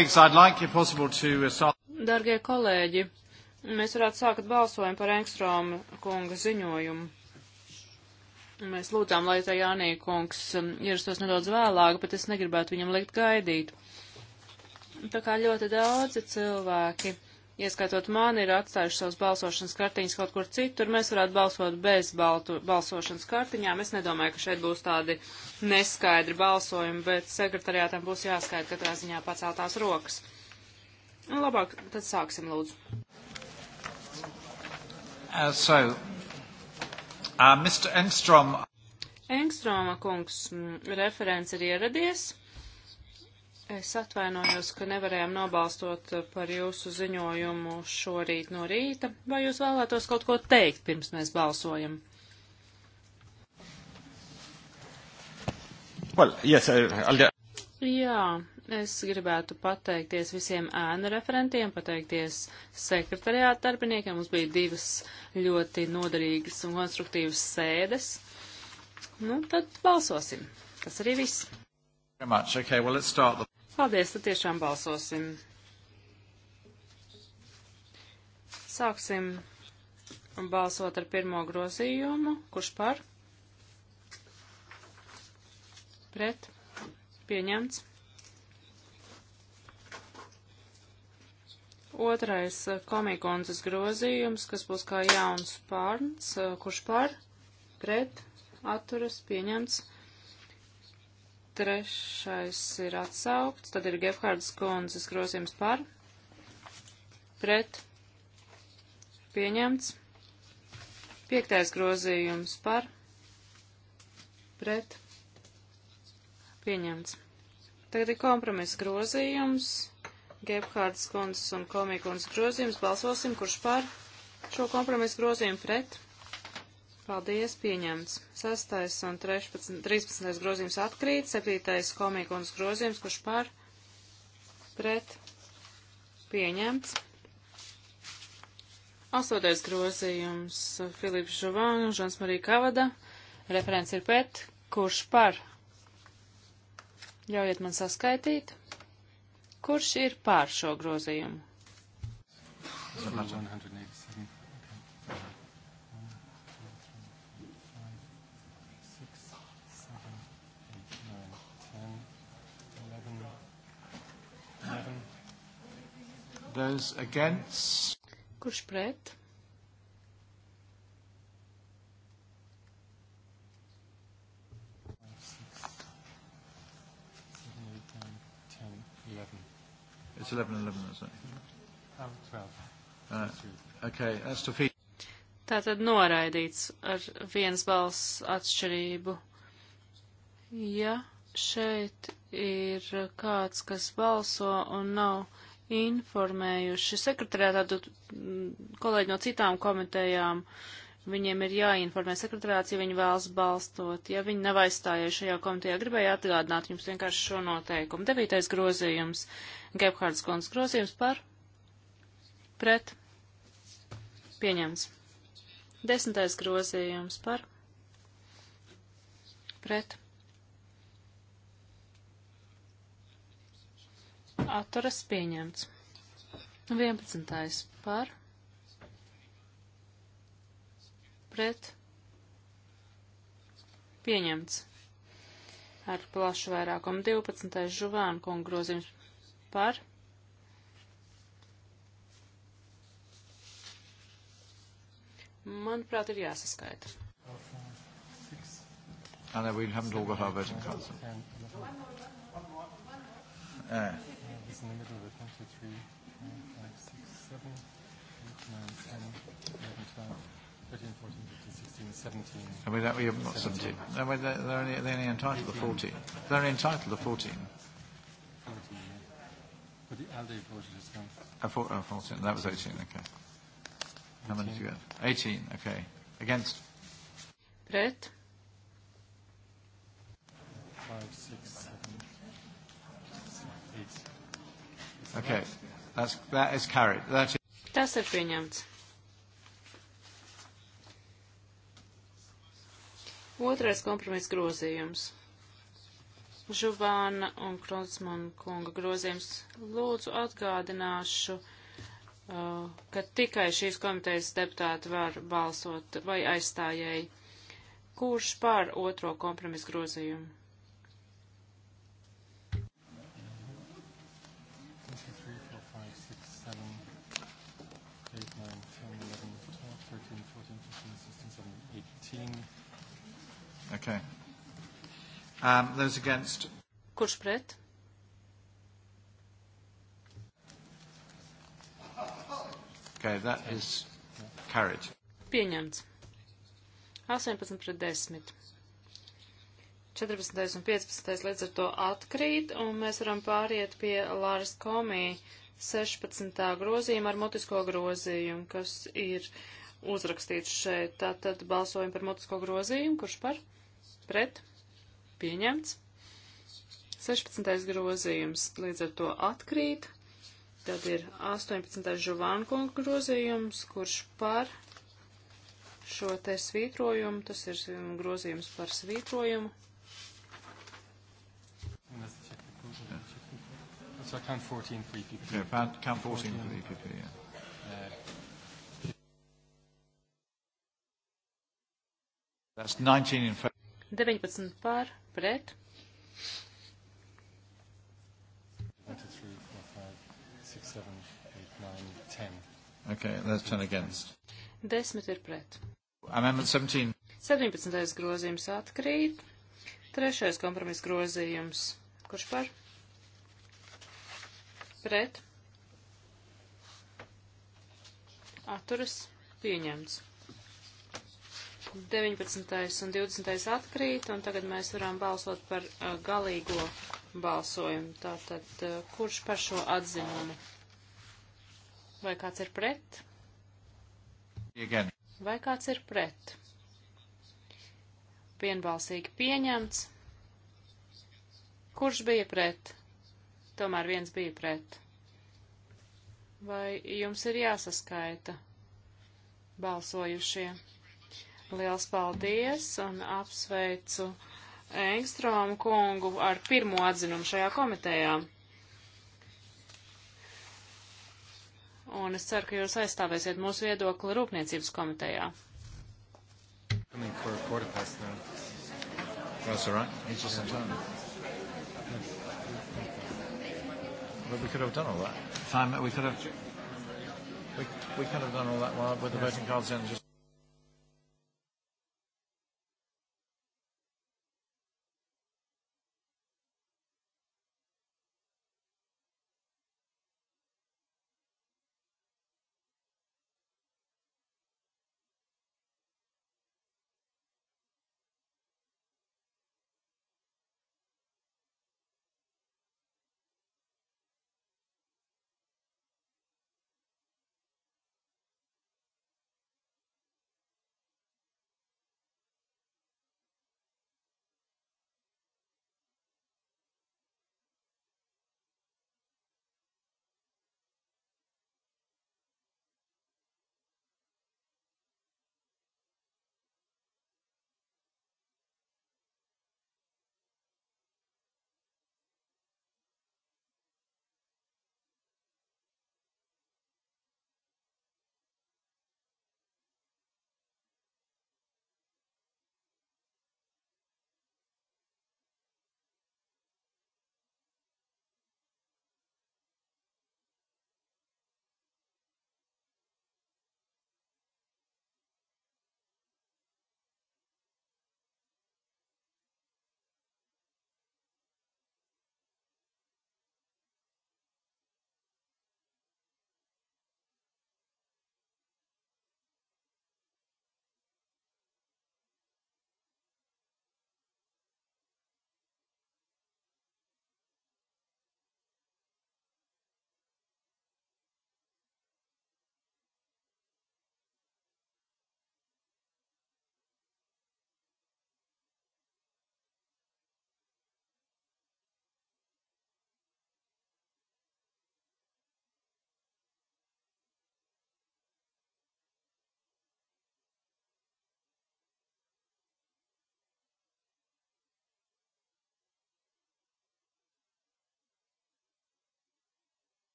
Uh, Dargie kolēģi, mēs varētu sākt balsojumu par Engstroma kunga ziņojumu. Mēs lūdzām, lai tā Jānī kungs um, ierastos nedaudz vēlāk, bet es negribētu viņam likt gaidīt. Tā kā ļoti daudzi cilvēki ieskaitot mani, ir atstājuši savus balsošanas kartiņas kaut kur citur. Mēs varētu balsot bez baltu, balsošanas kartiņām. Es nedomāju, ka šeit būs tādi neskaidri balsojumi, bet sekretariātam būs jāskaita katrā ziņā paceltās rokas. Un nu, labāk, tad sāksim, lūdzu. Uh, so, uh, Mr. Engstrom. Engstroma kungs, mm, referents ir ieradies. Es atvainojos, ka nevarējām nobalstot eh, par jūsu ziņojumu šorīt no rīta. Vai jūs vēlētos kaut ko teikt, pirms mēs balsojam? Well, yes, I, Jā, es gribētu pateikties visiem ēnu referentiem, pateikties sekretariāta darbiniekiem. Mums bija divas ļoti noderīgas un konstruktīvas sēdes. Nu, tad balsosim. Tas arī viss. Okay, well, the... Paldies, tad tiešām balsosim. Sāksim balsot ar pirmo grozījumu. Kurš par? Pret? Pieņemts. Otrais eh, komikonces grozījums, kas būs kā jauns pārns, eh, kurš par, pret, atturas, pieņemts. Trešais ir atsaukts. Tad ir Gefhardas kundzes grozījums par. Pret. Pieņemts. Piektais grozījums par. Pret. Pieņemts. Tagad ir kompromiss grozījums. Gebhārdas kundzes un komīkundas grozījums. Balsosim, kurš par šo kompromisu grozījumu pret Paldies, pieņemts. 6. un 13. 13. grozījums atkrīt, 7. komikunas grozījums, kurš par pret pieņemts. 8. grozījums Filips Žuvāna, Žans Marija Kavada, referents ir pret, kurš par. Ļaujiet man saskaitīt, kurš ir pār šo grozījumu. Mm. Those against. Kurš pret? It's 11 and 11, isn't it? Oh, 12. Uh, okay, that's defeat. Tātad noraidīts ar viens balss atšķirību. Ja šeit ir kāds, kas balso un nav informējuši sekretariātā, tad mm, kolēģi no citām komitejām, viņiem ir jāinformē sekretariāts, ja viņi vēlas balstot, ja viņi nav aizstājuši šajā komitejā. Gribēju atgādināt jums vienkārši šo noteikumu. Devītais grozījums, Gebhards Kunds grozījums par, pret, pieņems. Desmitais grozījums par, pret, pieņems atturas pieņemts. 11. par pret pieņemts ar plašu vairākumu. 12. žuvānu kungu grozījums par manuprāt, ir jāsaskaita. And ah, then we haven't all got our voting cards. Yeah in the middle of it, one, two, three, four, five, six, seven, eight, nine, ten, eleven, twelve. 13, 14, 15, 16, 17. I mean, that, we haven't got 17. 17. No, wait, they're, they're, only, they're only entitled 18. to 14. They're only entitled to 14. 14, yeah. But the ALDE voted as well. I thought, oh, 14. That was 18, okay. How 18. many did you get? 18, okay. Against? Pret. 5, 6, Okay. That's, that is carried. That is... Tas ir pieņemts. Otrais kompromiss grozījums. Žuvāna un Kronsmana kunga grozījums. Lūdzu atgādināšu, uh, ka tikai šīs komitejas deputāti var balsot vai aizstājēji. Kurš pār otro kompromisu grozījumu? Okay. Um, those against. Kurš pret? Okay, that is carried. Pieņemts. 18 pret 10. 14. un 15. līdz ar to atkrīt, un mēs varam pāriet pie Lāras Komī 16. grozījuma ar mutisko grozījumu, kas ir uzrakstīts šeit. Tātad balsojam par mutisko grozījumu, kurš par? pret pieņemts. 16. grozījums līdz ar to atkrīt. Tad ir 18. žuvānkunga grozījums, kurš par šo te svītrojumu, tas ir grozījums par svītrojumu. So I count 14 for EPP. Yeah, about count 14 for EPP, yeah. Uh, That's 19 in favor. 19 pār pret. Okay, that's 10 against. 10 ir pret. Amendment 17. 17. grozījums atkrīt. Trešais kompromiss grozījums. Kurš par? Pret. Atturas pieņemts. 19. un 20. atkrīt, un tagad mēs varam balsot par uh, galīgo balsojumu. Tātad, uh, kurš par šo atzinumu? Vai kāds ir pret? Again. Vai kāds ir pret? Vienbalsīgi pieņemts. Kurš bija pret? Tomēr viens bija pret. Vai jums ir jāsaskaita balsojušie? Liels paldies un apsveicu Engstromu kungu ar pirmo atzinumu šajā komitejā. Un es ceru, ka jūs aizstāvēsiet mūsu viedokli Rūpniecības komitejā. That's all right. It's just in time. But we could have done all that. Time we could have. We, we could have done all that while with the voting cards in. Just.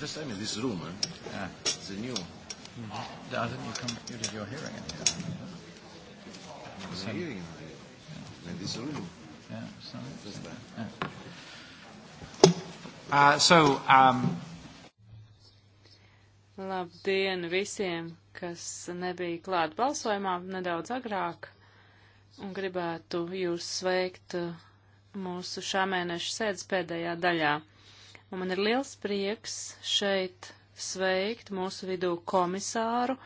first time in this room. Huh? Yeah. It's a new. Mm-hmm. Doesn't you come? You did your hearing in here. Yeah. So, hearing in here. Yeah. In this room. Yeah. So, first time. Yeah. Uh, so, um, Labdien visiem, kas nebija klāt balsojumā nedaudz agrāk un gribētu jūs sveikt uh, mūsu šā mēneša sēdes pēdējā daļā un man ir liels prieks šeit sveikt mūsu vidū komisāru,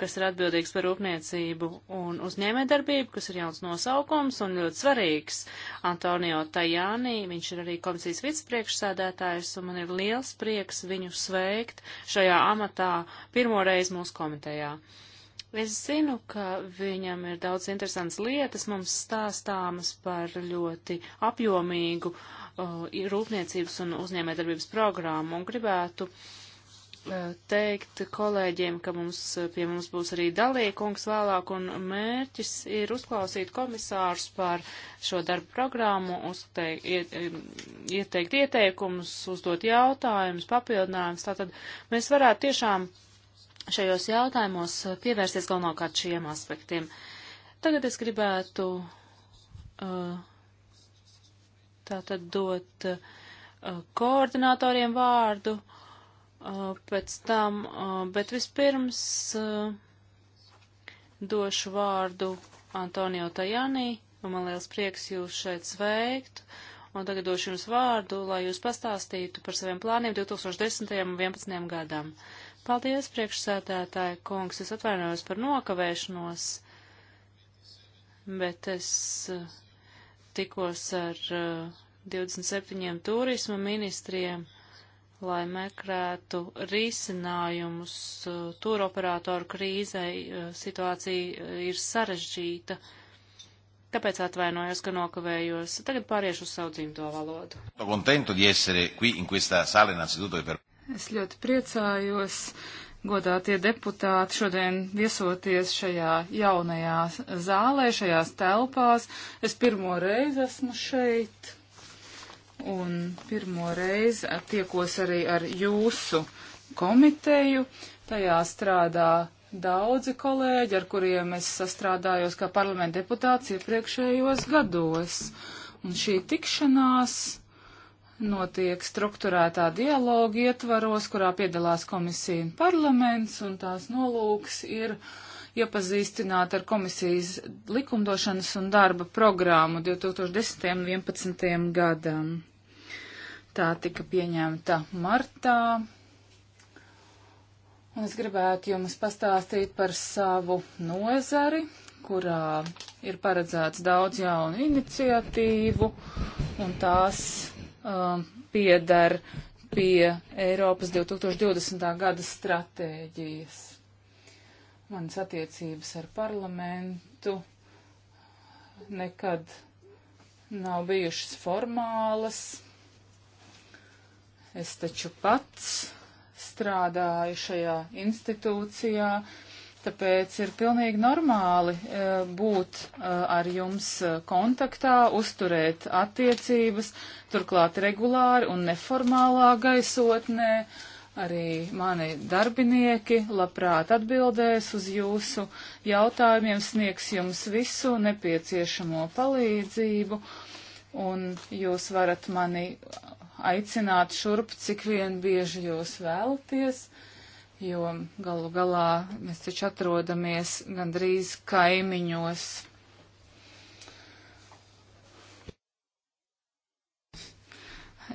kas ir atbildīgs par rūpniecību un uzņēmējdarbību, kas ir jauns nosaukums un ļoti svarīgs. Antonio Tajānī, viņš ir arī komisijas vicepriekšsēdētājs, un man ir liels prieks viņu sveikt šajā amatā pirmoreiz mūsu komitejā. Es zinu, ka viņam ir daudz interesants lietas mums stāstāmas par ļoti apjomīgu uh, rūpniecības un uzņēmēdarbības programmu un gribētu e, teikt kolēģiem, ka mums, e, pie mums būs arī dalīkungs vēlāk, un mērķis ir uzklausīt komisārus par šo darbu programmu, uzteik, e, ieteikt ieteikumus, uzdot jautājumus, papildinājumus. Tātad mēs varētu tiešām šajos jautājumos pievērsties galvenokārt šiem aspektiem. Tagad es gribētu uh, tātad dot uh, koordinatoriem vārdu uh, pēc tam, uh, bet vispirms uh, došu vārdu Antonio Tajani, un man liels prieks jūs šeit sveikt, un tagad došu jums vārdu, lai jūs pastāstītu par saviem plāniem 2010. un 2011. gadam. Paldies, priekšsētētāji kungs, es atvainojos par nokavēšanos, bet es. Uh, tikos ar uh, 27 turisma ministriem, lai meklētu risinājumus uh, eh, turoperātoru krīzei. Uh, situācija eh, ir sarežģīta. Tāpēc atvainojos, ka nokavējos. Tagad pāriešu uz savu dzimto valodu. Es ļoti priecājos godātie deputāti, šodien viesoties šajā jaunajā zālē, šajās telpās. Es pirmo reizi esmu šeit un pirmo reizi tiekos arī ar jūsu komiteju. Tajā strādā daudzi kolēģi, ar kuriem es sastrādājos kā parlamenta deputāts iepriekšējos gados. Un šī tikšanās notiek struktūrētā dialoga ietvaros, kurā piedalās komisija un parlaments, un tās nolūks ir iepazīstināt ar komisijas likumdošanas un darba programmu 2010. un 2011. gadam. Tā tika pieņemta martā. Un es gribētu jums pastāstīt par savu nozari, kurā ir paredzēts daudz jaunu iniciatīvu, un tās um, piedar pie Eiropas 2020. gada stratēģijas. Manas attiecības ar parlamentu nekad nav bijušas formālas. Es taču pats strādāju šajā institūcijā, uh, Tāpēc ir pilnīgi normāli e, būt e, ar jums e, kontaktā, uzturēt attiecības, turklāt regulāri un neformālā gaisotnē. Arī mani darbinieki labprāt atbildēs uz jūsu jautājumiem, sniegs jums visu nepieciešamo palīdzību, un jūs varat mani aicināt šurp, cik vien bieži jūs vēlaties jo galu galā mēs taču atrodamies gandrīz kaimiņos.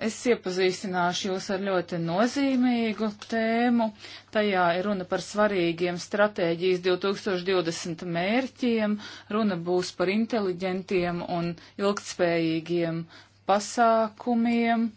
Es iepazīstināšu jūs ar ļoti nozīmīgu tēmu. Tajā ir runa par svarīgiem stratēģijas 2020 mērķiem, runa būs par inteliģentiem un ilgtspējīgiem pasākumiem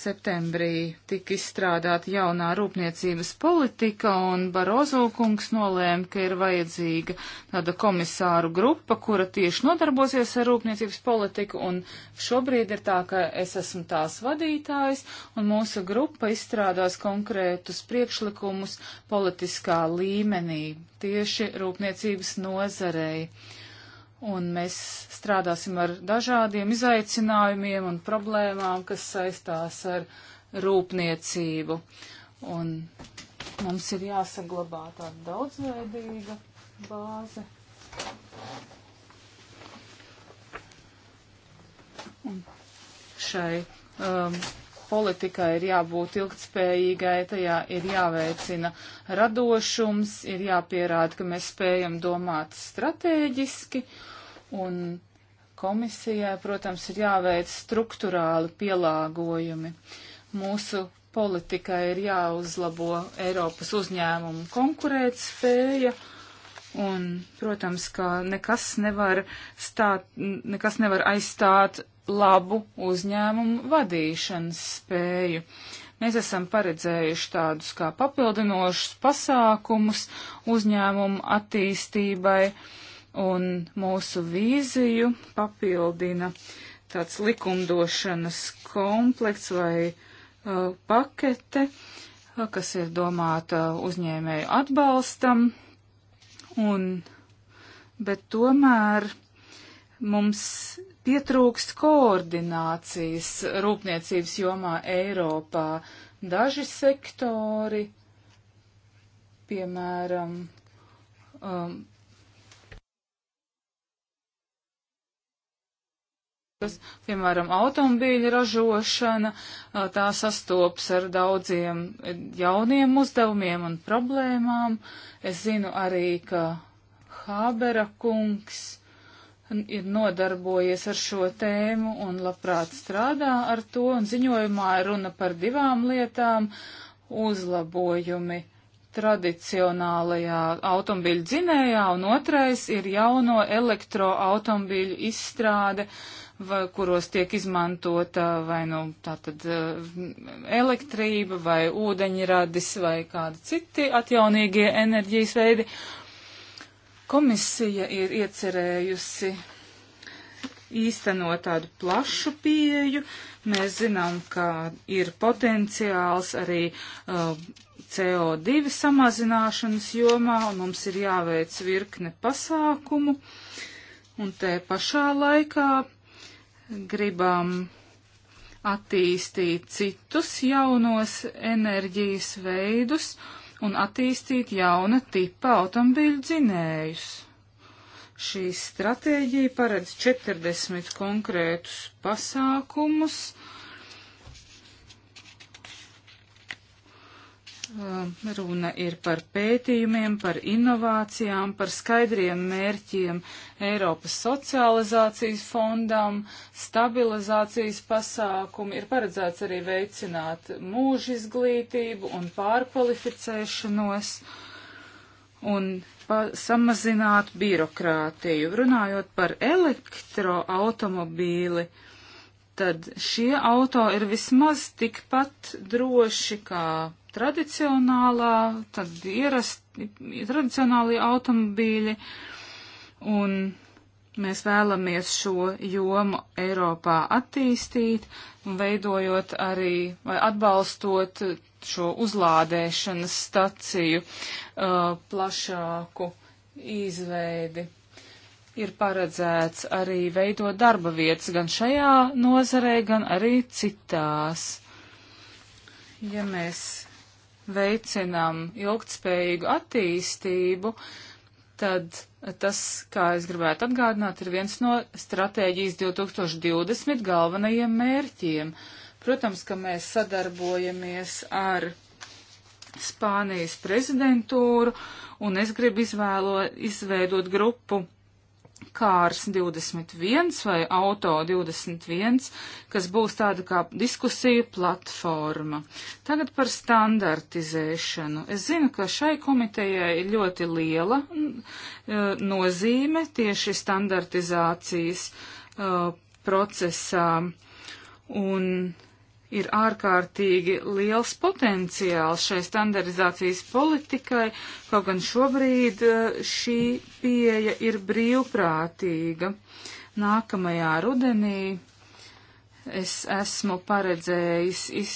septembrī tika izstrādāta jaunā rūpniecības politika, un Barozo kungs nolēma, ka ir vajadzīga tāda komisāru grupa, kura tieši nodarbosies ar rūpniecības politiku, un šobrīd ir tā, ka es esmu tās vadītājs, un mūsu grupa izstrādās konkrētus priekšlikumus politiskā līmenī, tieši rūpniecības nozarei. Uh, un mēs strādāsim ar dažādiem izaicinājumiem un problēmām, kas saistās ar rūpniecību. Un mums ir jāsaglabā tāda daudzveidīga bāze. Un šai um, politikai ir jābūt ilgtspējīgai, tajā ir jāveicina radošums, ir jāpierāda, ka mēs spējam domāt stratēģiski, un komisijai, protams, ir jāveic struktūrāli pielāgojumi. Mūsu politikai ir jāuzlabo Eiropas uzņēmumu konkurētspēja. Un, protams, ka nekas nevar, stāt, nekas nevar aizstāt labu uzņēmumu vadīšanas spēju. Mēs esam paredzējuši tādus kā papildinošus pasākumus uzņēmumu attīstībai, un mūsu vīziju papildina tāds likumdošanas komplekts vai uh, pakete, uh, kas ir domāta uzņēmēju atbalstam, un, bet tomēr mums pietrūkst koordinācijas rūpniecības jomā Eiropā. Daži sektori, piemēram, um, Tas, piemēram, automobīļa ražošana, uh, tā sastopas ar daudziem jauniem uzdevumiem un problēmām. Es zinu arī, ka Hābera kungs ir nodarbojies ar šo tēmu un labprāt strādā ar to, un ziņojumā ir runa par divām lietām - uzlabojumi tradicionālajā automobiļu dzinējā, un otrais ir jauno elektroautomobiļu izstrāde, vai, kuros tiek izmantota vai nu tātad eh, elektrība vai ūdeņradis vai kādi citi atjaunīgie enerģijas veidi. Uh, Komisija ir iecerējusi īstenot tādu plašu pieju. Mēs zinām, ka ir potenciāls arī uh, CO2 samazināšanas jomā, un mums ir jāveic virkne pasākumu. Un te pašā laikā gribam attīstīt citus jaunos enerģijas veidus, uh, un attīstīt jauna tipa automobīļu dzinējus. Šī stratēģija paredz 40 konkrētus pasākumus, uh, Runa ir par pētījumiem, par inovācijām, par skaidriem mērķiem Eiropas socializācijas fondam, stabilizācijas pasākumu. Ir paredzēts arī veicināt mūža izglītību un pārkvalificēšanos un samazināt birokrātiju. Runājot par elektroautomobīli, tad šie auto ir vismaz tikpat droši kā tradicionālā, tad ierasti tradicionālie automobīļi, un mēs vēlamies šo jomu Eiropā attīstīt, un veidojot arī vai atbalstot šo uzlādēšanas staciju uh, plašāku izveidi ir paredzēts arī veidot darba vietas gan šajā nozarē, gan arī citās. Ja mēs veicinam ilgtspējīgu attīstību, tad tas, kā es gribētu atgādināt, ir viens no stratēģijas 2020 galvenajiem mērķiem. Protams, ka mēs sadarbojamies ar Spānijas prezidentūru, un es gribu izvēlo, izveidot grupu Kārs 21 vai Auto 21, kas būs tāda kā diskusiju platforma. Tagad par standartizēšanu. Es zinu, ka šai komitejai ir ļoti liela e, nozīme tieši standartizācijas uh, procesā. Un ir ārkārtīgi liels potenciāls šai standardizācijas politikai, kaut gan šobrīd eh, šī pieeja ir brīvprātīga. Nākamajā rudenī es esmu paredzējis es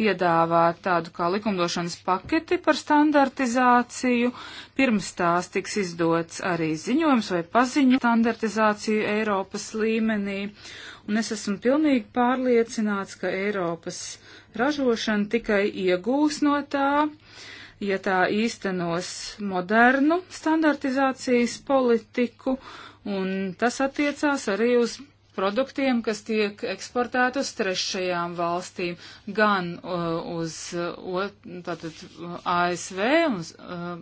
piedāvāt tādu kā likumdošanas paketi par standartizāciju. Pirms tās tiks izdots arī ziņojums vai paziņu standartizāciju Eiropas līmenī un es esmu pilnīgi pārliecināts, ka Eiropas ražošana tikai iegūs no tā, ja tā īstenos modernu standartizācijas politiku, un tas attiecās arī uz produktiem, kas tiek eksportēti uz trešajām valstīm, gan uh, uz uh, tātad, uh, ASV, uz, uh,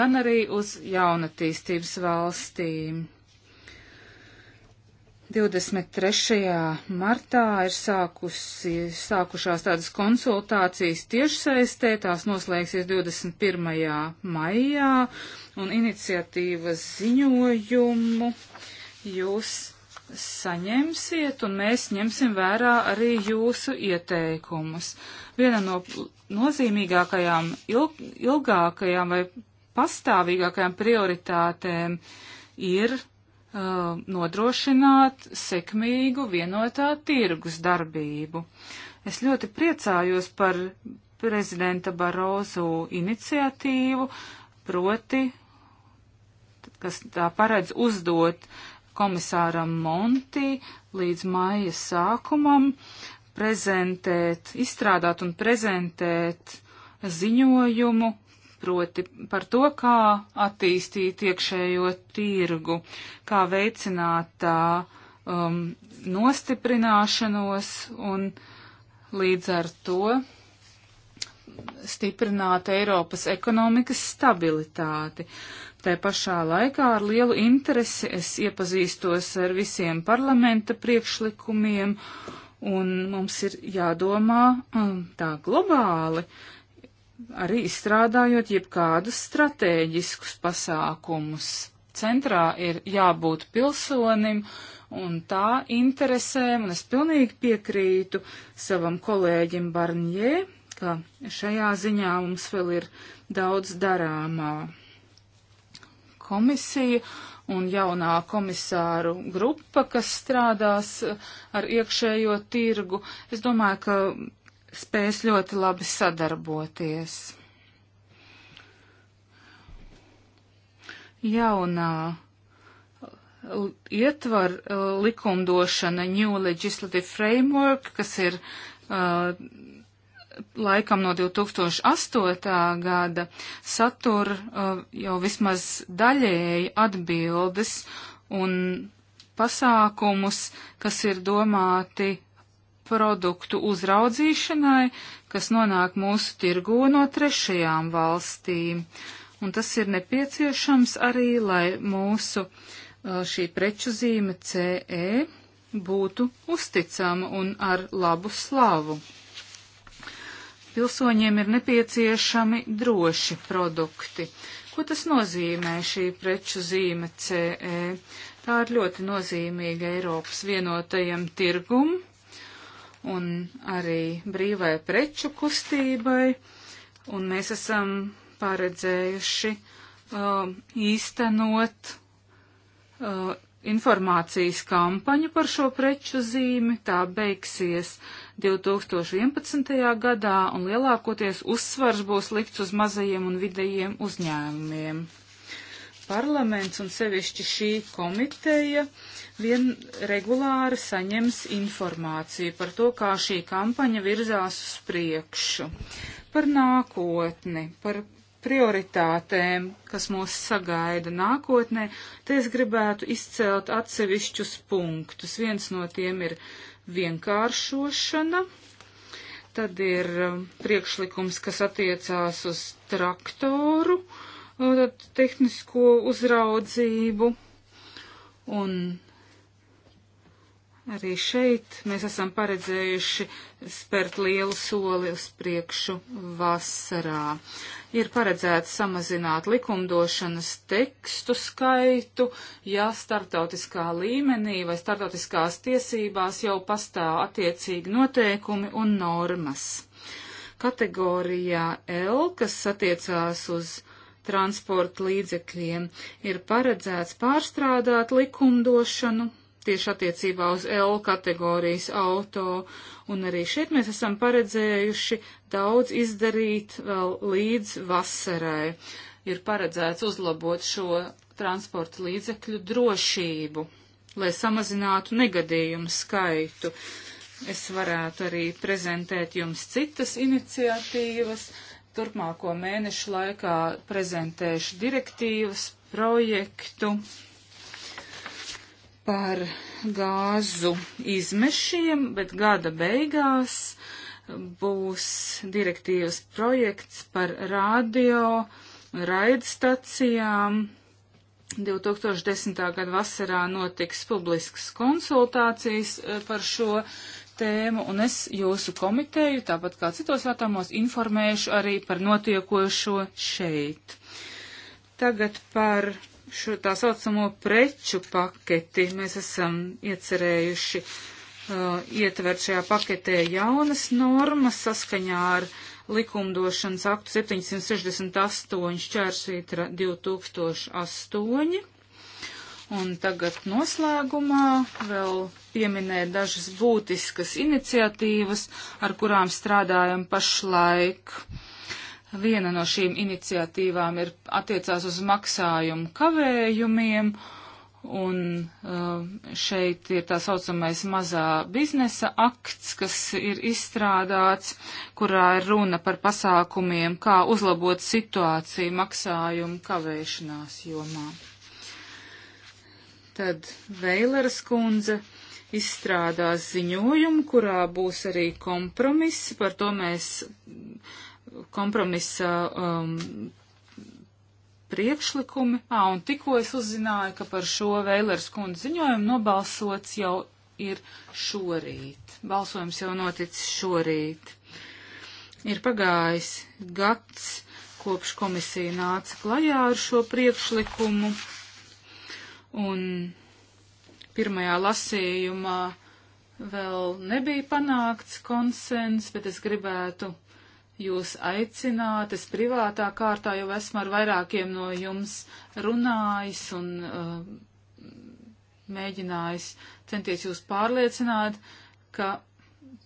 gan arī uz jaunatīstības valstīm. 23. martā ir sākusi, sākušās tādas konsultācijas tiešsaistē, tās noslēgsies 21. maijā, un iniciatīvas ziņojumu jūs saņemsiet, un mēs ņemsim vērā arī jūsu ieteikumus. Viena no nozīmīgākajām, ilg ilgākajām vai pastāvīgākajām prioritātēm ir Um, nodrošināt sekmīgu vienotā tirgus darbību. Es ļoti priecājos par prezidenta Barozu iniciatīvu, proti, kas tā paredz uzdot komisāram Monti līdz maija sākumam prezentēt, izstrādāt un prezentēt ziņojumu proti par to, kā attīstīt iekšējo tirgu, kā veicināt tā um, nostiprināšanos un līdz ar to stiprināt Eiropas ekonomikas stabilitāti. Tā pašā laikā ar lielu interesi es iepazīstos ar visiem parlamenta priekšlikumiem, un mums ir jādomā um, tā globāli, arī izstrādājot jebkādus stratēģiskus pasākumus. Centrā ir jābūt pilsonim un tā interesēm, un es pilnīgi piekrītu savam kolēģim Barņē, ka šajā ziņā mums vēl ir daudz darāmā. Komisija un jaunā komisāru grupa, kas strādās ar iekšējo tirgu, es domāju, ka spēs ļoti labi sadarboties. Jaunā uh, ietvar uh, likumdošana New Legislative Framework, kas ir uh, laikam no 2008. gada, satura uh, jau vismaz daļēji atbildes un pasākumus, kas ir domāti produktu uzraudzīšanai, kas nonāk mūsu tirgū no trešajām valstīm. Un tas ir nepieciešams arī, lai mūsu uh, šī preču zīme CE būtu uzticama un ar labu slavu. Pilsoņiem ir nepieciešami droši produkti. Ko tas nozīmē šī preču zīme CE? Tā ir ļoti nozīmīga Eiropas vienotajam tirgum, un arī brīvai preču kustībai, un mēs esam paredzējuši uh, īstenot uh, informācijas kampaņu par šo preču zīmi. Tā beigsies 2011. gadā, un lielākoties uzsvars būs likts uz mazajiem un vidējiem uzņēmumiem parlaments un sevišķi šī komiteja vien regulāri saņems informāciju par to, kā šī kampaņa virzās uz priekšu, par nākotni, par prioritātēm, kas mūs sagaida nākotnē, te es gribētu izcelt atsevišķus punktus. Viens no tiem ir vienkāršošana, tad ir priekšlikums, kas attiecās uz traktoru, uh, Nu, tad tehnisko uzraudzību. Un arī šeit mēs esam paredzējuši spērt lielu soli uz priekšu vasarā. Ir paredzēts samazināt likumdošanas tekstu skaitu, ja startautiskā līmenī vai startautiskās tiesībās jau pastāv attiecīgi noteikumi un normas. Kategorijā L, kas attiecās uz transporta līdzekļiem ir paredzēts pārstrādāt likumdošanu tieši attiecībā uz L kategorijas auto, un arī šeit mēs esam paredzējuši daudz izdarīt vēl līdz vasarai. Ir paredzēts uzlabot šo transporta līdzekļu drošību, lai samazinātu negadījumu skaitu. Es varētu arī prezentēt jums citas iniciatīvas turpmāko mēnešu laikā prezentēšu direktīvas projektu par gāzu izmešiem, bet gada beigās būs direktīvas projekts par radio raidstacijām. 2010. gada vasarā notiks publiskas konsultācijas eh, par šo tēmu, un es jūsu komiteju, tāpat kā citos jautājumos, informēšu arī par notiekošo šeit. Tagad par šo tā saucamo preču paketi. Mēs esam iecerējuši uh, ietvert šajā paketē jaunas normas saskaņā ar likumdošanas aktu 768 šķērsvītra 2008 Un tagad noslēgumā vēl pieminēt dažas būtiskas iniciatīvas, ar kurām strādājam pašlaik. Viena no šīm iniciatīvām ir attiecās uz maksājumu kavējumiem, un uh, šeit ir tā saucamais mazā biznesa akts, kas ir izstrādāts, kurā ir runa par pasākumiem, kā uzlabot situāciju maksājumu kavēšanās jomā. Tad Veileras kundze izstrādās ziņojumu, kurā būs arī kompromiss, par to mēs kompromisa um, priekšlikumi. Ā, un tikko es uzzināju, ka par šo Veilers kundzi ziņojumu nobalsots jau ir šorīt. Balsojums jau noticis šorīt. Ir pagājis gads, kopš komisija nāca klajā ar šo priekšlikumu un pirmajā lasījumā vēl nebija panākts konsens, bet es gribētu jūs aicināt. Es privātā kārtā jau esmu ar vairākiem no jums runājis un uh, mēģinājis centies jūs pārliecināt, ka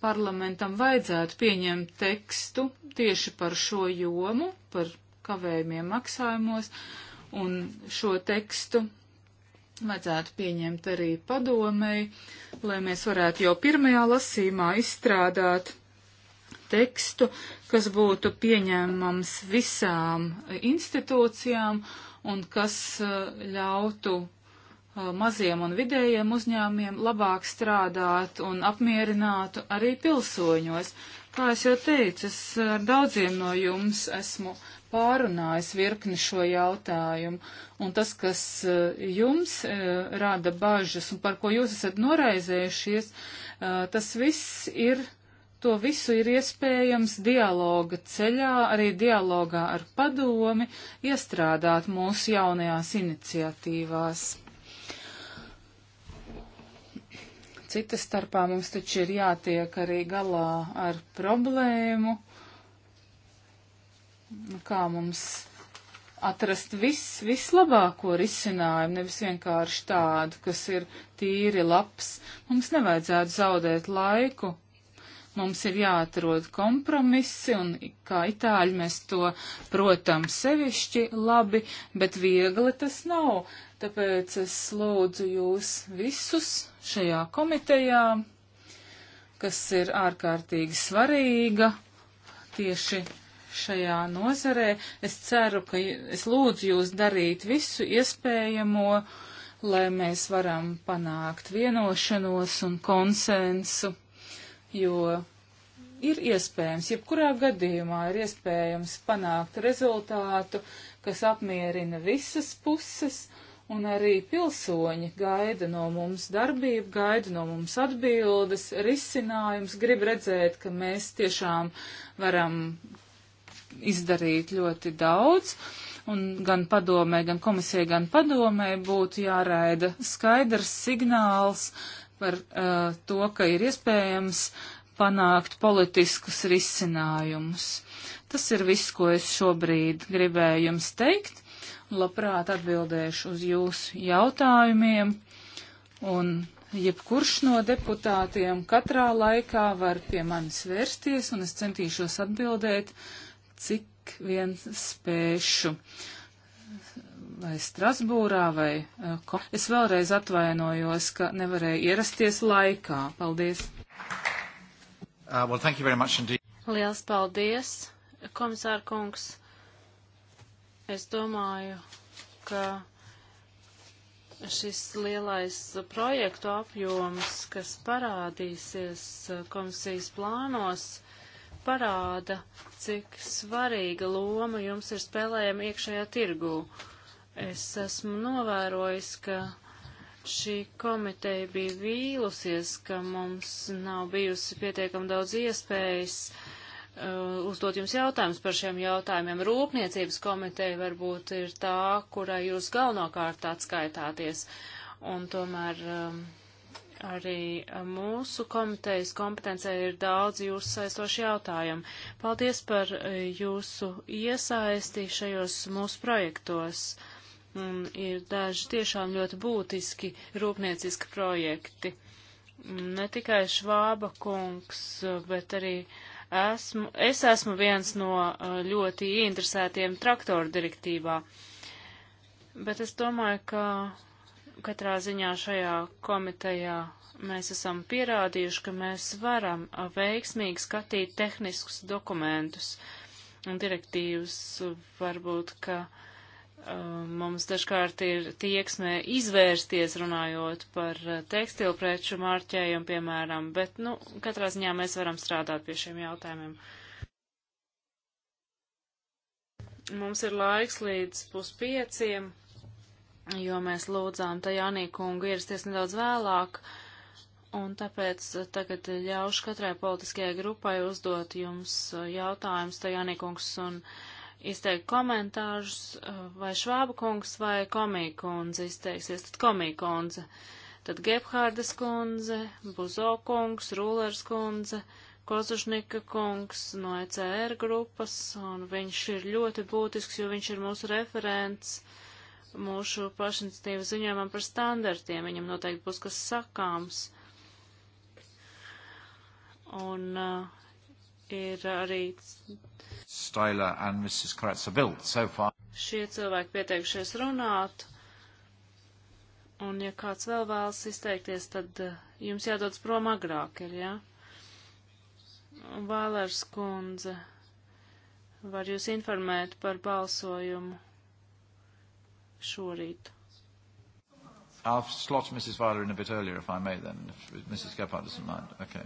parlamentam vajadzētu pieņemt tekstu tieši par šo jomu, par kavējumiem maksājumos, un šo tekstu vajadzētu pieņemt arī padomei, lai mēs varētu jau pirmajā lasīmā izstrādāt tekstu, kas būtu pieņemams visām eh, institūcijām un kas eh, ļautu eh, maziem un vidējiem uzņēmumiem labāk strādāt un apmierinātu arī pilsoņos. Kā es jau teicu, es eh, ar daudziem no jums esmu pārunājis virkni šo jautājumu, un tas, kas eh, jums eh, rada bažas un par ko jūs esat noraizējušies, tas viss ir, to visu ir iespējams dialoga ceļā, arī dialogā ar padomi, iestrādāt mūsu jaunajās iniciatīvās. Cita starpā mums taču ir jātiek arī galā ar problēmu, nu, kā mums atrast vis, vislabāko risinājumu, nevis vienkārši tādu, kas ir tīri labs. Mums nevajadzētu zaudēt laiku Mums ir jāatrod kompromisi, un kā itāļi mēs to, protams, sevišķi labi, bet viegli tas nav. Tāpēc es lūdzu jūs visus šajā komitejā, kas ir ārkārtīgi svarīga tieši šajā nozarē. Es ceru, ka es lūdzu jūs darīt visu iespējamo, lai mēs varam panākt vienošanos un konsensu jo ir iespējams, jebkurā gadījumā ir iespējams panākt rezultātu, kas apmierina visas puses, un arī pilsoņi gaida no mums darbību, gaida no mums atbildes, risinājums, grib redzēt, ka mēs tiešām varam izdarīt ļoti daudz. Un gan padomē, gan komisijai, gan padomē būtu jāraida skaidrs signāls, par uh, to, ka ir iespējams panākt politiskus risinājumus. Tas ir viss, ko es šobrīd gribēju jums teikt. Labprāt atbildēšu uz jūsu jautājumiem. Un jebkurš no deputātiem katrā laikā var pie manis vērsties, un es centīšos atbildēt, cik vien spēšu. Uh, vai Strasbūrā, vai eh, ko. Es vēlreiz atvainojos, ka nevarēju ierasties laikā. Paldies! Uh, well, thank you very much indeed. Liels paldies, komisār kungs. Es domāju, ka šis lielais projektu apjoms, kas parādīsies uh, komisijas plānos, parāda, cik svarīga loma jums ir spēlējama iekšējā tirgū. Uh, Es esmu novērojis, ka šī komiteja bija vīlusies, ka mums nav bijusi pietiekam daudz iespējas uh, uzdot jums jautājumus par šiem jautājumiem. Rūpniecības komiteja varbūt ir tā, kurai jūs galvenokārt atskaitāties. Un tomēr um, arī mūsu komitejas kompetencē ir daudz jūsu saistoši jautājumu. Paldies par jūsu iesaisti šajos mūsu projektos un ir daži tiešām ļoti būtiski rūpnieciski projekti. Ne tikai Švāba kungs, bet arī esmu, es esmu viens no uh, ļoti interesētiem traktoru direktīvā. Bet es domāju, ka katrā ziņā šajā komitejā mēs esam pierādījuši, ka mēs varam uh, veiksmīgi skatīt tehniskus dokumentus un direktīvas varbūt, ka uh, Um, mums dažkārt ir tieksme izvērsties runājot par uh, tekstilpreču mārķējumu, piemēram, bet, nu, katrā ziņā mēs varam strādāt pie šiem jautājumiem. Mums ir laiks līdz puspieciem, jo mēs lūdzām Tajānī kungu ierasties nedaudz vēlāk, un tāpēc uh, tagad ļaušu katrai politiskajai grupai uzdot jums uh, jautājumus Tajānī kungs un. Uh, izteikt komentārus, eh, vai Švāba kungs vai Komija kundze izteiksies, tad Komija kundze, tad Gebhārdas kundze, Buzo kungs, Rūlers kundze, Kozušnika kungs no ECR grupas, un viņš ir ļoti būtisks, jo viņš ir mūsu referents mūsu pašinstīvas ziņojumam par standartiem, viņam noteikti būs kas sakāms. Un uh, ir arī so šie cilvēki pieteikušies runāt. Un ja kāds vēl vēlas izteikties, tad eh, jums jādodas prom agrāk ir, jā? Ja? Vēlers kundze, var jūs informēt par balsojumu šorīt. I'll slot Mrs. Weiler in a bit earlier if I may then, if Mrs. Gephardt doesn't mind. Okay.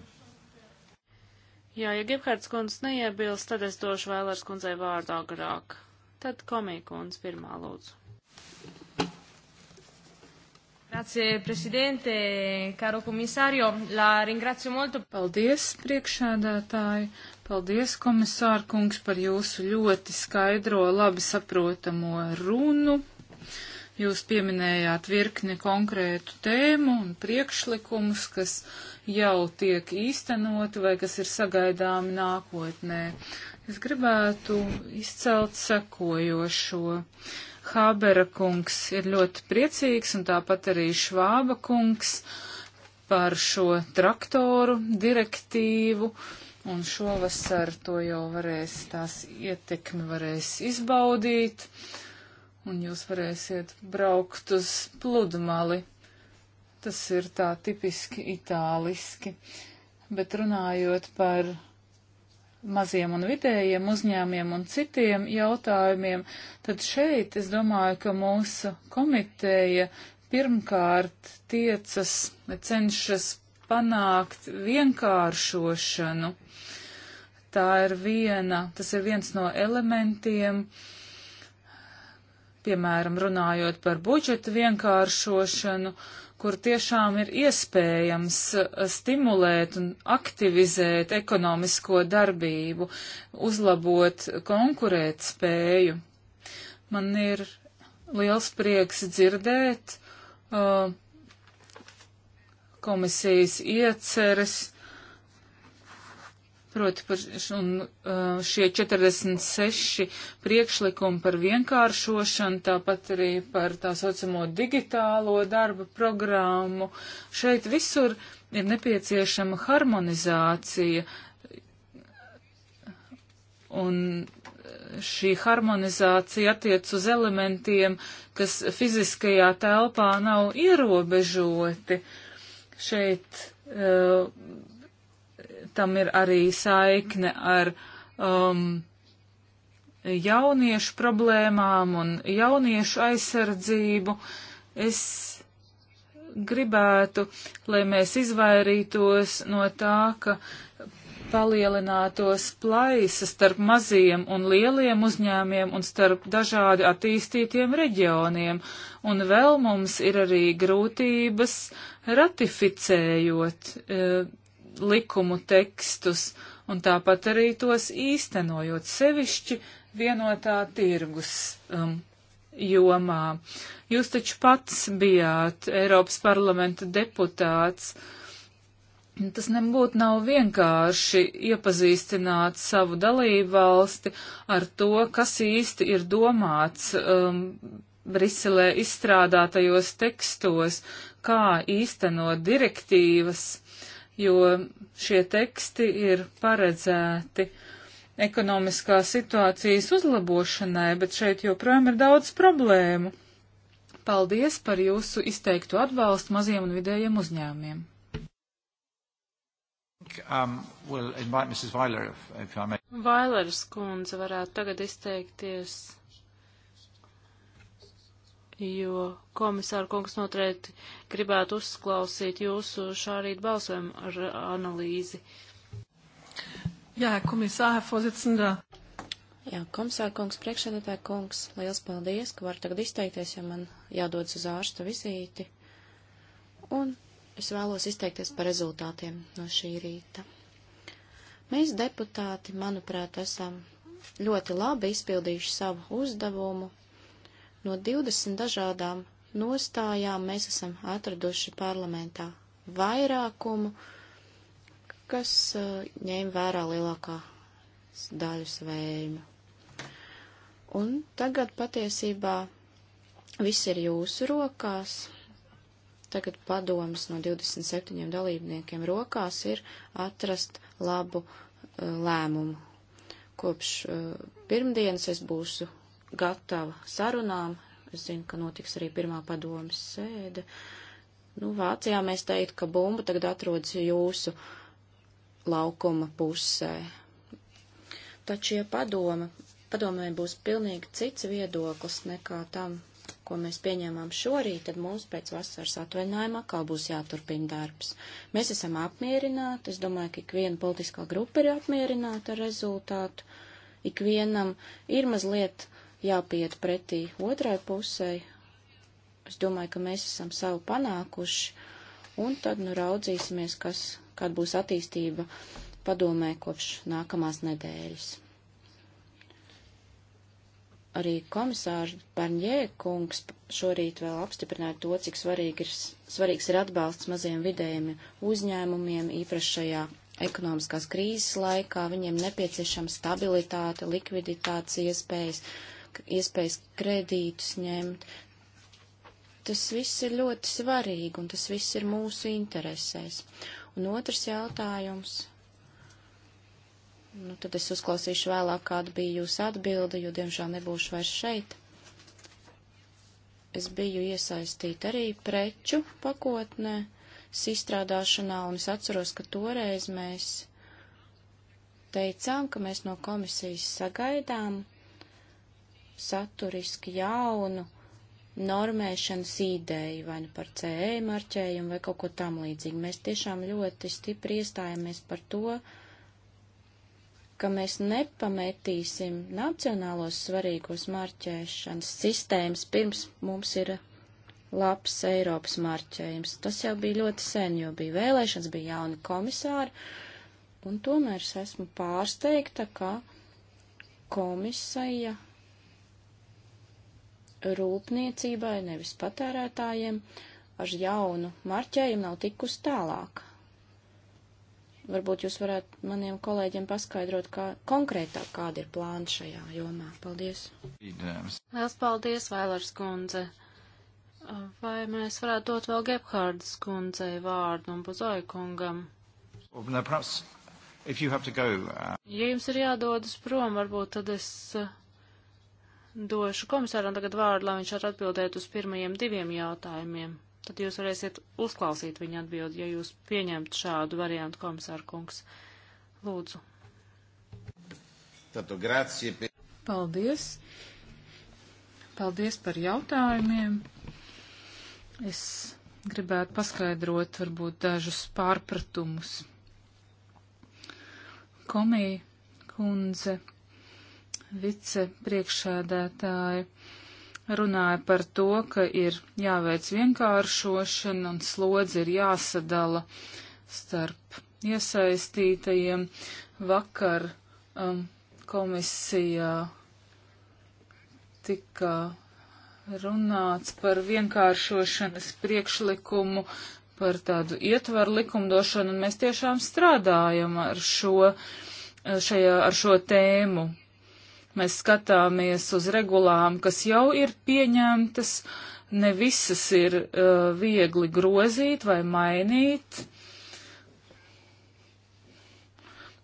Jā, ja Gebhards kundze neiebilst, tad es došu vēlēs kundzei vārdu agrāk. Tad komija kundze pirmā lūdzu. Grazie, prezidente, caro komisārio, la ringrazio molto. Paldies, priekšādātāji, paldies, komisārkungs, par jūsu ļoti skaidro, labi saprotamo runu. Jūs pieminējāt virkni konkrētu tēmu un priekšlikumus, kas jau tiek īstenoti vai kas ir sagaidāmi nākotnē. Es gribētu izcelt sekojošo. Hābera kungs ir ļoti priecīgs un tāpat arī Švāba kungs par šo traktoru direktīvu un šovasar to jau varēs, tās ietekmi varēs izbaudīt. Uh, un jūs varēsiet braukt uz pludmali. Tas ir tā tipiski itāliski. Bet runājot par maziem un vidējiem uzņēmiem un citiem jautājumiem, tad šeit es domāju, ka mūsu komiteja pirmkārt tiecas, cenšas panākt vienkāršošanu. Tā ir viena, tas ir viens no elementiem, uh, piemēram, runājot par budžetu vienkāršošanu, kur tiešām ir iespējams eh, stimulēt un aktivizēt ekonomisko darbību, uzlabot konkurēt spēju. Man ir liels prieks dzirdēt uh, komisijas ieceres Proti, par, un uh, šie 46 priekšlikumi par vienkāršošanu, tāpat arī par tā saucamo digitālo darba programmu. Šeit visur ir nepieciešama harmonizācija, un šī harmonizācija attiec uz elementiem, kas fiziskajā telpā nav ierobežoti. Šeit uh, tam ir arī saikne ar um, jauniešu problēmām un jauniešu aizsardzību. Es gribētu, lai mēs izvairītos no tā, ka palielinātos plaisas starp maziem un lieliem uzņēmiem un starp dažādi attīstītiem reģioniem, un vēl mums ir arī grūtības ratificējot e, likumu tekstus un tāpat arī tos īstenojot sevišķi vienotā tirgus um, jomā. Jūs taču pats bijāt Eiropas parlamenta deputāts. Tas nebūtu nav vienkārši iepazīstināt savu dalību valsti ar to, kas īsti ir domāts um, Briselē izstrādātajos tekstos, kā īstenot direktīvas jo šie teksti ir paredzēti ekonomiskās situācijas uzlabošanai, bet šeit joprojām ir daudz problēmu. Paldies par jūsu izteikto atbalstu maziem un vidējiem uzņēmumiem. Um, well, Vailers kundze varētu tagad izteikties jo komisāra kungs noteikti gribētu uzklausīt jūsu šā rīt balsojumu ar analīzi. Jā, komisāra pozicinā. Jā, komisāra kungs, priekšsēdētāja kungs, liels paldies, ka var tagad izteikties, ja man jādodas uz ārsta vizīti. Un es vēlos izteikties par rezultātiem no šī rīta. Mēs deputāti, manuprāt, esam ļoti labi izpildījuši savu uzdevumu No 20 dažādām nostājām mēs esam atraduši parlamentā vairākumu, kas uh, ņēma vērā lielākā daļu svējumu. Un tagad patiesībā viss ir jūsu rokās. Tagad padomas no 27 dalībniekiem rokās ir atrast labu uh, lēmumu. Kopš uh, pirmdienas es būšu gatava sarunām. Es zinu, ka notiks arī pirmā padomas sēde. Nu, Vācijā mēs teikt, ka bumba tagad atrodas jūsu laukuma pusē. Taču, ja padoma, padomē būs pilnīgi cits viedoklis nekā tam, ko mēs pieņēmām šorīt, tad mums pēc vasaras atvaļinājuma atkal būs jāturpina darbs. Mēs esam apmierināti, es domāju, ka ikviena politiskā grupa ir apmierināta ar rezultātu. Ikvienam ir mazliet uh, jāpiet pretī otrai pusē. Es domāju, ka mēs esam savu panākuši, un tad nu raudzīsimies, kas, kāda būs attīstība padomē kopš nākamās nedēļas. Arī komisārs Barņē kungs šorīt vēl apstiprināja to, cik svarīgi ir, svarīgs ir atbalsts maziem vidējiem uzņēmumiem īpašajā ekonomiskās krīzes laikā. Viņiem nepieciešama stabilitāte, likviditātes iespējas. Uh, iespējas kredītus ņemt. Tas viss ir ļoti svarīgi, un tas viss ir mūsu interesēs. Un otrs jautājums. Nu, tad es uzklausīšu vēlāk, kāda bija jūsu atbilde, jo, diemžēl, nebūšu vairs šeit. Es biju iesaistīta arī preču pakotnē, izstrādāšanā, un es atceros, ka toreiz mēs teicām, ka mēs no komisijas sagaidām, saturiski jaunu normēšanas ideju, vai nu par CE marķējumu, vai kaut ko tam līdzīgu. Mēs tiešām ļoti stipri iestājamies par to, ka mēs nepametīsim nacionālos svarīgos marķēšanas sistēmas, pirms mums ir labs Eiropas marķējums. Tas jau bija ļoti sen, jo bija vēlēšanas, bija jauni komisāri, un tomēr es esmu pārsteigta, ka komisija rūpniecībai, nevis patērētājiem, ar jaunu marķējumu nav tikus tālāk. Varbūt jūs varētu maniem kolēģiem paskaidrot, kā konkrētāk kāda ir plāna šajā jomā. Paldies! Liels paldies, Vailars kundze! Vai mēs varētu dot vēl Gebhārdas kundzei vārdu un Buzoja kungam? Uh, ja jums ir jādodas prom, varbūt tad es. Uh, došu komisāram tagad vārdu, lai viņš varētu atbildēt uz pirmajiem diviem jautājumiem. Tad jūs varēsiet uzklausīt viņa atbildi, ja jūs pieņemt šādu variantu, komisāra kungs. Lūdzu. Tātad, grācie. Pie... Paldies. Paldies par jautājumiem. Es gribētu paskaidrot varbūt dažus pārpratumus. Komija kundze vicepriekšēdētāji runāja par to, ka ir jāveic vienkāršošana un slodzi ir jāsadala starp iesaistītajiem. Vakar um, komisijā tika runāts par vienkāršošanas priekšlikumu, par tādu ietvaru likumdošanu, un mēs tiešām strādājam ar šo, šajā, ar šo tēmu Mēs skatāmies uz regulām, kas jau ir pieņemtas, ne visas ir uh, viegli grozīt vai mainīt.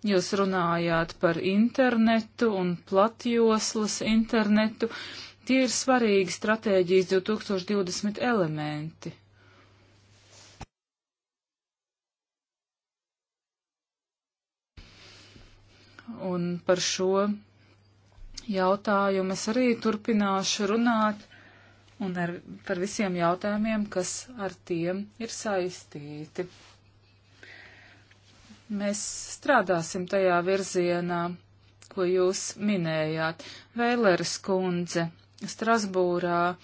Jūs runājāt par internetu un platjoslas internetu. Tie ir svarīgi stratēģijas 2020 elementi. Un par šo jautājumu. Es arī turpināšu runāt un ar, par visiem jautājumiem, kas ar tiem ir saistīti. Mēs strādāsim tajā virzienā, ko jūs minējāt. Vēleres kundze, Strasbūrā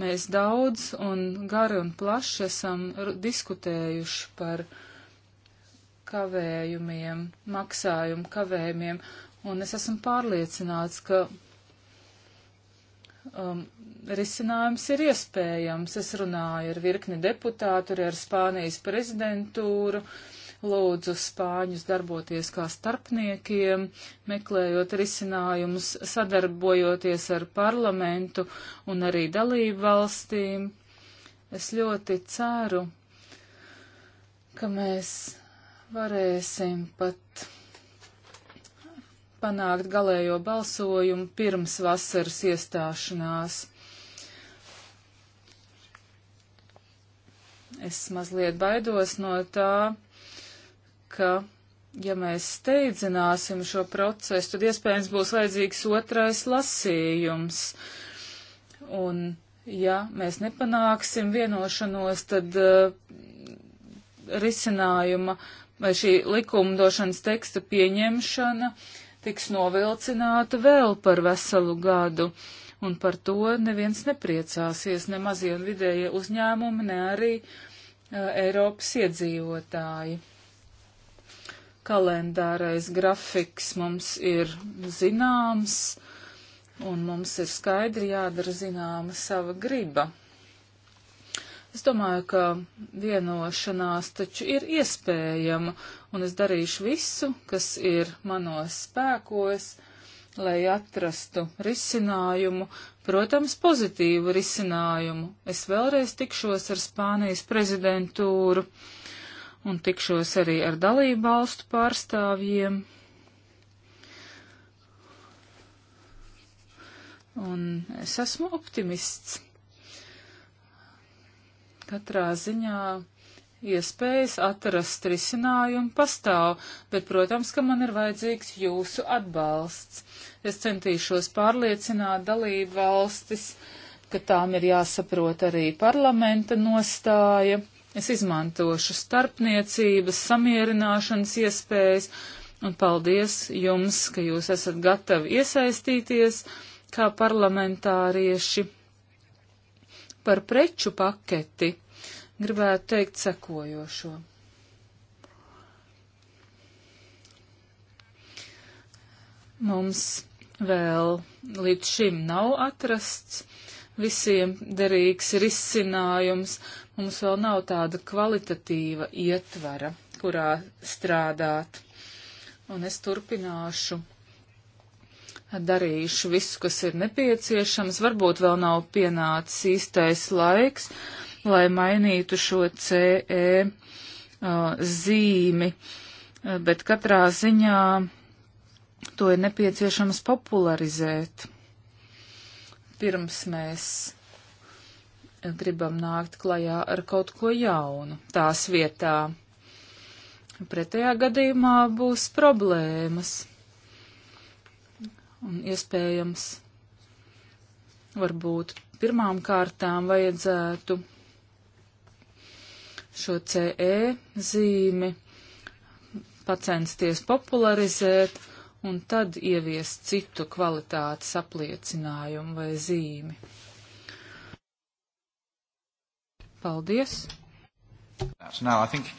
mēs daudz un gari un plaši esam diskutējuši par kavējumiem, maksājumu kavējumiem Un es esmu pārliecināts, ka um, risinājums ir iespējams. Es runāju ar virkni deputātu, arī ar Spānijas prezidentūru, lūdzu Spāņus darboties kā starpniekiem, meklējot risinājumus, sadarbojoties ar parlamentu un arī dalību valstīm. Es ļoti ceru, ka mēs varēsim pat panākt galējo balsojumu pirms vasaras iestāšanās. Es mazliet baidos no tā, ka, ja mēs steidzināsim šo procesu, tad iespējams būs vajadzīgs otrais lasījums. Un, ja mēs nepanāksim vienošanos, tad uh, risinājuma vai šī likumdošanas teksta pieņemšana uh, tiks novilcināta vēl par veselu gadu, un par to neviens nepriecāsies, ne mazie un vidējie uzņēmumi, ne arī uh, Eiropas iedzīvotāji. Kalendārais grafiks mums ir zināms, un mums ir skaidri jādara zināma sava griba. Es domāju, ka vienošanās taču ir iespējama, un es darīšu visu, kas ir manos spēkos, lai atrastu risinājumu, protams, pozitīvu risinājumu. Es vēlreiz tikšos ar Spānijas prezidentūru un tikšos arī ar dalību valstu pārstāvjiem. Un es esmu optimists. Katrā ziņā iespējas atrast risinājumu pastāv, bet, protams, ka man ir vajadzīgs jūsu atbalsts. Es centīšos pārliecināt dalību valstis, ka tām ir jāsaprot arī parlamenta nostāja. Es izmantošu starpniecības, samierināšanas iespējas, un paldies jums, ka jūs esat gatavi iesaistīties kā parlamentārieši par preču paketi gribētu teikt sekojošo. Mums vēl līdz šim nav atrasts visiem derīgs risinājums. Mums vēl nav tāda kvalitatīva ietvara, kurā strādāt. Un es turpināšu darīšu visu, kas ir nepieciešams. Varbūt vēl nav pienācis īstais laiks, lai mainītu šo CE zīmi, bet katrā ziņā to ir nepieciešams popularizēt. Pirms mēs gribam nākt klajā ar kaut ko jaunu tās vietā. Pretējā gadījumā būs problēmas. Un iespējams, varbūt pirmām kārtām vajadzētu šo CE zīmi, pacensties popularizēt un tad ieviest citu kvalitātes apliecinājumu vai zīmi. Paldies! Now, think...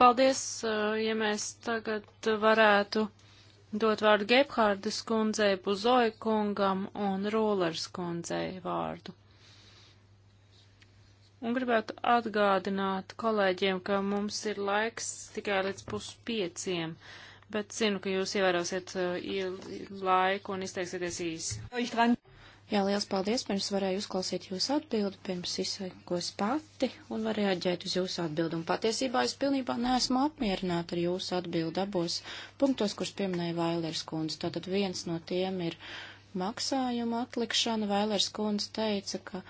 Paldies, uh, ja mēs tagad varētu dot vārdu Gebhārdas kundzei, Buzoja kungam un Rūlers kundzei vārdu. Un gribētu atgādināt kolēģiem, ka mums ir laiks tikai līdz puspieciem, bet zinu, ka jūs ievērosiet uh, laiku un izteiksieties īsi. Jā, liels paldies, pirms varēju uzklausīt jūsu atbildi, pirms izsakos pati un var reaģēt uz jūsu atbildi. Un patiesībā es pilnībā neesmu apmierināta ar jūsu atbildi abos punktos, kurus pieminēja Vailers kundze. Tātad viens no tiem ir maksājuma atlikšana. Vailers kundze teica, ka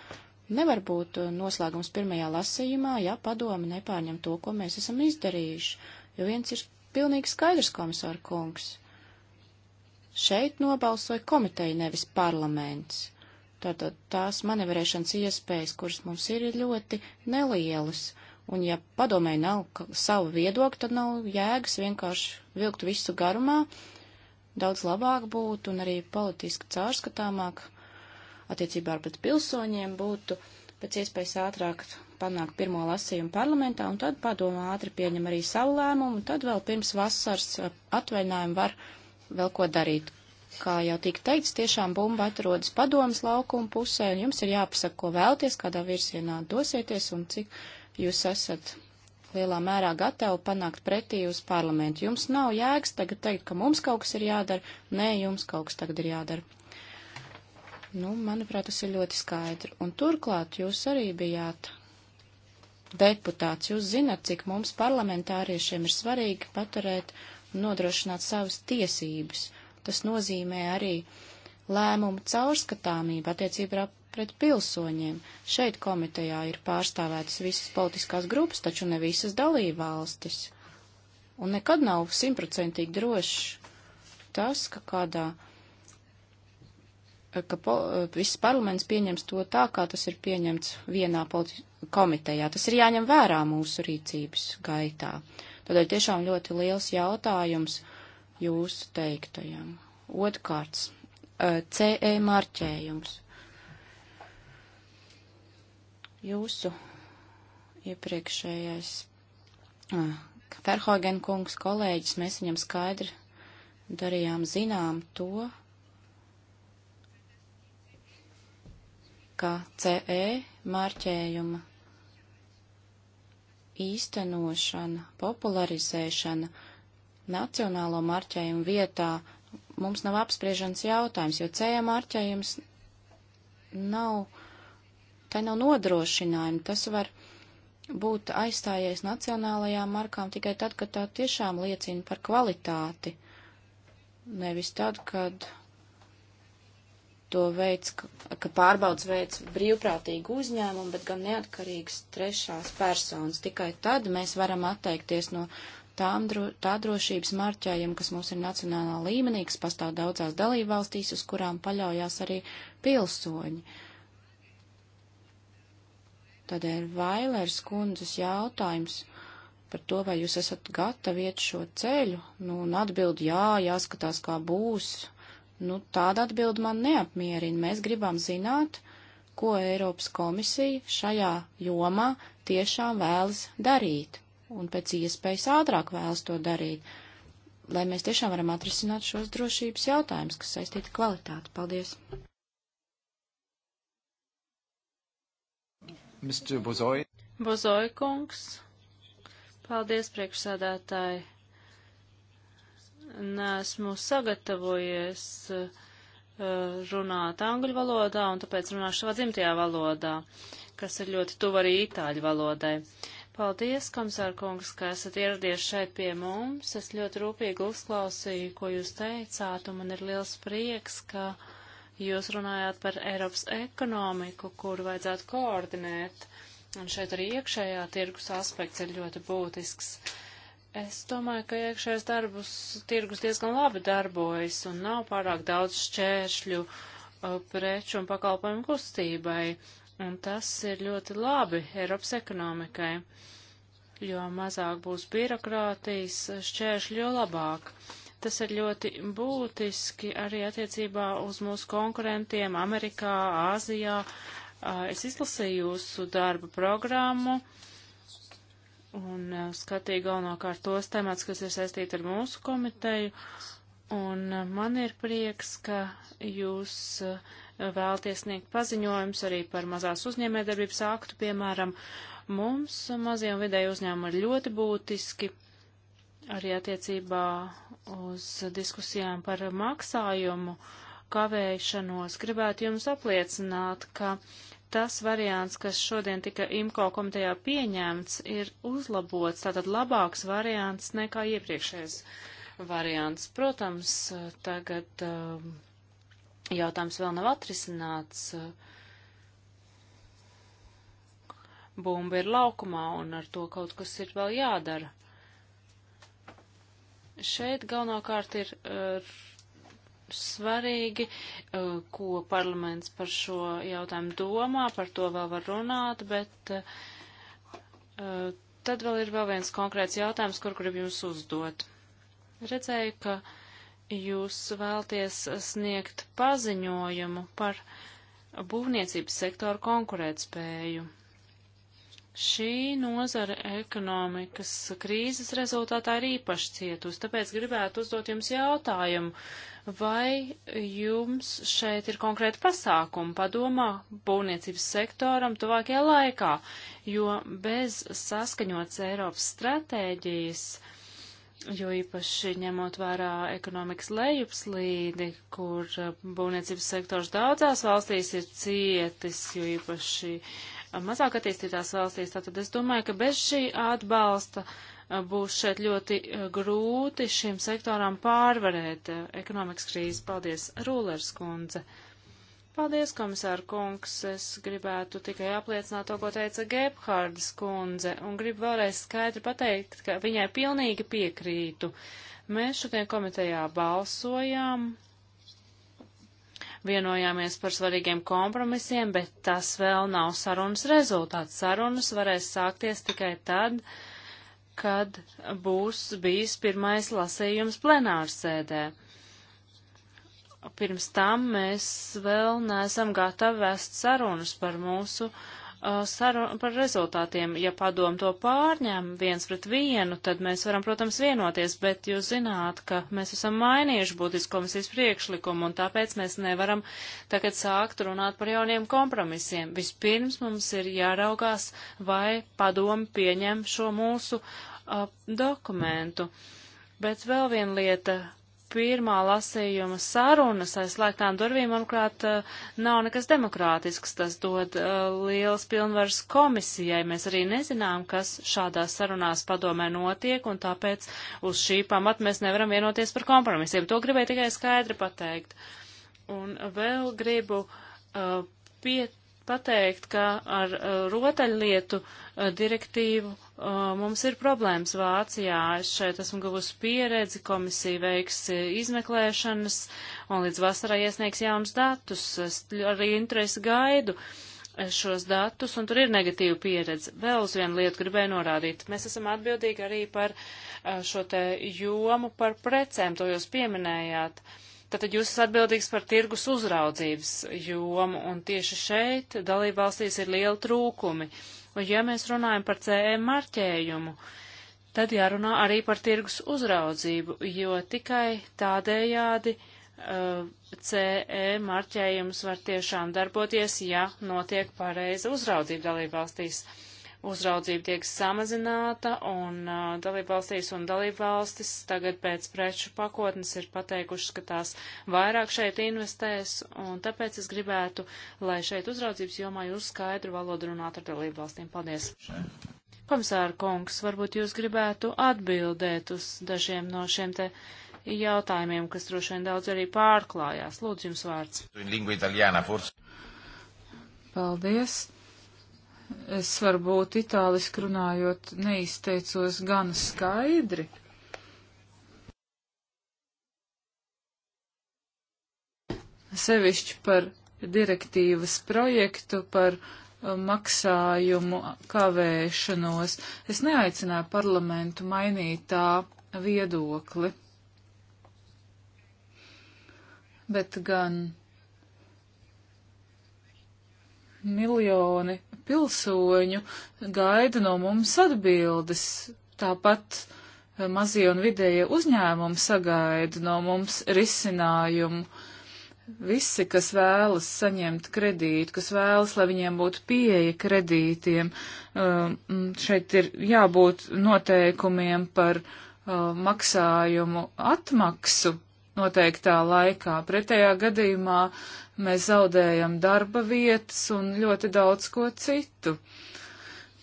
nevar būt uh, noslēgums pirmajā lasījumā, ja padomi nepārņem to, ko mēs esam izdarījuši, jo viens ir pilnīgi skaidrs komisāra kungs. Šeit nobalsoja komiteja, nevis parlaments. Tātad tās manevrēšanas iespējas, kuras mums ir, ir ļoti nelielas, un ja padomēji nav savu viedokli, tad nav jēgas vienkārši vilkt visu garumā, daudz labāk būtu un arī politiski cārskatāmāk attiecībā pret pilsoņiem būtu pēc iespējas ātrāk panākt pirmo lasījumu parlamentā, un tad padomā ātri pieņem arī savu lēmumu, un tad vēl pirms vasaras eh, atvaļinājumu var vēl ko darīt. Kā jau tika teikts, tiešām bumba atrodas padomas laukuma pusē, un jums ir jāpasaka, ko vēlties, kādā virsienā dosieties, un cik jūs esat lielā mērā gatavi panākt pretī uz parlamentu. Jums nav jēgas tagad teikt, ka mums kaut kas ir jādara, nē, jums kaut kas tagad ir jādara. Nu, manuprāt, tas ir ļoti skaidri. Un turklāt jūs arī bijāt deputāts. Jūs zināt, cik mums parlamentāriešiem ir svarīgi paturēt un nodrošināt savas tiesības. Tas nozīmē arī lēmumu caurskatāmību attiecībā pret pilsoņiem. Šeit komitejā ir pārstāvētas visas politiskās grupas, taču ne visas dalībvalstis. Un nekad nav simtprocentīgi drošs tas, ka kādā ka po, eh, viss parlaments pieņems to tā, kā tas ir pieņemts vienā komitejā. Tas ir jāņem vērā mūsu rīcības gaitā. Tādēļ tiešām ļoti liels jautājums jūsu teiktajam. Otkārts, eh, CE marķējums. Jūsu iepriekšējais eh, Ferhogen kungs kolēģis, mēs viņam skaidri darījām zinām to, ka CE mārķējuma īstenošana, popularizēšana nacionālo marķējumu vietā mums nav apspriežams jautājums, jo CE marķējums nav, tai nav nodrošinājumi. Tas var būt aizstājies nacionālajām markām tikai tad, kad tā tiešām liecina par kvalitāti, nevis tad, kad to veids, ka, ka pārbaudas veids brīvprātīgi uzņēmumu, bet gan neatkarīgas trešās personas. Tikai tad mēs varam atteikties no tām, dro, tā drošības marķējuma, kas mums ir nacionālā līmenī, kas pastāv daudzās dalībvalstīs, uz kurām paļaujās arī pilsoņi. Tādēļ Vailers kundzes jautājums par to, vai jūs esat gatavi iet šo ceļu, nu, un atbild jā, jāskatās, kā būs, Nu, tāda atbilda man neapmierina. Mēs gribam zināt, ko Eiropas komisija šajā jomā tiešām vēlas darīt un pēc iespējas ātrāk vēlas to darīt, lai mēs tiešām varam atrisināt šos drošības jautājumus, kas saistīti kvalitāti. Paldies! Mr. Bozoi. Bozoi kungs. Paldies, priekšsādātāji nesmu sagatavojies eh, runāt angļu valodā, un tāpēc runāšu savā dzimtajā valodā, kas ir ļoti tuva arī itāļu valodai. Paldies, komisārkungs, ka esat ieradies šeit pie mums. Es ļoti rūpīgi uzklausīju, ko jūs teicāt, un man ir liels prieks, ka jūs runājāt par Eiropas ekonomiku, kuru vajadzētu koordinēt. Un šeit arī iekšējā tirgus aspekts ir ļoti būtisks. Es domāju, ka iekšējais darbus tirgus diezgan labi darbojas un nav pārāk daudz šķēršļu uh, preču un pakalpojumu kustībai, un tas ir ļoti labi Eiropas ekonomikai, jo mazāk būs birokrātijas šķēršļu, jo labāk. Tas ir ļoti būtiski arī attiecībā uz mūsu konkurentiem Amerikā, Āzijā. Uh, es izlasīju jūsu darba programmu. Uh, un uh, skatīja galvenokārt tos temats, kas ir saistīti ar mūsu komiteju. Un uh, man ir prieks, ka jūs uh, vēlties sniegt paziņojums arī par mazās uzņēmējdarbības aktu, piemēram, mums mazie un vidēji uzņēmumi ir ļoti būtiski arī attiecībā uz diskusijām par maksājumu kavēšanos. Gribētu jums apliecināt, ka uh, tas variants, kas šodien tika IMCO komitejā pieņemts, ir uzlabots, tātad labāks variants nekā iepriekšējais variants. Protams, tagad um, jautājums vēl nav atrisināts. Bumba ir laukumā un ar to kaut kas ir vēl jādara. Šeit galvenokārt ir uh, svarīgi, eh, ko parlaments par šo jautājumu domā, par to vēl var runāt, bet eh, tad vēl ir vēl viens konkrēts jautājums, kur gribu jums uzdot. Redzēju, ka jūs vēlties sniegt paziņojumu par būvniecības sektoru konkurētspēju. spēju. Šī nozara ekonomikas krīzes rezultātā ir īpaši cietusi, tāpēc gribētu uzdot jums jautājumu, vai jums šeit ir konkrēti pasākumi padomā būvniecības sektoram tuvākajā laikā, jo bez saskaņots Eiropas stratēģijas, jo īpaši ņemot vērā ekonomikas lejupslīdi, kur būvniecības sektors daudzās valstīs ir cietis, jo īpaši uh, mazāk attīstītās valstīs. Tātad es domāju, ka bez šī atbalsta būs šeit ļoti grūti šim sektoram pārvarēt ekonomikas krīzi. Paldies, Rūlers kundze! Paldies, komisāra kungs. Es gribētu tikai apliecināt to, ko teica Gebhardas kundze, un gribu vēlreiz skaidri pateikt, ka viņai pilnīgi piekrītu. Mēs šodien komitejā balsojām vienojāmies par svarīgiem kompromisiem, bet tas vēl nav sarunas rezultāts. Sarunas varēs sākties tikai tad, kad būs bijis pirmais lasījums plenārsēdē. Pirms tam mēs vēl neesam gatavi vest sarunas par mūsu uh, Uh, sarunu par rezultātiem. Ja padomu to pārņem viens pret vienu, tad mēs varam, protams, vienoties, bet jūs zināt, ka mēs esam mainījuši būtisku komisijas priekšlikumu, un tāpēc mēs nevaram tagad sākt runāt par jauniem kompromisiem. Vispirms mums ir jāraugās, vai padomu pieņem šo mūsu uh, dokumentu. Bet vēl viena lieta pirmā lasījuma sarunas aiz slēgtām durvīm, manuprāt, eh, nav nekas demokrātisks. Tas dod uh, liels pilnvars komisijai. Mēs arī nezinām, kas šādās sarunās padomē notiek, un tāpēc uz šī pamata mēs nevaram vienoties par kompromisiem. To gribēju tikai skaidri pateikt. Un vēl gribu uh, pie, pateikt, ka ar uh, rotaļlietu direktīvu Uh, mums ir problēmas Vācijā. Es šeit esmu guvusi pieredzi, komisija veiks uh, izmeklēšanas un līdz vasarai iesniegs jaunus datus. Es arī interesi gaidu uh, šos datus, un tur ir negatīva pieredze. Vēl uz vienu lietu gribēju norādīt. Mēs esam atbildīgi arī par šo te jomu par precēm, to jūs pieminējāt. Tātad jūs esat atbildīgs par tirgus uzraudzības jomu, un tieši šeit dalībvalstīs ir liela trūkumi. Un ja mēs runājam par CE marķējumu, tad jārunā arī par tirgus uzraudzību, jo tikai tādējādi uh, CE marķējums var tiešām darboties, ja notiek pareiza uzraudzība dalībvalstīs. valstīs uzraudzība tiek samazināta un uh, dalībvalstīs un dalībvalstis tagad pēc preču pakotnes ir pateikušas, ka tās vairāk šeit investēs un tāpēc es gribētu, lai šeit uzraudzības jomā jūs skaidru valodu runātu ar dalībvalstīm. Paldies! Komisāra kungs, varbūt jūs gribētu atbildēt uz dažiem no šiem te jautājumiem, kas droši vien daudz arī pārklājās. Lūdzu, jums vārds. Paldies es varbūt itāliski runājot neizteicos gan skaidri. Sevišķi par direktīvas projektu par uh, maksājumu kavēšanos. Es neaicināju parlamentu mainīt tā viedokli, bet gan miljoni pilsoņu gaida no mums atbildes. Tāpat eh, mazie un vidējie uzņēmumi sagaida no mums risinājumu. Visi, kas vēlas saņemt kredītu, kas vēlas, lai viņiem būtu pieeja kredītiem, eh, šeit ir jābūt noteikumiem par eh, maksājumu atmaksu noteiktā laikā. Pretējā gadījumā mēs zaudējam darba vietas un ļoti daudz ko citu.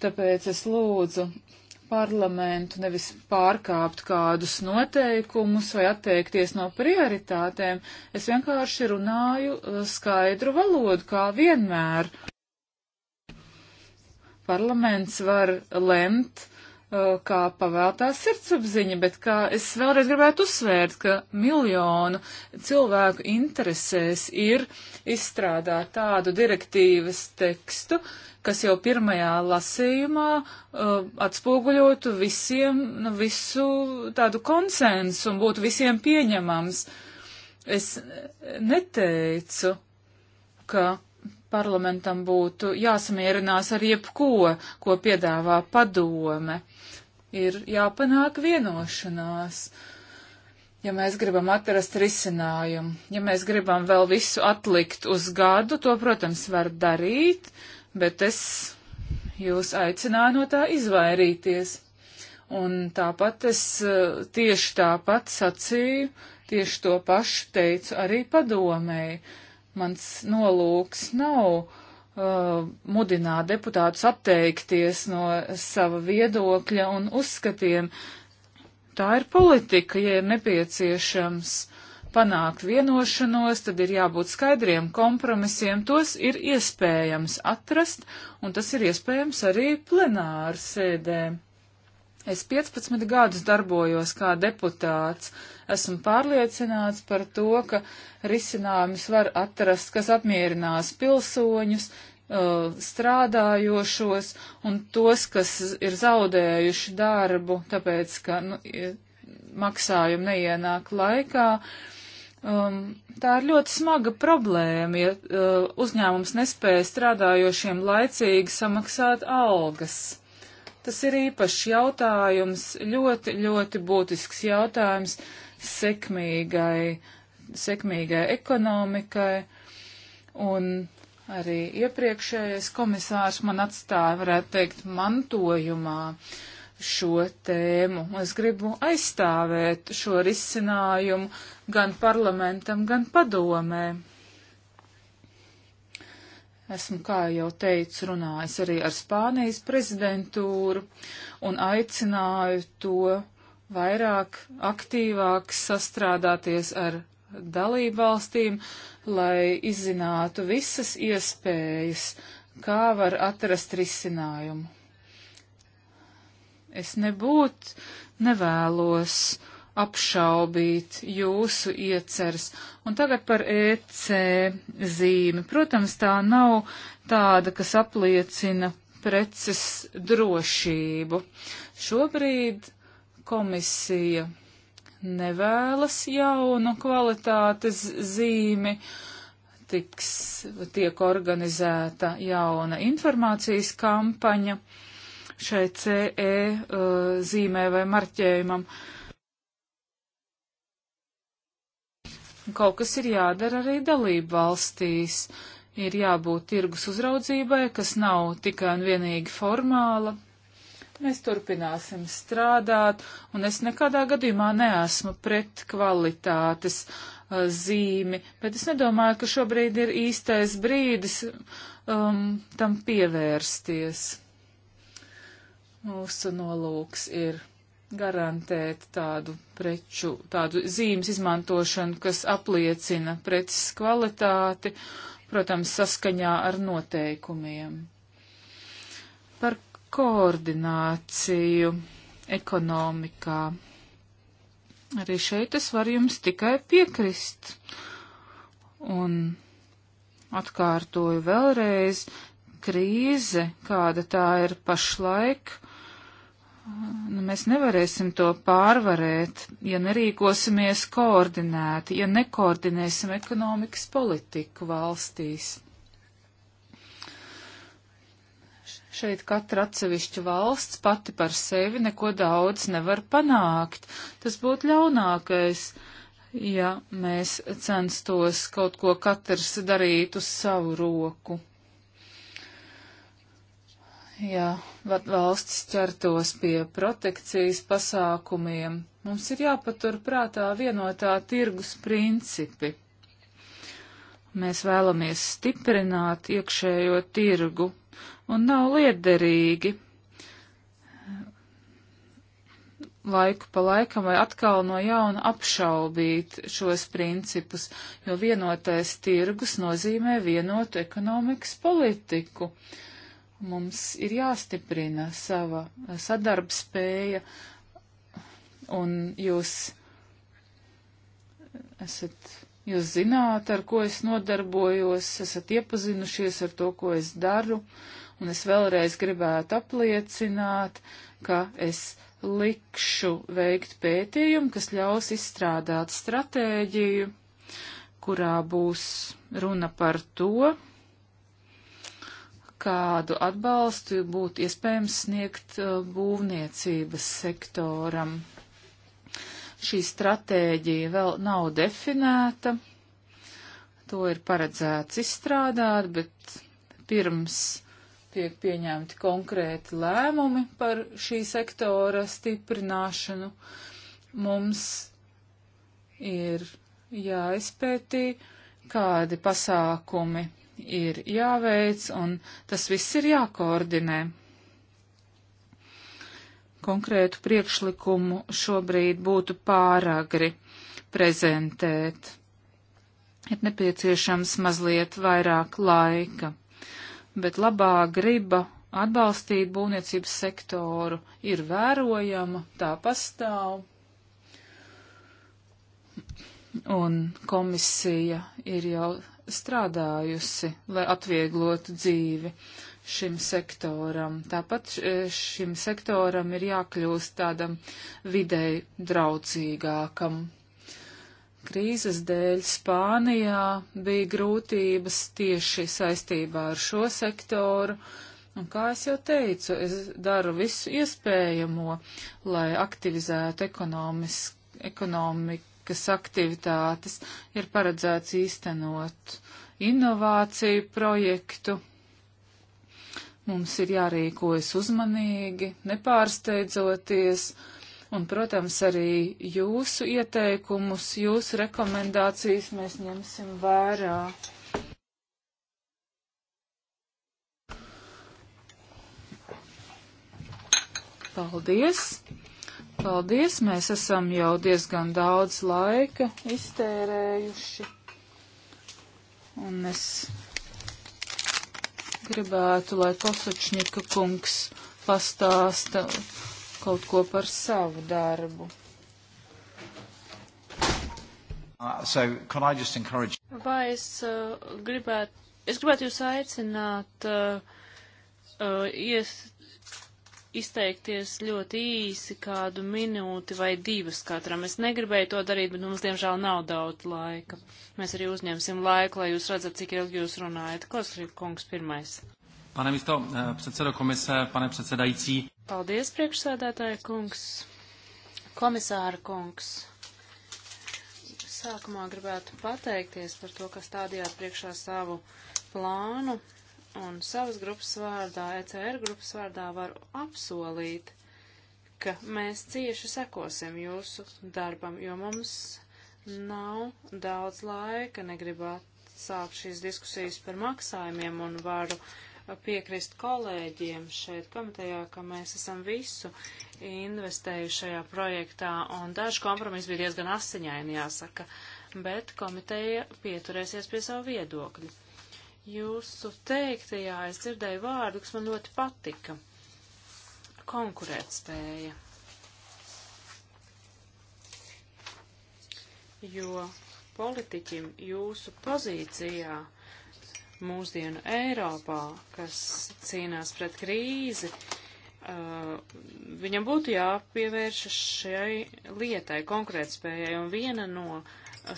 Tāpēc es lūdzu parlamentu nevis pārkāpt kādus noteikumus vai atteikties no prioritātēm. Es vienkārši runāju uh, skaidru valodu, kā vienmēr. Parlaments var lemt Uh, kā pavēltā sirdsapziņa, bet kā es vēlreiz gribētu uzsvērt, ka miljonu cilvēku interesēs ir izstrādāt tādu direktīvas tekstu, kas jau pirmajā lasījumā uh, atspoguļotu visiem, nu, visu tādu konsensu un būtu visiem pieņemams. Es neteicu, ka parlamentam būtu jāsamierinās ar jebko, ko piedāvā padome. Ir jāpanāk vienošanās, ja mēs gribam atrast risinājumu. Ja mēs gribam vēl visu atlikt uz gadu, to, protams, var darīt, bet es jūs aicināju no tā izvairīties. Un tāpat es eh, tieši tāpat sacīju, tieši to pašu teicu arī padomēji Mans nolūks nav uh, mudināt deputātus atteikties no sava viedokļa un uzskatiem. Tā ir politika, ja ir nepieciešams panākt vienošanos, tad ir jābūt skaidriem kompromisiem. Tos ir iespējams atrast, un tas ir iespējams arī plenāru sēdēm. Es 15 gadus darbojos kā deputāts. Esmu pārliecināts par to, ka risinājums var atrast, kas apmierinās pilsoņus, uh, strādājošos un tos, kas ir zaudējuši darbu, tāpēc, ka nu, maksājumi neienāk laikā. Um, tā ir ļoti smaga problēma, ja uh, uzņēmums nespēja strādājošiem laicīgi samaksāt algas. Tas ir īpašs jautājums, ļoti, ļoti būtisks jautājums sekmīgai, sekmīgai ekonomikai. Un arī iepriekšējais komisārs man atstāja, varētu teikt, mantojumā šo tēmu. Es gribu aizstāvēt šo risinājumu gan parlamentam, gan padomē. Esmu, kā jau teicu, runājis arī ar Spānijas prezidentūru un aicināju to vairāk, aktīvāk sastrādāties ar dalību valstīm, lai izzinātu visas iespējas, kā var atrast risinājumu. Es nebūtu nevēlos apšaubīt jūsu iecers. Un tagad par EC zīmi. Protams, tā nav tāda, kas apliecina preces drošību. Šobrīd komisija nevēlas jaunu kvalitātes zīmi. Tiks, tiek organizēta jauna informācijas kampaņa šai CE uh, zīmē vai marķējumam. Uh, Kaut kas ir jādara arī dalību valstīs. Ir jābūt tirgus uzraudzībai, kas nav tikai un vienīgi formāla. Mēs turpināsim strādāt, un es nekādā gadījumā neesmu pret kvalitātes uh, zīmi, bet es nedomāju, ka šobrīd ir īstais brīdis um, tam pievērsties. Mūsu nolūks ir garantēt tādu preču, tādu zīmes izmantošanu, kas apliecina preces kvalitāti, protams, saskaņā ar noteikumiem. Par koordināciju ekonomikā. Arī šeit es varu jums tikai piekrist. Un atkārtoju vēlreiz, krīze, kāda tā ir pašlaik, Nu, mēs nevarēsim to pārvarēt, ja nerīkosimies koordinēti, ja nekoordinēsim ekonomikas politiku valstīs. Šeit katra atsevišķa valsts pati par sevi neko daudz nevar panākt. Tas būtu ļaunākais, ja mēs censtos kaut ko katrs darīt uz savu roku ja valsts ķertos pie protekcijas pasākumiem, mums ir jāpatur prātā vienotā tirgus principi. Mēs vēlamies stiprināt iekšējo tirgu, un nav liederīgi laiku pa laikam vai atkal no jauna apšaubīt šos principus, jo vienotais tirgus nozīmē vienotu ekonomikas politiku. Uh, Mums ir jāstiprina sava sadarbspēja, un jūs esat, jūs zināt, ar ko es nodarbojos, esat iepazinušies ar to, ko es daru, un es vēlreiz gribētu apliecināt, ka es likšu veikt pētījumu, kas ļaus izstrādāt stratēģiju, kurā būs runa par to, kādu atbalstu būtu iespējams sniegt uh, būvniecības sektoram. Šī stratēģija vēl nav definēta, to ir paredzēts izstrādāt, bet pirms tiek pieņemti konkrēti lēmumi par šī sektora stiprināšanu, mums ir jāizpētī, kādi pasākumi ir jāveic, un tas viss ir jākoordinē. Konkrētu priekšlikumu šobrīd būtu pāragri prezentēt. Ir nepieciešams mazliet vairāk laika, bet labā griba atbalstīt būvniecības sektoru ir vērojama, tā pastāv. Un komisija ir jau strādājusi, lai atvieglotu dzīvi šim sektoram. Tāpat e, šim sektoram ir jākļūst tādam videi draudzīgākam. Krīzes dēļ Spānijā bija grūtības tieši saistībā ar šo sektoru, un kā es jau teicu, es daru visu iespējamo, lai aktivizētu ekonomiku kas aktivitātes ir paredzēts īstenot inovāciju projektu. Mums ir jārīkojas uzmanīgi, nepārsteidzoties, un, protams, arī jūsu ieteikumus, jūsu rekomendācijas mēs ņemsim vērā. Paldies! Paldies, mēs esam jau diezgan daudz laika iztērējuši. Un es gribētu, lai Kosačņika kungs pastāsta kaut ko par savu darbu. Uh, so, encourage... Vai es uh, gribētu, es gribētu jūs aicināt uh, uh, ies, izteikties ļoti īsi, kādu minūti vai divas katram. Es negribēju to darīt, bet nu, mums, diemžēl, nav daudz laika. Mēs arī uzņemsim laiku, lai jūs redzat, cik ilgi jūs runājat. Koskrīt kungs pirmais. Pane místo, eh, předsedo komise, pane předsedající. Paldies, priekšsēdētāja kungs, komisāra kungs. Sākumā gribētu pateikties par to, kas stādījāt priekšā savu plānu un savas grupas vārdā, ECR grupas vārdā varu apsolīt, ka mēs cieši sekosim jūsu darbam, jo mums nav daudz laika, negribāt sākt šīs diskusijas par maksājumiem un varu piekrist kolēģiem šeit komitejā, ka mēs esam visu investējuši šajā projektā, un daži kompromisi bija diezgan asiņaini, jāsaka, bet komiteja pieturēsies pie savu viedokļu jūsu teiktajā es dzirdēju vārdu, kas man ļoti patika. Konkurētspēja. Jo politiķim jūsu pozīcijā mūsdienu Eiropā, kas cīnās pret krīzi, Uh, viņam būtu jāpievēršas šai lietai, konkurētspējai, un viena no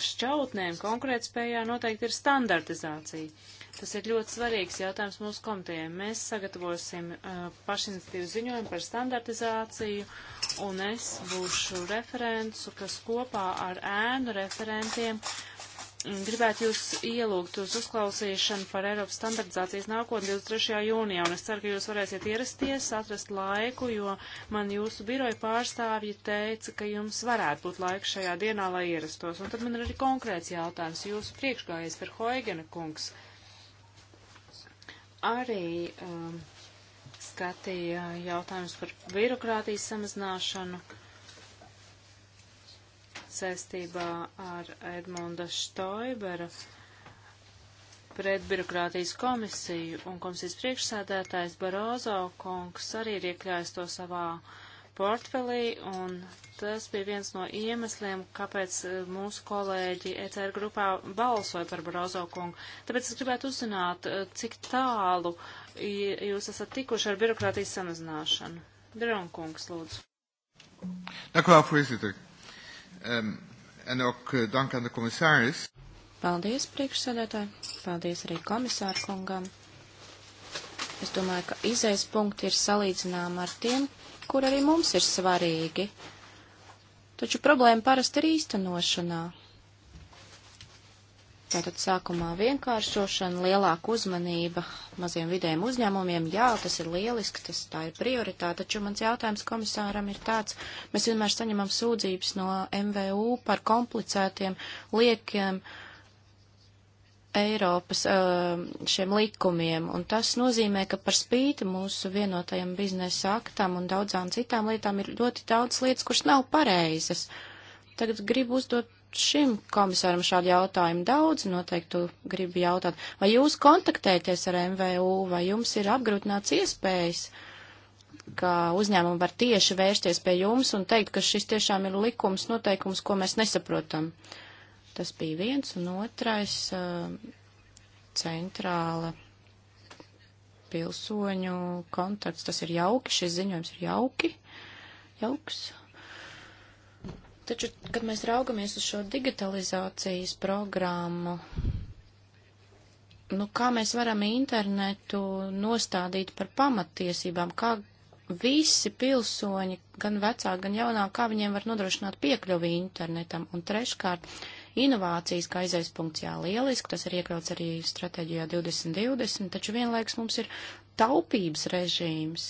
šķautnēm konkurētspējā noteikti ir standartizācija. Tas ir ļoti svarīgs jautājums mūsu komitejai. Mēs sagatavosim uh, pašinicitīvu ziņojumu par standartizāciju, un es būšu referents, kas kopā ar ēnu referentiem mm, gribētu jūs ielūgt uz uzklausīšanu par Eiropas standartizācijas nākotni 23. jūnijā, un es ceru, ka jūs varēsiet ierasties, atrast laiku, jo man jūsu biroja pārstāvji teica, ka jums varētu būt laiks šajā dienā, lai ierastos. Un tad man ir arī konkrēts jautājums. Jūsu priekšgājies par Hoigena kungs arī um, skatīja jautājumus par birokrātijas samazināšanu saistībā ar Edmunda Štoibera pret birokrātijas komisiju, un komisijas priekšsēdētājs Barozo kungs arī ir iekļājis to savā uh, portfelī, un tas bija viens no iemesliem, kāpēc e, mūsu kolēģi ECR grupā balsoja par Barozo kungu. Tāpēc es gribētu uzzināt, e, cik tālu jūs esat tikuši ar birokrātijas samazināšanu. Biron kungs, lūdzu. Dank u wel, voorzitter. Um, en ook uh, dank aan de commissaris. Paldies, priekšsēdētāji. Paldies arī komisāru kungam. Es domāju, ka izējas punkti ir salīdzināma ar tiem, kur arī mums ir svarīgi. Taču problēma parasti ir īstenošanā. Tātad sākumā vienkāršošana, lielāka uzmanība maziem vidējiem uzņēmumiem. Jā, tas ir lieliski, tas tā ir prioritāte, taču mans jautājums komisāram ir tāds, mēs vienmēr saņemam sūdzības no MVU par komplicētiem, liekiem Eiropas uh, šiem likumiem, un tas nozīmē, ka par spīti mūsu vienotajam biznesa aktam un daudzām citām lietām ir ļoti daudz lietas, kuras nav pareizas. Tagad gribu uzdot šim komisāram šādu jautājumu. Daudz noteikti gribu jautāt, vai jūs kontaktēties ar MVU, vai jums ir apgrūtināts iespējas, ka uzņēmumi var tieši vērsties pie jums un teikt, ka šis tiešām ir likums, noteikums, ko mēs nesaprotam. Uh, Tas bija viens un otrais centrāla pilsoņu kontakts. Tas ir jauki, šis ziņojums ir jauki, jauks. Taču, kad mēs raugamies uz šo digitalizācijas programmu, nu kā mēs varam internetu nostādīt par pamattiesībām, kā visi pilsoņi, gan vecāki, gan jaunāki, kā viņiem var nodrošināt piekļuvi internetam. Un treškārt, Inovācijas kā aizaispunkts, jā, lieliski, tas ir iekļauts arī stratēģijā 2020, taču vienlaiks mums ir taupības režīms.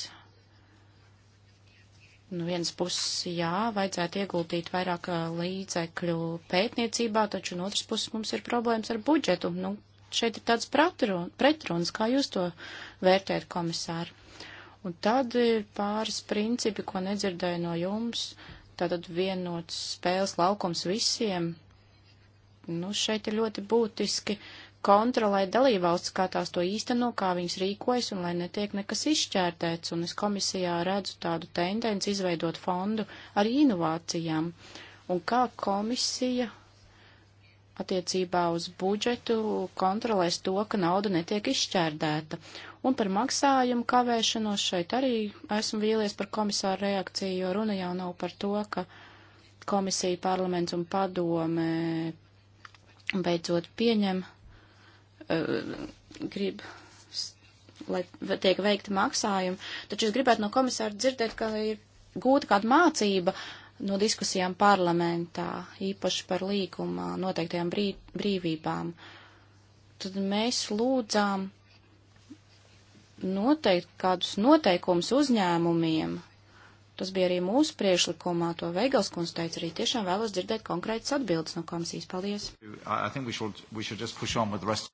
Nu, viens puses, jā, vajadzētu ieguldīt vairāk līdzekļu pētniecībā, taču no otras puses mums ir problēmas ar budžetu. Nu, šeit ir tāds pretruns, kā jūs to vērtējat, komisāri. Un tad ir pāris principi, ko nedzirdēju no jums. Tātad vienots spēles laukums visiem nu, šeit ir ļoti būtiski kontrolēt dalībvalsts, kā tās to īsteno, kā viņas rīkojas un lai netiek nekas izšķērdēts. Un es komisijā redzu tādu tendenci izveidot fondu ar inovācijām. Un kā komisija attiecībā uz budžetu kontrolēs to, ka nauda netiek izšķērdēta. Un par maksājumu kavēšanos šeit arī esmu vīlies par komisāru reakciju, jo runa jau nav par to, ka komisija, parlaments un padome beidzot pieņem, e, grib, lai tiek veikti maksājumi, taču es gribētu no komisāra dzirdēt, ka ir gūta kāda mācība no diskusijām parlamentā, īpaši par līgumā noteiktajām brīvībām. Tad mēs lūdzām noteikt kādus noteikumus uzņēmumiem, Tas bija arī mūsu priešlikumā, to Veigals kundze teica arī. Tiešām vēlos dzirdēt konkrētas atbildes no komisijas. Paldies! We should, we should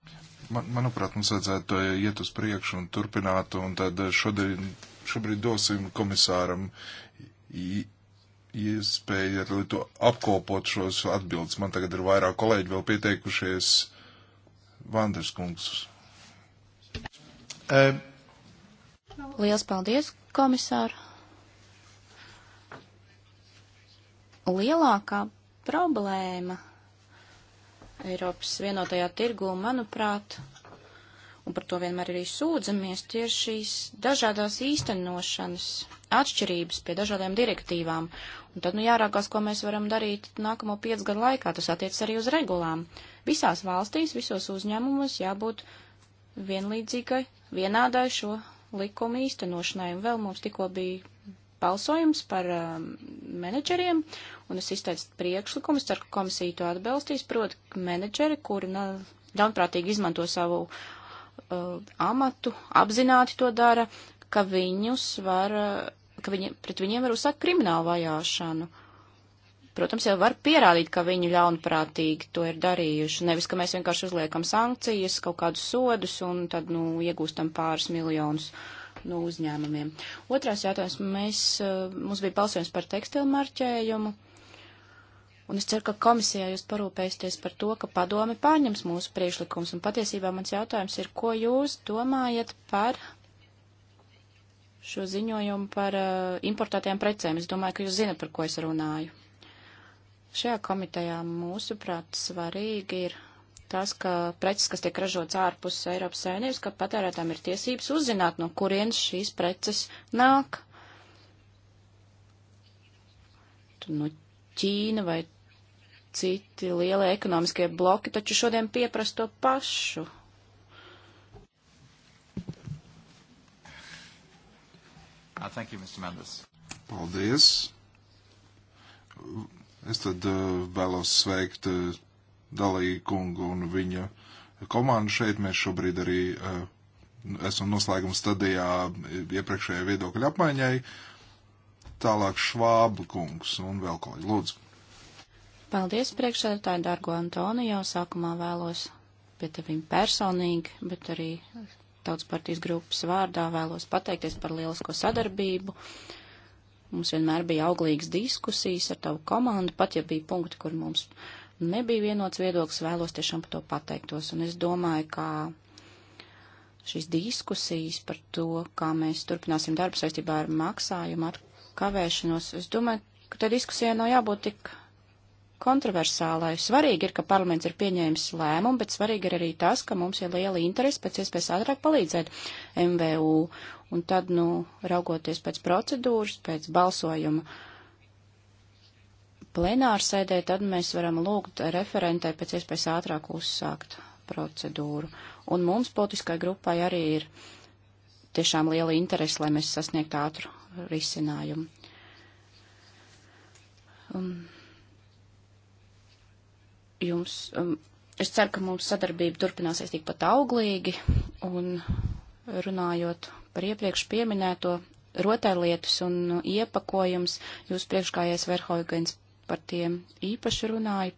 Man, manuprāt, mums vajadzētu eh, iet uz priekšu un turpināt, un tad eh, šodien, šobrīd dosim komisāram iespēju ar to apkopot šos atbildes. Man tagad ir vairāk kolēģi vēl pieteikušies. Vanders kungs. Um. Liels paldies, komisāra! lielākā problēma Eiropas vienotajā tirgū, manuprāt, un par to vienmēr arī sūdzamies, tie ir šīs dažādās īstenošanas atšķirības pie dažādām direktīvām. Un tad, nu, jārākās, ko mēs varam darīt nākamo piecu gadu laikā, tas attiecas arī uz regulām. Visās valstīs, visos uzņēmumos jābūt vienlīdzīgai, vienādai šo likumu īstenošanai, un vēl mums tikko bija balsojums par um, menedžeriem, un es izteicu priekšlikumus, ceru, ka komisija to atbalstīs, proti, menedžeri, kuri nu, ļaunprātīgi izmanto savu uh, amatu, apzināti to dara, ka viņus var, uh, ka viņi, pret viņiem var uzsākt kriminālu vajāšanu. Protams, jau var pierādīt, ka viņi ļaunprātīgi to ir darījuši, nevis, ka mēs vienkārši uzliekam sankcijas, kaut kādus sodus un tad, nu, iegūstam pāris miljonus. Uh, no uzņēmumiem. Otrās jautājums. Mēs, eh, mums bija balsojums par tekstilu marķējumu. Un es ceru, ka komisijā jūs parūpēsieties par to, ka padome pārņems mūsu priekšlikums. Un patiesībā mans jautājums ir, ko jūs domājat par šo ziņojumu par uh, importētajām precēm? Es domāju, ka jūs zinat, par ko es runāju. Šajā komitejā mūsuprāt svarīgi ir tas, ka preces, kas tiek ražots ārpus Eiropas Savienības, ka patērētām ir tiesības uzzināt, no kurienes šīs preces nāk. Tur no Ķīna vai citi lielie ekonomiskie bloki taču šodien pieprasa to pašu. Uh, thank you, Mr. Mendes. Paldies. Es tad uh, vēlos sveikt uh, Dalīja kungu un viņa komandu šeit. Mēs šobrīd arī uh, esam noslēguma stadijā iepriekšējai viedokļa apmaiņai. Tālāk Švāba kungs un vēl ko lūdzu. Paldies priekšsēdētāji, dargo Antoni, jau sākumā vēlos pie tevim personīgi, bet arī tautas partijas grupas vārdā vēlos pateikties par lielisko sadarbību. Mums vienmēr bija auglīgas diskusijas ar tavu komandu, pat ja bija punkti, kur mums nebija vienots viedoklis, vēlos tiešām par to pateiktos. Un es domāju, ka šīs diskusijas par to, kā mēs turpināsim darbu saistībā ar maksājumu, ar kavēšanos, es domāju, ka tai diskusijai nav jābūt tik kontroversālai. Svarīgi ir, ka parlaments ir pieņēmis lēmumu, bet svarīgi ir arī tas, ka mums ir liela interese pēc iespējas ātrāk palīdzēt MVU. Un tad, nu, raugoties pēc procedūras, pēc balsojuma plenārsēdē, tad mēs varam lūgt referentai pēc iespējas ātrāk uzsākt procedūru. Un mums politiskai grupai arī ir tiešām liela interese, lai mēs sasniegtu ātru risinājumu. Um, jums, um, es ceru, ka mums sadarbība turpināsies tikpat auglīgi un runājot par iepriekš pieminēto rotaļlietas un iepakojums, jūs priekškājais Verhoigens par tiem īpaši runāju.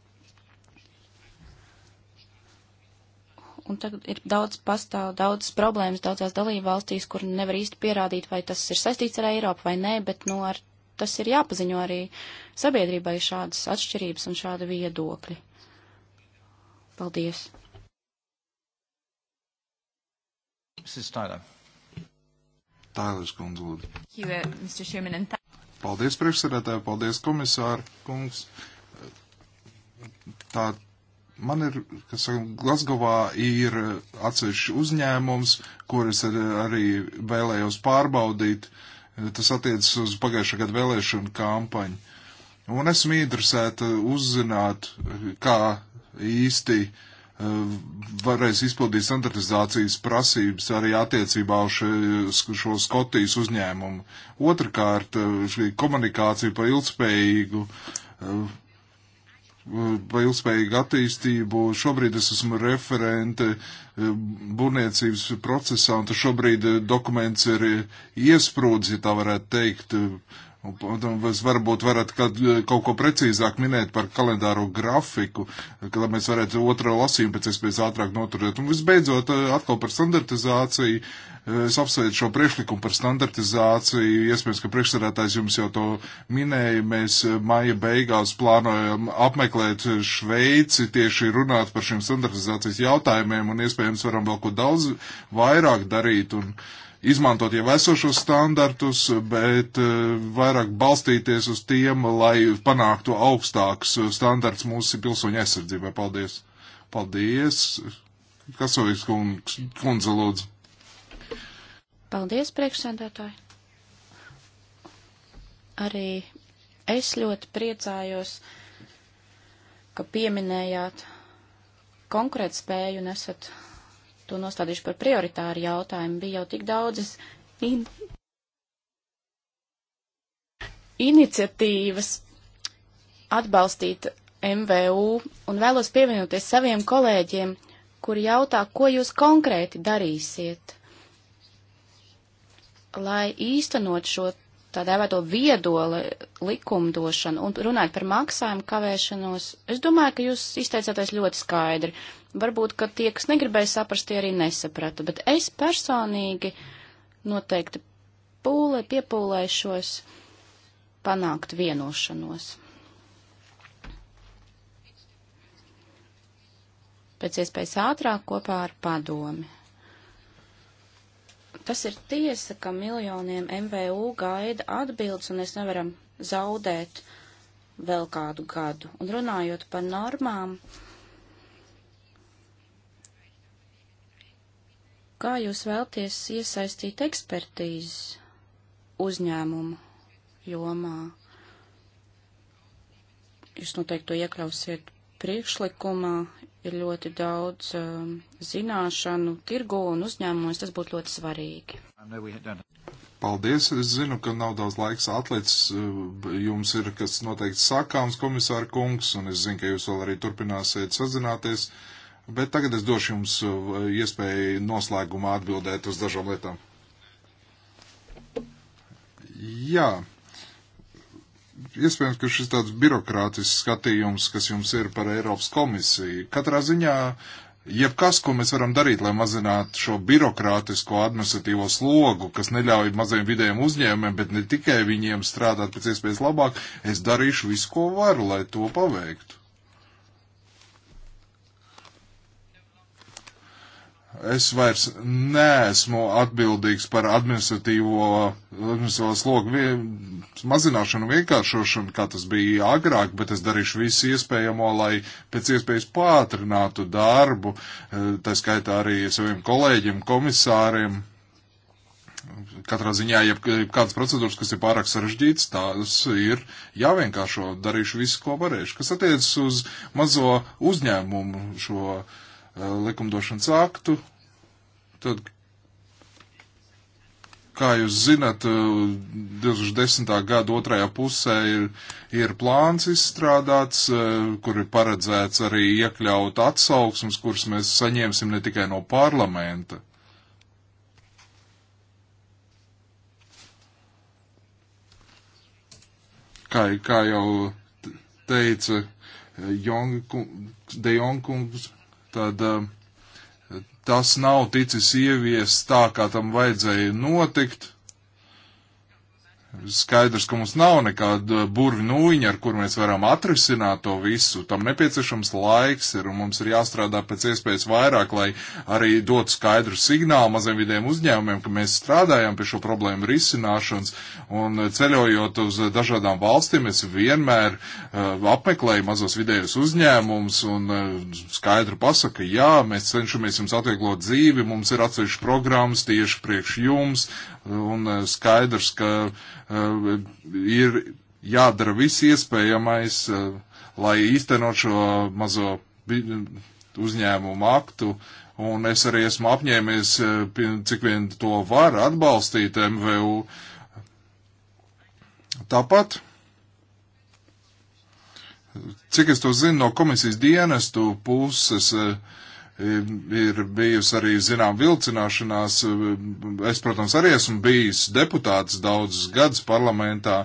Un tagad ir daudz pastāv, daudz problēmas daudzās dalību valstīs, kur nevar īsti pierādīt, vai tas ir saistīts ar Eiropu vai nē, bet, nu, ar tas ir jāpaziņo arī sabiedrībai šādas atšķirības un šāda viedokļi. Paldies. Mrs. Tyler. Tyler's gone to Paldies, priekšsēdētāji, paldies, komisāri, kungs. Tā man ir, kas saka, Glasgovā ir atsevišķi uzņēmums, kuras ar, arī vēlējos pārbaudīt. Tas attiecas uz pagājušā gada vēlēšanu kampaņu. Un esmu interesēta uzzināt, kā īsti uh, Ehm, varēs izpildīt standartizācijas prasības arī attiecībā uz šo, šo Skotijas uzņēmumu. Otrakārt, eh, šī komunikācija par ilgspējīgu vai eh, eh, ilgspējīgu attīstību. Šobrīd es esmu referente būvniecības procesā, un tas šobrīd dokuments ir iesprūdis, ja tā varētu teikt, Jūs varbūt varat kad, eh, kaut ko precīzāk minēt par kalendāro grafiku, lai mēs varētu otro lasījumu pēc iespējas ātrāk noturēt. Un visbeidzot, eh, atkal par standartizāciju. Eh, es apsveicu šo priekšlikumu par standartizāciju. Iespējams, ka priekšsarētājs jums jau to minēja. Mēs maija beigās plānojam apmeklēt Šveici, tieši runāt par šiem standartizācijas jautājumiem un iespējams varam vēl ko daudz vairāk darīt. Un, uh, izmantot jau esošos standartus, bet eh, vairāk balstīties uz tiem, lai panāktu augstāks eh, standarts mūsu pilsoņu aizsardzībai. Paldies! Paldies! Kasoviks kundze lūdzu. Paldies, priekšsēdētāji! Arī es ļoti priecājos, ka pieminējāt konkrētspēju un esat to nostādīšu par prioritāru jautājumu, bija jau tik daudzas in iniciatīvas atbalstīt MVU un vēlos pievienoties saviem kolēģiem, kuri jautā, ko jūs konkrēti darīsiet, lai īstenot šo tā dēvēto viedoli likumdošanu un runājot par maksājumu kavēšanos, es domāju, ka jūs izteicāties ļoti skaidri. Varbūt, ka tie, kas negribēja saprast, tie arī nesaprata, bet es personīgi noteikti pūlē, piepūlēšos panākt vienošanos. Pēc iespējas ātrāk kopā ar padomi. Tas ir tiesa, ka miljoniem MVU gaida atbildes, un mēs nevaram zaudēt vēl kādu gadu. Un runājot par normām, uh, kā jūs vēlties iesaistīt ekspertīzes uzņēmumu jomā? Jūs noteikti to iekļausiet priekšlikumā, ir ļoti daudz um, zināšanu tirgu un uzņēmumos, tas būtu ļoti svarīgi. Paldies, es zinu, ka nav daudz laiks atlicis, uh, jums ir kas noteikti sakāms, komisāra kungs, un es zinu, ka jūs vēl arī turpināsiet sazināties. Uh, Bet tagad es došu jums uh, iespēju noslēgumā atbildēt uz dažām lietām. Jā. Iespējams, ka šis tāds birokrātisks skatījums, kas jums ir par Eiropas komisiju, katrā ziņā jebkas, ko mēs varam darīt, lai mazinātu šo birokrātisko administratīvo slogu, kas neļauj maziem vidējiem uzņēmumiem, bet ne tikai viņiem strādāt pēc iespējas labāk, es darīšu visu, ko varu, lai to paveiktu. es vairs neesmu atbildīgs par administratīvo, administratīvo slogu vie, mazināšanu, vienkāršošanu, kā tas bija agrāk, bet es darīšu visu iespējamo, lai pēc iespējas pātrinātu darbu, eh, tā skaitā arī saviem kolēģiem, komisāriem. Katrā ziņā, ja kādas procedūras, kas ir pārāk sarežģītas, tās ir jāvienkāršo, darīšu visu, ko varēšu. Kas attiecas uz mazo uzņēmumu šo eh, likumdošanas aktu. Tad, kā jūs zinat, 2010. gada otrajā pusē ir, ir plāns izstrādāts, eh, kur ir paredzēts arī iekļaut atsauksmes, kuras mēs saņemsim ne tikai no parlamenta. Kā, kā jau teica eh, Jong, De Jongkungs, tad uh, tas nav ticis ievies tā, kā tam vajadzēja notikt, Skaidrs, ka mums nav nekāda burvi nūjiņa, ar kur mēs varam atrisināt to visu. Tam nepieciešams laiks ir, un mums ir jāstrādā pēc iespējas vairāk, lai arī dotu skaidru signālu maziem vidiem uzņēmumiem, ka mēs strādājam pie šo problēmu risināšanas, un eh, ceļojot uz dažādām valstīm, es vienmēr uh, apmeklēju mazos vidējos uzņēmumus, un uh, eh, skaidru pasaku, jā, mēs cenšamies jums atvieglot dzīvi, mums ir atsevišķi programmas tieši priekš jums, un eh, skaidrs, ka eh, ir jādara viss iespējamais, eh, lai īstenot šo mazo uzņēmumu aktu, un es arī esmu apņēmies, cik vien to var, atbalstīt MVU. Tāpat, cik es to zinu no komisijas dienestu puses, uh, ir bijusi arī zinām vilcināšanās. Es, protams, arī esmu bijis deputāts daudzus gadus parlamentā,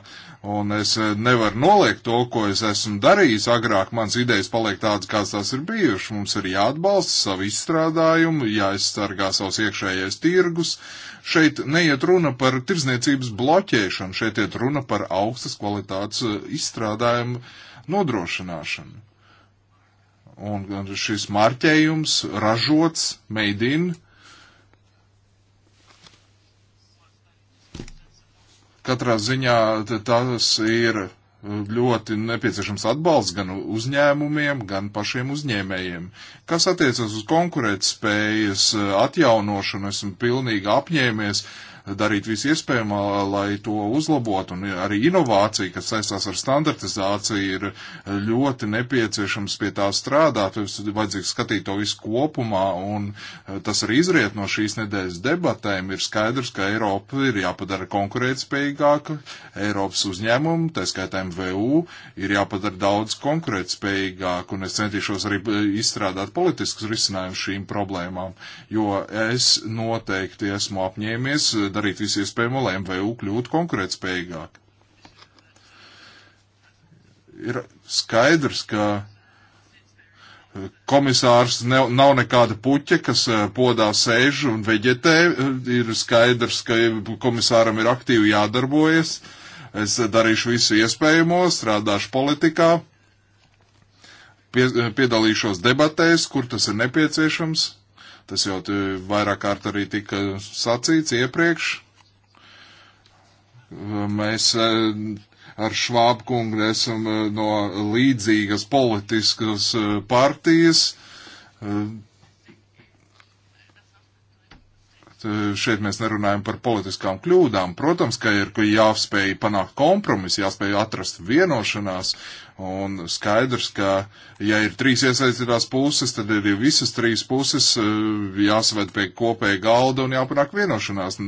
un es nevaru noliegt to, ko es esmu darījis agrāk. Mans idejas paliek tādas, kādas tās ir bijušas. Mums ir jāatbalsta savu izstrādājumu, jāizsargā savs iekšējais tirgus. Šeit neiet runa par tirzniecības bloķēšanu, šeit iet runa par augstas kvalitātes izstrādājumu nodrošināšanu. Un šis marķējums ražots, made in, katrā ziņā tas ir ļoti nepieciešams atbalsts gan uzņēmumiem, gan pašiem uzņēmējiem. Kas attiecas uz konkurētspējas uh, atjaunošanu, esmu pilnīgi apņēmies uh, darīt visu iespējamo, lai to uzlabotu. Un arī inovācija, kas saistās ar standartizāciju, ir ļoti nepieciešams pie tā strādāt. Vajadzīgs skatīt to visu kopumā, un e, tas arī izriet no šīs nedēļas debatēm. Ir skaidrs, ka Eiropa ir jāpadara konkurētspējīgāka, Eiropas uzņēmumu, tā skaitā MVU, ir jāpadara daudz konkurētspējīgāk, un es centīšos arī e, izstrādāt politiskus risinājumus šīm problēmām, jo es noteikti esmu apņēmies darīt visu iespējamo, lai MVU kļūtu konkurētspējīgāk. Ir skaidrs, ka eh, komisārs ne, nav nekāda puķa, kas eh, podā sēž un veģetē. Ir skaidrs, ka komisāram ir aktīvi jādarbojas. Es darīšu visu iespējamo, strādāšu politikā, pie, eh, piedalīšos debatēs, kur tas ir nepieciešams. Tas jau vairāk kārt arī tika sacīts iepriekš. Mēs eh, ar Švābu kungu esam eh, no līdzīgas politiskas eh, partijas. Šeit mēs nerunājam par politiskām kļūdām. Protams, ka ir jāspēj panākt kompromisu, jāspēj atrast vienošanās, Un skaidrs, ka ja ir trīs iesaistītās puses, tad ir visas trīs puses eh, jāsaved pie kopēja galda un jāpanāk vienošanās.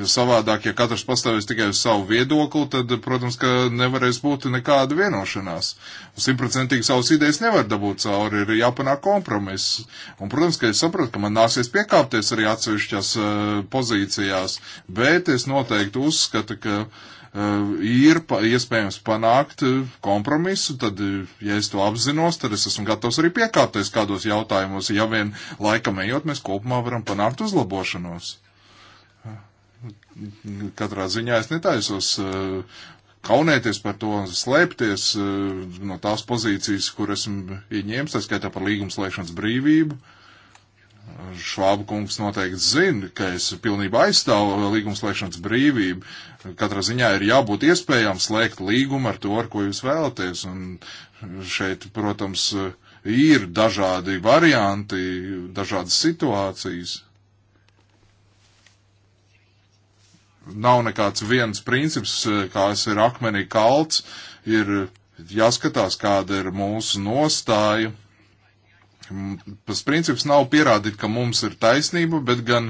Jo savādāk, ja katrs pastāvēs tikai uz savu viedokli, tad, protams, ka nevarēs būt nekāda vienošanās. Simtprocentīgi savas idejas nevar dabūt cauri, ir jāpanāk kompromiss. Un, protams, ka es saprotu, ka man nāksies piekāpties arī atsevišķās uh, pozīcijās, bet es noteikti uzskatu, ka. Uh, Eh, ir pa, iespējams panākt eh, kompromisu, tad, eh, ja es to apzinos, tad es esmu gatavs arī piekāpties kādos jautājumos, ja vien laikam ejot, mēs kopumā varam panākt uzlabošanos. Katrā ziņā es netaisos kaunēties par to, slēpties no tās pozīcijas, kur esmu ieņēmis, tā skaitā par līgumslēgšanas brīvību. Uh, Švāba kungs noteikti zina, ka es pilnībā aizstāvu uh, līgumslēgšanas brīvību. Katrā ziņā ir jābūt iespējām slēgt līgumu ar to, ar ko jūs vēlaties. Un šeit, protams, uh, ir dažādi varianti, dažādas situācijas. Nav nekāds viens princips, uh, kā es ir akmenī kalts, ir jāskatās, kāda ir mūsu nostāja Tas princips nav pierādīt, ka mums ir taisnība, bet gan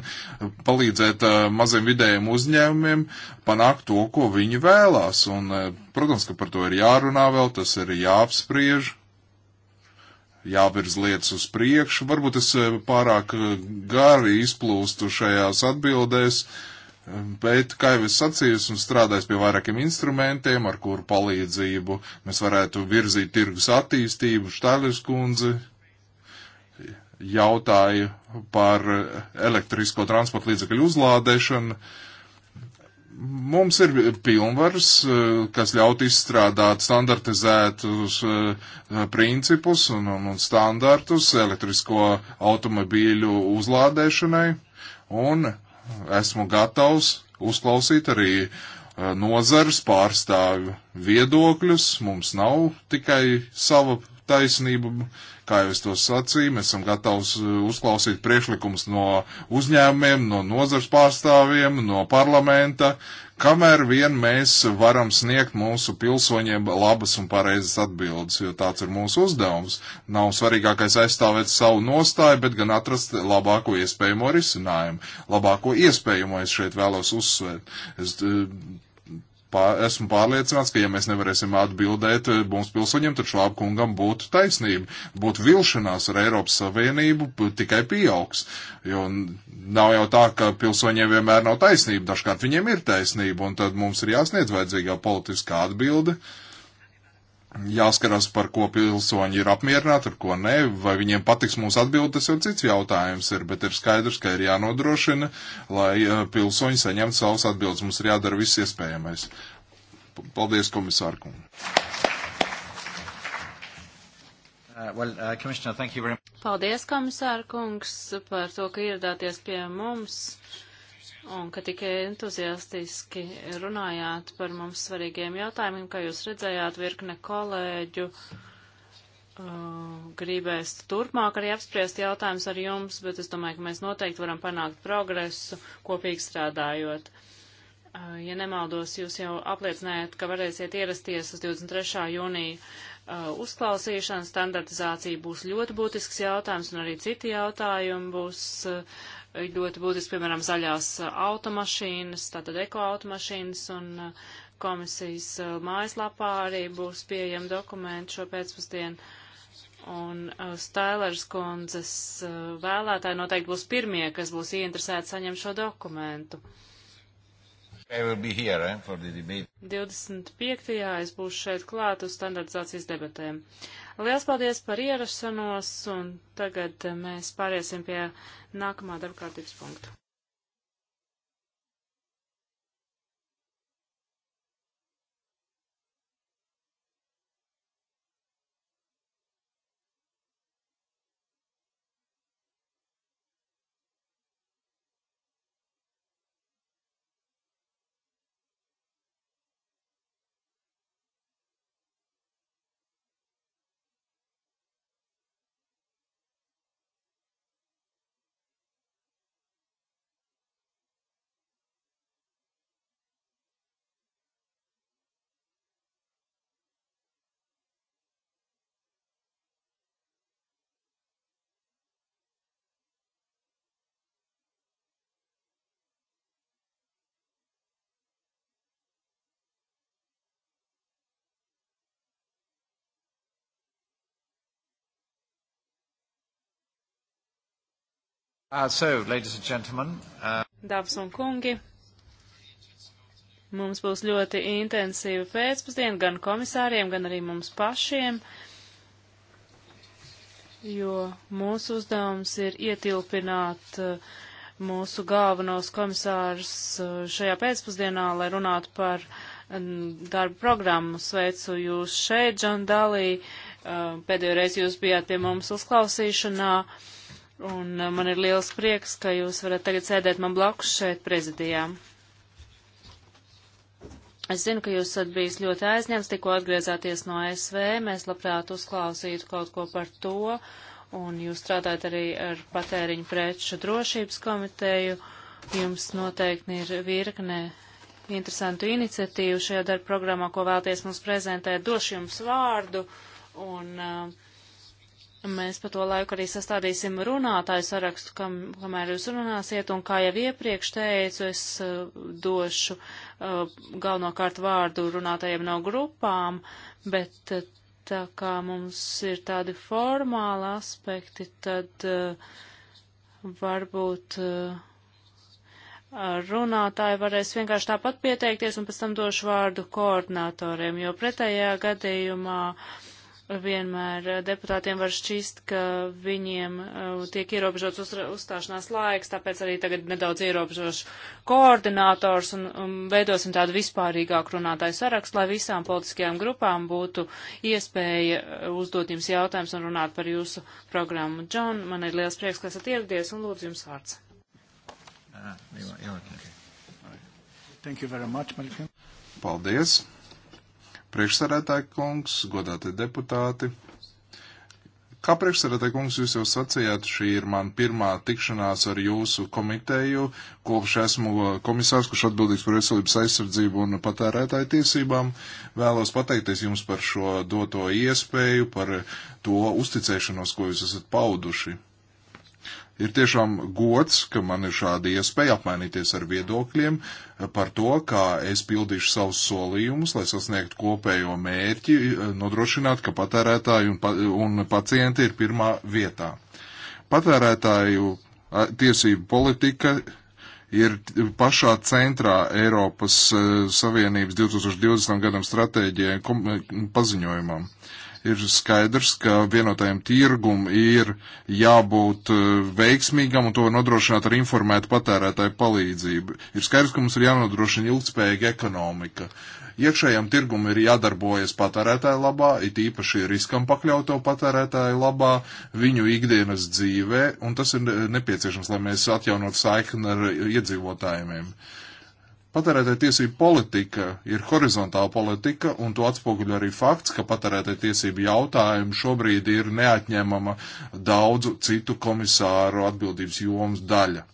palīdzēt eh, maziem vidējiem uzņēmumiem panākt to, ko viņi vēlās. Un, eh, protams, ka par to ir jārunā vēl, tas ir jāapspriež, jāvirz lietas uz priekšu. Varbūt es eh, pārāk gari izplūstu šajās atbildēs. Bet, kā jau es sacīju, esmu strādājis pie vairākiem instrumentiem, ar kuru palīdzību mēs varētu virzīt tirgus attīstību. Štāļus kundze jautāju par elektrisko transporta līdzekļu uzlādēšanu. Mums ir pilnvars, kas ļaut izstrādāt standartizētus eh, principus un, un, un standartus elektrisko automobīļu uzlādēšanai, un esmu gatavs uzklausīt arī eh, nozares pārstāvju viedokļus. Mums nav tikai sava taisnība Kā jau es to sacīju, mēs esam gatavi uzklausīt priekšlikumus no uzņēmumiem, no nozars pārstāvjiem, no parlamenta, kamēr vien mēs varam sniegt mūsu pilsoņiem labas un pareizas atbildes, jo tāds ir mūsu uzdevums. Nav svarīgākais aizstāvēt savu nostāju, bet gan atrast labāko iespējamo risinājumu. Labāko iespējamo es šeit vēlos uzsvērt. Es, eh, Pār, esmu pārliecināts, ka ja mēs nevarēsim atbildēt eh, mums pilsoņiem, tad šlāb kungam būtu taisnība. Būtu vilšanās ar Eiropas Savienību tikai pieaugs. Jo nav jau tā, ka pilsoņiem vienmēr nav taisnība, dažkārt viņiem ir taisnība, un tad mums ir jāsniedz vajadzīgā politiskā atbilde. Uh, jāskarās, par ko pilsoņi ir apmierināti, ar ko nē, vai viņiem patiks mūsu atbildi, tas jau cits jautājums ir, bet ir skaidrs, ka ir jānodrošina, lai eh, pilsoņi saņemtu savus atbildes. Mums ir jādara viss iespējamais. Paldies, komisārku. Uh, well, uh, Paldies, komisāra kungs, par to, ka ieradāties pie mums un ka tikai entuziastiski runājāt par mums svarīgiem jautājumiem, kā jūs redzējāt, virkne kolēģu uh, gribēs turpmāk arī apspriest jautājumus ar jums, bet es domāju, ka mēs noteikti varam panākt progresu kopīgi strādājot. Uh, ja nemaldos, jūs jau apliecinājāt, ka varēsiet ierasties uz 23. jūniju uh, uzklausīšanu, standartizācija būs ļoti būtisks jautājums un arī citi jautājumi būs uh, ļoti būtiski, piemēram, zaļās uh, automašīnas, tātad ekoautomašīnas un uh, komisijas uh, mājaslapā arī būs pieejami dokumenti šo pēcpusdienu. Un Stailers kundzes vēlētāji noteikti būs pirmie, kas būs ieinteresēti saņemt šo dokumentu. Here, eh, 25. es būšu šeit klāt uz standartizācijas debatēm. Uh, Liels paldies par ierašanos, un tagad mēs pāriesim pie nākamā darbkārtības punktu. Uh, so, ladies and gentlemen. Uh... Dāmas un kungi, mums būs ļoti intensīva pēcpusdiena gan komisāriem, gan arī mums pašiem, jo mūsu uzdevums ir ietilpināt uh, mūsu galvenos komisārus uh, šajā pēcpusdienā, lai runātu par darba programmu. Sveicu jūs šeit, Džandalī. Uh, pēdējo reizi jūs bijāt pie mums uzklausīšanā. Uh, Un uh, man ir liels prieks, ka jūs varat tagad sēdēt man blakus šeit prezidijā. Es zinu, ka jūs esat bijis ļoti aizņemts, tikko atgriezāties no ASV. Mēs labprāt uzklausītu kaut ko par to, un jūs strādājat arī ar patēriņu preču drošības komiteju. Jums noteikti ir virkne interesantu iniciatīvu šajā darba programmā, ko vēlties mums prezentēt. Došu jums vārdu, un uh, Mēs pa to laiku arī sastādīsim runātāju sarakstu, kam, kamēr jūs runāsiet, un kā jau iepriekš teicu, es uh, došu uh, galvenokārt vārdu runātājiem no grupām, bet uh, tā kā mums ir tādi formāli aspekti, tad uh, varbūt uh, runātāji varēs vienkārši tāpat pieteikties, un pēc tam došu vārdu koordinatoriem, jo pretējā gadījumā. Uh, vienmēr eh, deputātiem var šķist, ka viņiem uh, tiek ierobežots uz, uzstāšanās laiks, tāpēc arī tagad nedaudz ierobežošu koordinators un, un veidosim tādu vispārīgāku runātāju sarakstu, lai visām politiskajām grupām būtu iespēja eh, uzdot jums jautājumus un runāt par jūsu programmu. Džon, man ir liels prieks, ka esat ieradies un lūdzu jums vārds. Ah, Paldies! Priekšsarētāji kungs, godātie deputāti. Kā priekšsarētāji kungs, jūs jau sacījāt, šī ir man pirmā tikšanās ar jūsu komiteju, kopš esmu komisārs, kurš atbildīgs par veselības aizsardzību un patērētāju tiesībām. Vēlos pateikties jums par šo doto iespēju, par to uzticēšanos, ko jūs esat pauduši Ir tiešām gods, ka man ir šāda iespēja apmainīties ar viedokļiem eh, par to, kā es pildīšu savus solījumus, lai sasniegtu kopējo mērķi, eh, nodrošināt, ka patērētāji un, pa, un pacienti ir pirmā vietā. Patērētāju tiesību politika ir pašā centrā Eiropas eh, Savienības 2020. gadam stratēģijai paziņojumam. Uh, ir skaidrs, ka vienotajam tirgum ir jābūt e, veiksmīgam un to nodrošināt ar informētu patērētāju palīdzību. Ir skaidrs, ka mums ir jānodrošina ilgspējīga ekonomika. Iekšējam tirgum ir jādarbojas patērētāju labā, it īpaši riskam pakļauto patērētāju labā, viņu ikdienas dzīvē, un tas ir nepieciešams, lai mēs atjaunot saikni ar iedzīvotājiem. Patērētāja tiesība politika ir horizontāla politika, un to atspoguļo arī fakts, ka patērētāja tiesība jautājumi šobrīd ir neatņemama daudzu citu komisāru atbildības jomas daļa.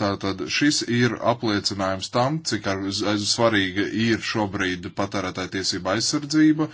Tātad šis ir apliecinājums tam, cik ar, aiz, svarīga ir šobrīd patērētāja tiesība aizsardzība,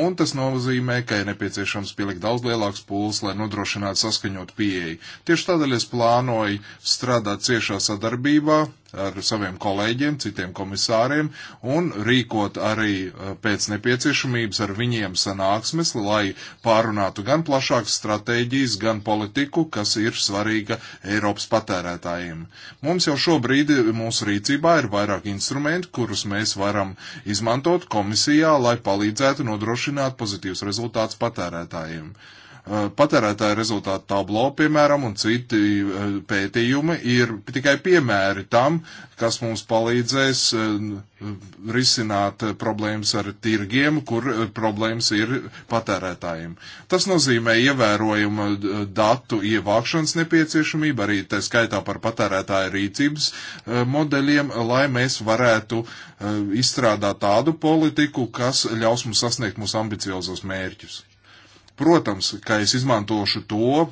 un tas nozīmē, ka ir nepieciešams pielikt daudz lielāks pūls, lai nodrošinātu saskaņot pieeju. Tieši tādēļ es plānoju strādāt ciešā sadarbībā ar saviem kolēģiem, citiem komisāriem un rīkot arī eh, pēc nepieciešamības ar viņiem sanāksmes, lai pārunātu gan plašākas stratēģijas, gan politiku, kas ir svarīga Eiropas patērētājiem. Mums jau šobrīd mūsu rīcībā ir vairāk instrumenti, kurus mēs varam izmantot komisijā, lai palīdzētu nodrošināt pozitīvus rezultātus patērētājiem. Uh, Eh, patērētāja rezultātu tablo, piemēram, un citi eh, pētījumi ir tikai piemēri tam, kas mums palīdzēs eh, risināt problēmas ar tirgiem, kur problēmas ir patērētājiem. Tas nozīmē ievērojuma datu ievākšanas nepieciešamību, arī tā skaitā par patērētāju rīcības modeļiem, lai mēs varētu izstrādāt tādu politiku, kas ļaus mums sasniegt mūsu ambiciozos mērķus. Protams, ka es izmantošu to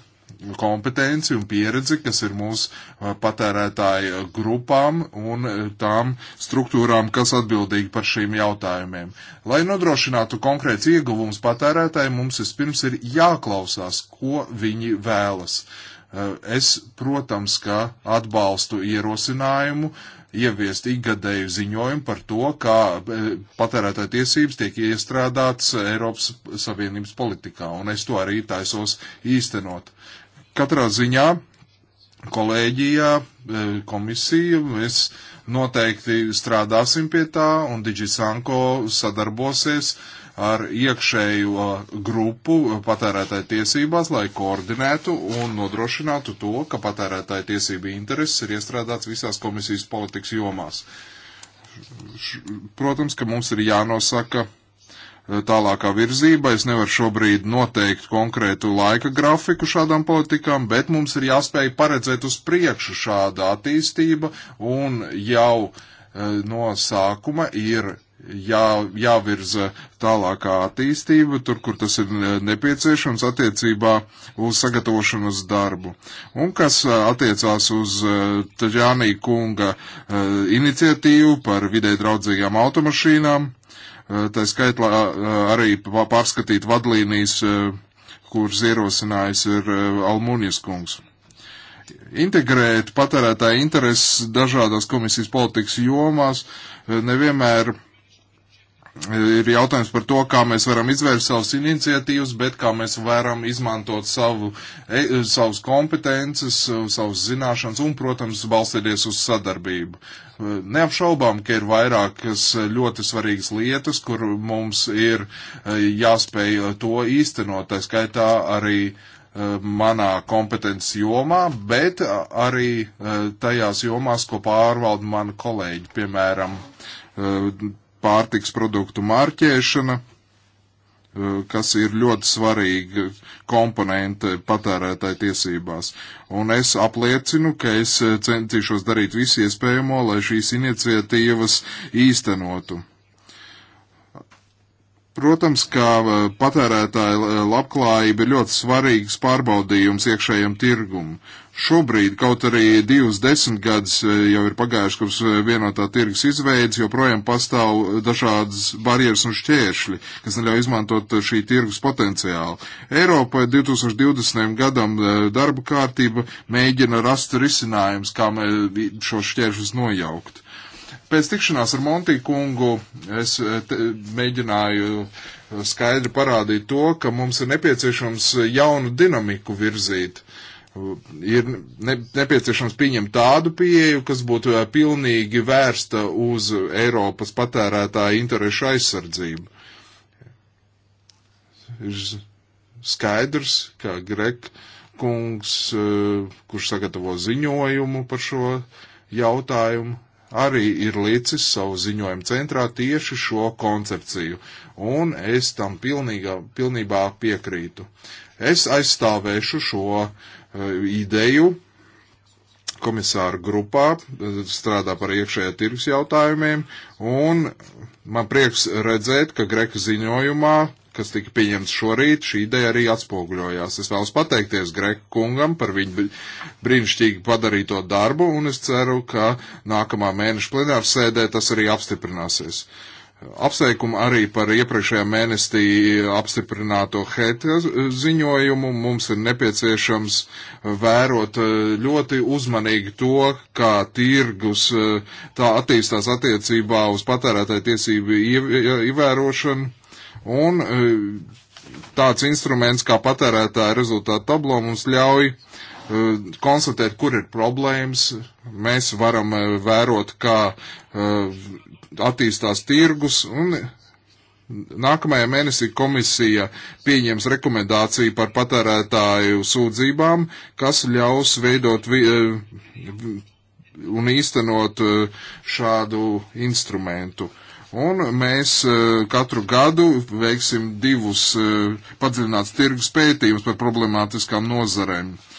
kompetenci un pieredzi, kas ir mūsu uh, patērētāju grupām un uh, tām struktūrām, kas atbildīgi par šīm jautājumiem. Lai nodrošinātu konkrēts ieguvums patērētājiem, mums vispirms ir jāklausās, ko viņi vēlas. Uh, es, protams, ka atbalstu ierosinājumu uh, ieviest ikgadēju ziņojumu par to, kā e, patērētāja tiesības tiek iestrādātas Eiropas Savienības politikā, un es to arī taisos īstenot. Katrā ziņā kolēģijā, e, komisija, mēs noteikti strādāsim pie tā, un Digisanko sadarbosies ar iekšējo grupu patērētāju tiesībās, lai koordinētu un nodrošinātu to, ka patērētāju tiesību intereses ir iestrādāts visās komisijas politikas jomās. Protams, ka mums ir jānosaka eh, tālākā virzība. Es nevaru šobrīd noteikt konkrētu laika grafiku šādām politikām, bet mums ir jāspēj paredzēt uz priekšu šāda attīstība un jau eh, no sākuma ir jā, jāvirza tālākā attīstība, tur, kur tas ir nepieciešams attiecībā uz sagatavošanas darbu. Un kas attiecās uz Taģānī kunga iniciatīvu par vidē draudzīgām automašīnām, tā skaitlā arī pārskatīt vadlīnijas, kuras ierosinājis ir Almūnijas kungs. Integrēt patērētāju intereses dažādās komisijas politikas jomās nevienmēr uh, ir jautājums par to, kā mēs varam izvērst savas iniciatīvas, bet kā mēs varam izmantot savu, e, savus kompetences, savus zināšanas un, protams, balstīties uz sadarbību. Neapšaubām, ka ir vairākas ļoti svarīgas lietas, kur mums ir e, jāspēj to īstenot, tā skaitā arī e, manā kompetences jomā, bet arī e, tajās jomās, ko pārvalda mani kolēģi, piemēram, pārtiks produktu marķēšana, eh, kas ir ļoti svarīga komponente patērētāju tiesībās. Un es apliecinu, ka es eh, centīšos darīt visu iespējamo, lai šīs iniciatīvas īstenotu. Protams, ka eh, patērētāja labklājība ir ļoti svarīgs pārbaudījums iekšējiem tirgumam, Šobrīd, kaut arī divas desmitgadus e, jau ir pagājuši kopš e, vienotā tirgus izveidas, joprojām pastāv e, dažādas barjeras un šķēršļi, kas neļauj izmantot šī tirgus potenciālu. Eiropa 2020. gadam darba kārtība mēģina rast risinājums, kā šos šķēršļus nojaukt. Pēc tikšanās ar Monti kungu es te, mēģināju skaidri parādīt to, ka mums ir nepieciešams jaunu dinamiku virzīt ir ne, nepieciešams pieņemt tādu pieeju, kas būtu uh, pilnīgi vērsta uz Eiropas patērētāju interešu aizsardzību. Ir skaidrs, ka Grek kungs, uh, kurš sagatavo ziņojumu par šo jautājumu, arī ir licis savu ziņojumu centrā tieši šo koncepciju, un es tam pilnīgā, pilnībā piekrītu. Es aizstāvēšu šo uh, Eh, ideju komisāru grupā, eh, strādā par iekšējā tirgus jautājumiem, un man prieks redzēt, ka Greka ziņojumā kas tika pieņemts šorīt, šī ideja arī atspoguļojās. Es vēlos pateikties Greku kungam par viņu brīnišķīgi padarīto darbu, un es ceru, ka nākamā mēneša plenārsēdē tas arī apstiprināsies. Uh, Apsveikumu arī par iepriekšējā mēnesī apstiprināto HETA ziņojumu. Mums ir nepieciešams vērot eh, ļoti uzmanīgi to, kā tirgus eh, tā attīstās attiecībā uz patērētāju tiesību ievērošanu. Un eh, tāds instruments kā patērētāja rezultātu tablo mums ļauj uh, Eh, konstatēt, kur ir problēmas. Mēs varam eh, vērot, kā eh, attīstās tirgus. Un nākamajā mēnesī komisija pieņems rekomendāciju par patērētāju sūdzībām, kas ļaus veidot un īstenot šādu instrumentu. Un mēs katru gadu veiksim divus padziļināts tirgus pētījumus par problemātiskām nozarēm. Uh,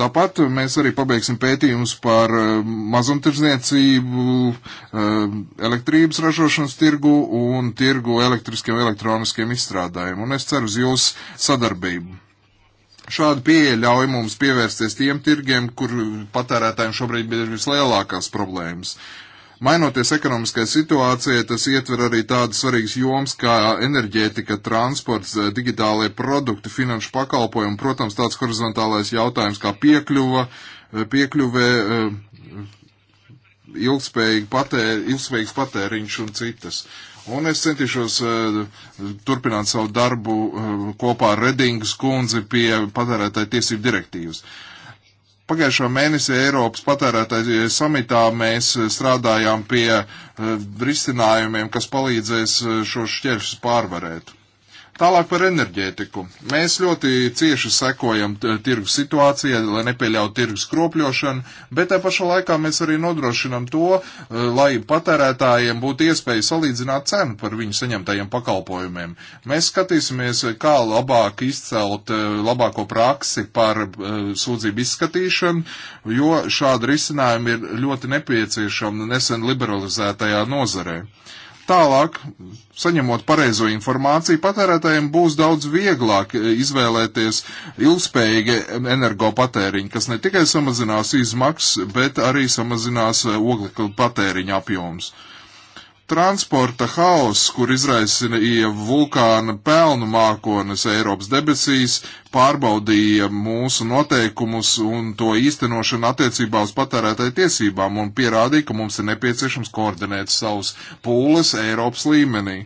Tāpat mēs arī pabeigsim pētījumus par eh, mazumtirdzniecību, eh, elektrības ražošanas tirgu un tirgu elektriskiem elektroniskiem izstrādājumiem, un es ceru uz jūsu sadarbību. Šāda pieeja ļauj mums pievērsties tiem tirgiem, kur patērētājiem šobrīd ir vislielākās problēmas. Uh, Mainoties ekonomiskajai situācijai, tas ietver arī tādas svarīgas jomas kā enerģētika, transports, eh, digitālie produkti, finanšu pakalpojumi, protams, tāds horizontālais jautājums kā piekļuva, eh, piekļuvē, eh, ilgspējīgs patēri, patēriņš un citas. Un es centīšos uh, turpināt savu darbu uh, kopā ar Redingas kundzi pie patērētāja tiesību direktīvas. Uh, Pagājušo mēnesi Eiropas patērētāju samitā mēs eh, strādājām pie eh, risinājumiem, kas palīdzēs eh, šos šķēršus pārvarēt. Tālāk par enerģētiku. Mēs ļoti cieši sekojam tirgus situācijai, lai nepieļautu tirgus kropļošanu, bet tā pašā laikā mēs arī nodrošinam to, e, lai patērētājiem būtu iespēja salīdzināt cenu par viņu saņemtajiem pakalpojumiem. Mēs skatīsimies, kā labāk izcelt e, labāko praksi par e, sūdzību izskatīšanu, jo šāda risinājuma ir ļoti nepieciešama nesen liberalizētajā nozarē. Uh, Tālāk, saņemot pareizo informāciju, patērētājiem būs daudz vieglāk izvēlēties ilgspējīgi energopatēriņu, kas ne tikai samazinās izmaksas, bet arī samazinās oglekļa patēriņa apjoms. Uh, Transporta haoss, kur izraisīja vulkāna pelnu mākones Eiropas debesīs, pārbaudīja mūsu noteikumus un to īstenošanu attiecībā uz patērētāju tiesībām un pierādīja, ka mums ir nepieciešams koordinēt savus pūles Eiropas līmenī.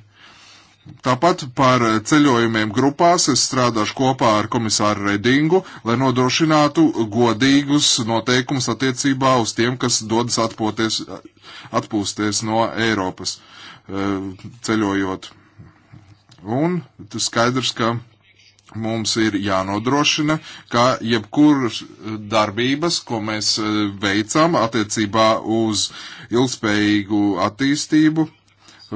Tāpat par eh, ceļojumiem grupās es strādāšu kopā ar komisāru Redingu, lai nodrošinātu godīgus noteikumus attiecībā uz tiem, kas dodas atpoties, atpūsties no Eiropas eh, ceļojot. Un tas skaidrs, ka mums ir jānodrošina, ka jebkuras darbības, ko mēs eh, veicam attiecībā uz ilgspējīgu attīstību,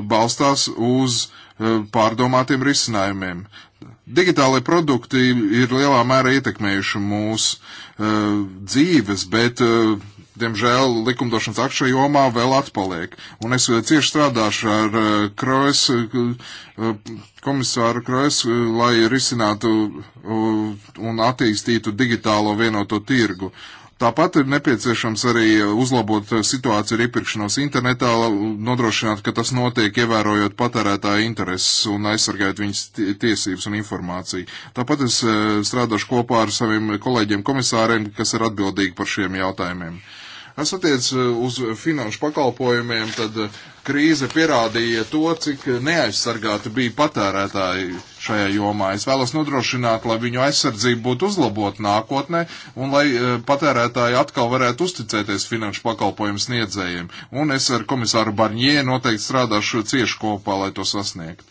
balstās uz uh, Eh, pārdomātiem risinājumiem. Digitālai produkti ir lielā mērā ietekmējuši mūsu uh, eh, dzīves, bet, uh, diemžēl, likumdošanas akšā jomā vēl atpaliek. Un es uh, cieši strādāšu ar uh, Kroes, uh, komisāru Kroes, uh, lai risinātu uh, un attīstītu digitālo vienoto tirgu. Tāpat ir nepieciešams arī uzlabot situāciju ar iepirkšanos internetā, nodrošināt, ka tas notiek ievērojot patērētāja intereses un aizsargājot viņas tiesības un informāciju. Tāpat es eh, strādāšu kopā ar saviem kolēģiem komisāriem, kas ir atbildīgi par šiem jautājumiem. Kas attiec e, uz finanšu pakalpojumiem, tad e, krīze pierādīja to, cik neaizsargāti bija patērētāji šajā jomā. Es vēlos nodrošināt, lai viņu aizsardzība būtu uzlabota nākotnē un lai e, patērētāji atkal varētu uzticēties finanšu pakalpojumu sniedzējiem. Un es ar komisāru Barņē noteikti strādāšu cieši kopā, lai to sasniegtu.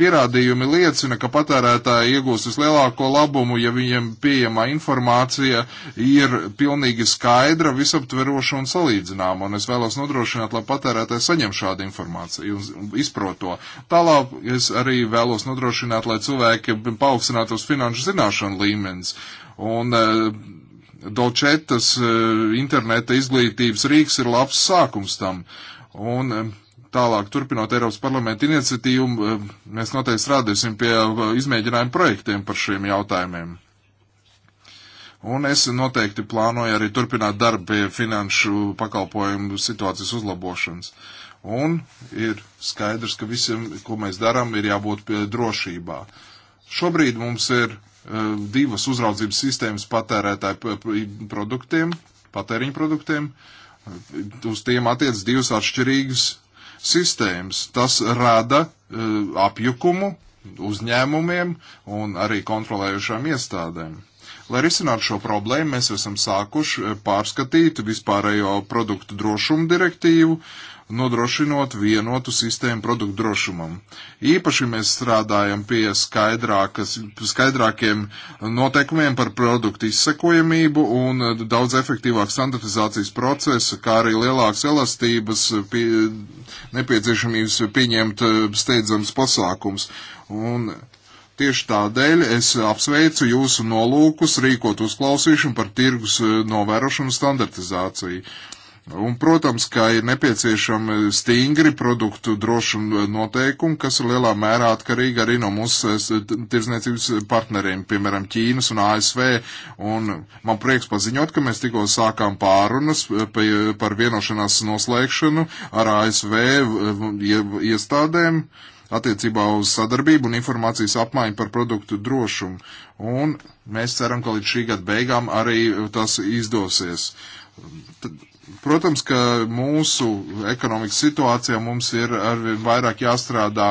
Pierādījumi liecina, ka patērētāji iegūs vislielāko labumu, ja viņiem pieejamā informācija ir pilnīgi skaidra, visaptveroša un salīdzināma. Un es vēlos nodrošināt, lai patērētāji saņem šādu informāciju un izprot to. Tālāk es arī vēlos nodrošināt, lai cilvēki paaugstinātos finanšu zināšanu līmenis. Un, eh, Dolčetas eh, interneta izglītības rīks ir labs sākums tam. Un eh, tālāk turpinot Eiropas parlamenta iniciatīvu, eh, mēs noteikti strādāsim pie eh, izmēģinājumu projektiem par šiem jautājumiem. Un es noteikti plānoju arī turpināt darbu pie finanšu pakalpojumu situācijas uzlabošanas. Un ir skaidrs, ka visam, ko mēs darām, ir jābūt pie drošībā. Šobrīd mums ir uh, divas uzraudzības sistēmas patērētāju produktiem, patēriņu produktiem. Uz tiem attiec divas atšķirīgas sistēmas. Tas rada e, apjukumu uzņēmumiem un arī kontrolējušām iestādēm. Lai risinātu šo problēmu, mēs esam sākuši e, pārskatīt vispārējo produktu drošumu direktīvu, uh, nodrošinot vienotu sistēmu produktu drošumam. Īpaši mēs strādājam pie skaidrākiem noteikumiem par produktu izsekojamību un daudz efektīvāk standartizācijas procesa, kā arī lielākas elastības pie, nepieciešamības pieņemt eh, steidzams pasākums. Un Tieši tādēļ es apsveicu jūsu nolūkus rīkot uzklausīšanu par tirgus eh, novērošanu standartizāciju. Uh, Un, protams, ka ir nepieciešami stingri produktu drošuma noteikumi, kas ir lielā mērā atkarīgi arī no mūsu tirzniecības partneriem, piemēram, Ķīnas un ASV. Un man prieks paziņot, ka mēs tikko sākām pārunas par vienošanās noslēgšanu ar ASV iestādēm attiecībā uz sadarbību un informācijas apmaiņu par produktu drošumu. Un mēs ceram, ka līdz šī gada beigām arī tas izdosies. Tad Protams, ka mūsu ekonomikas situācijā mums ir arvien vairāk jāstrādā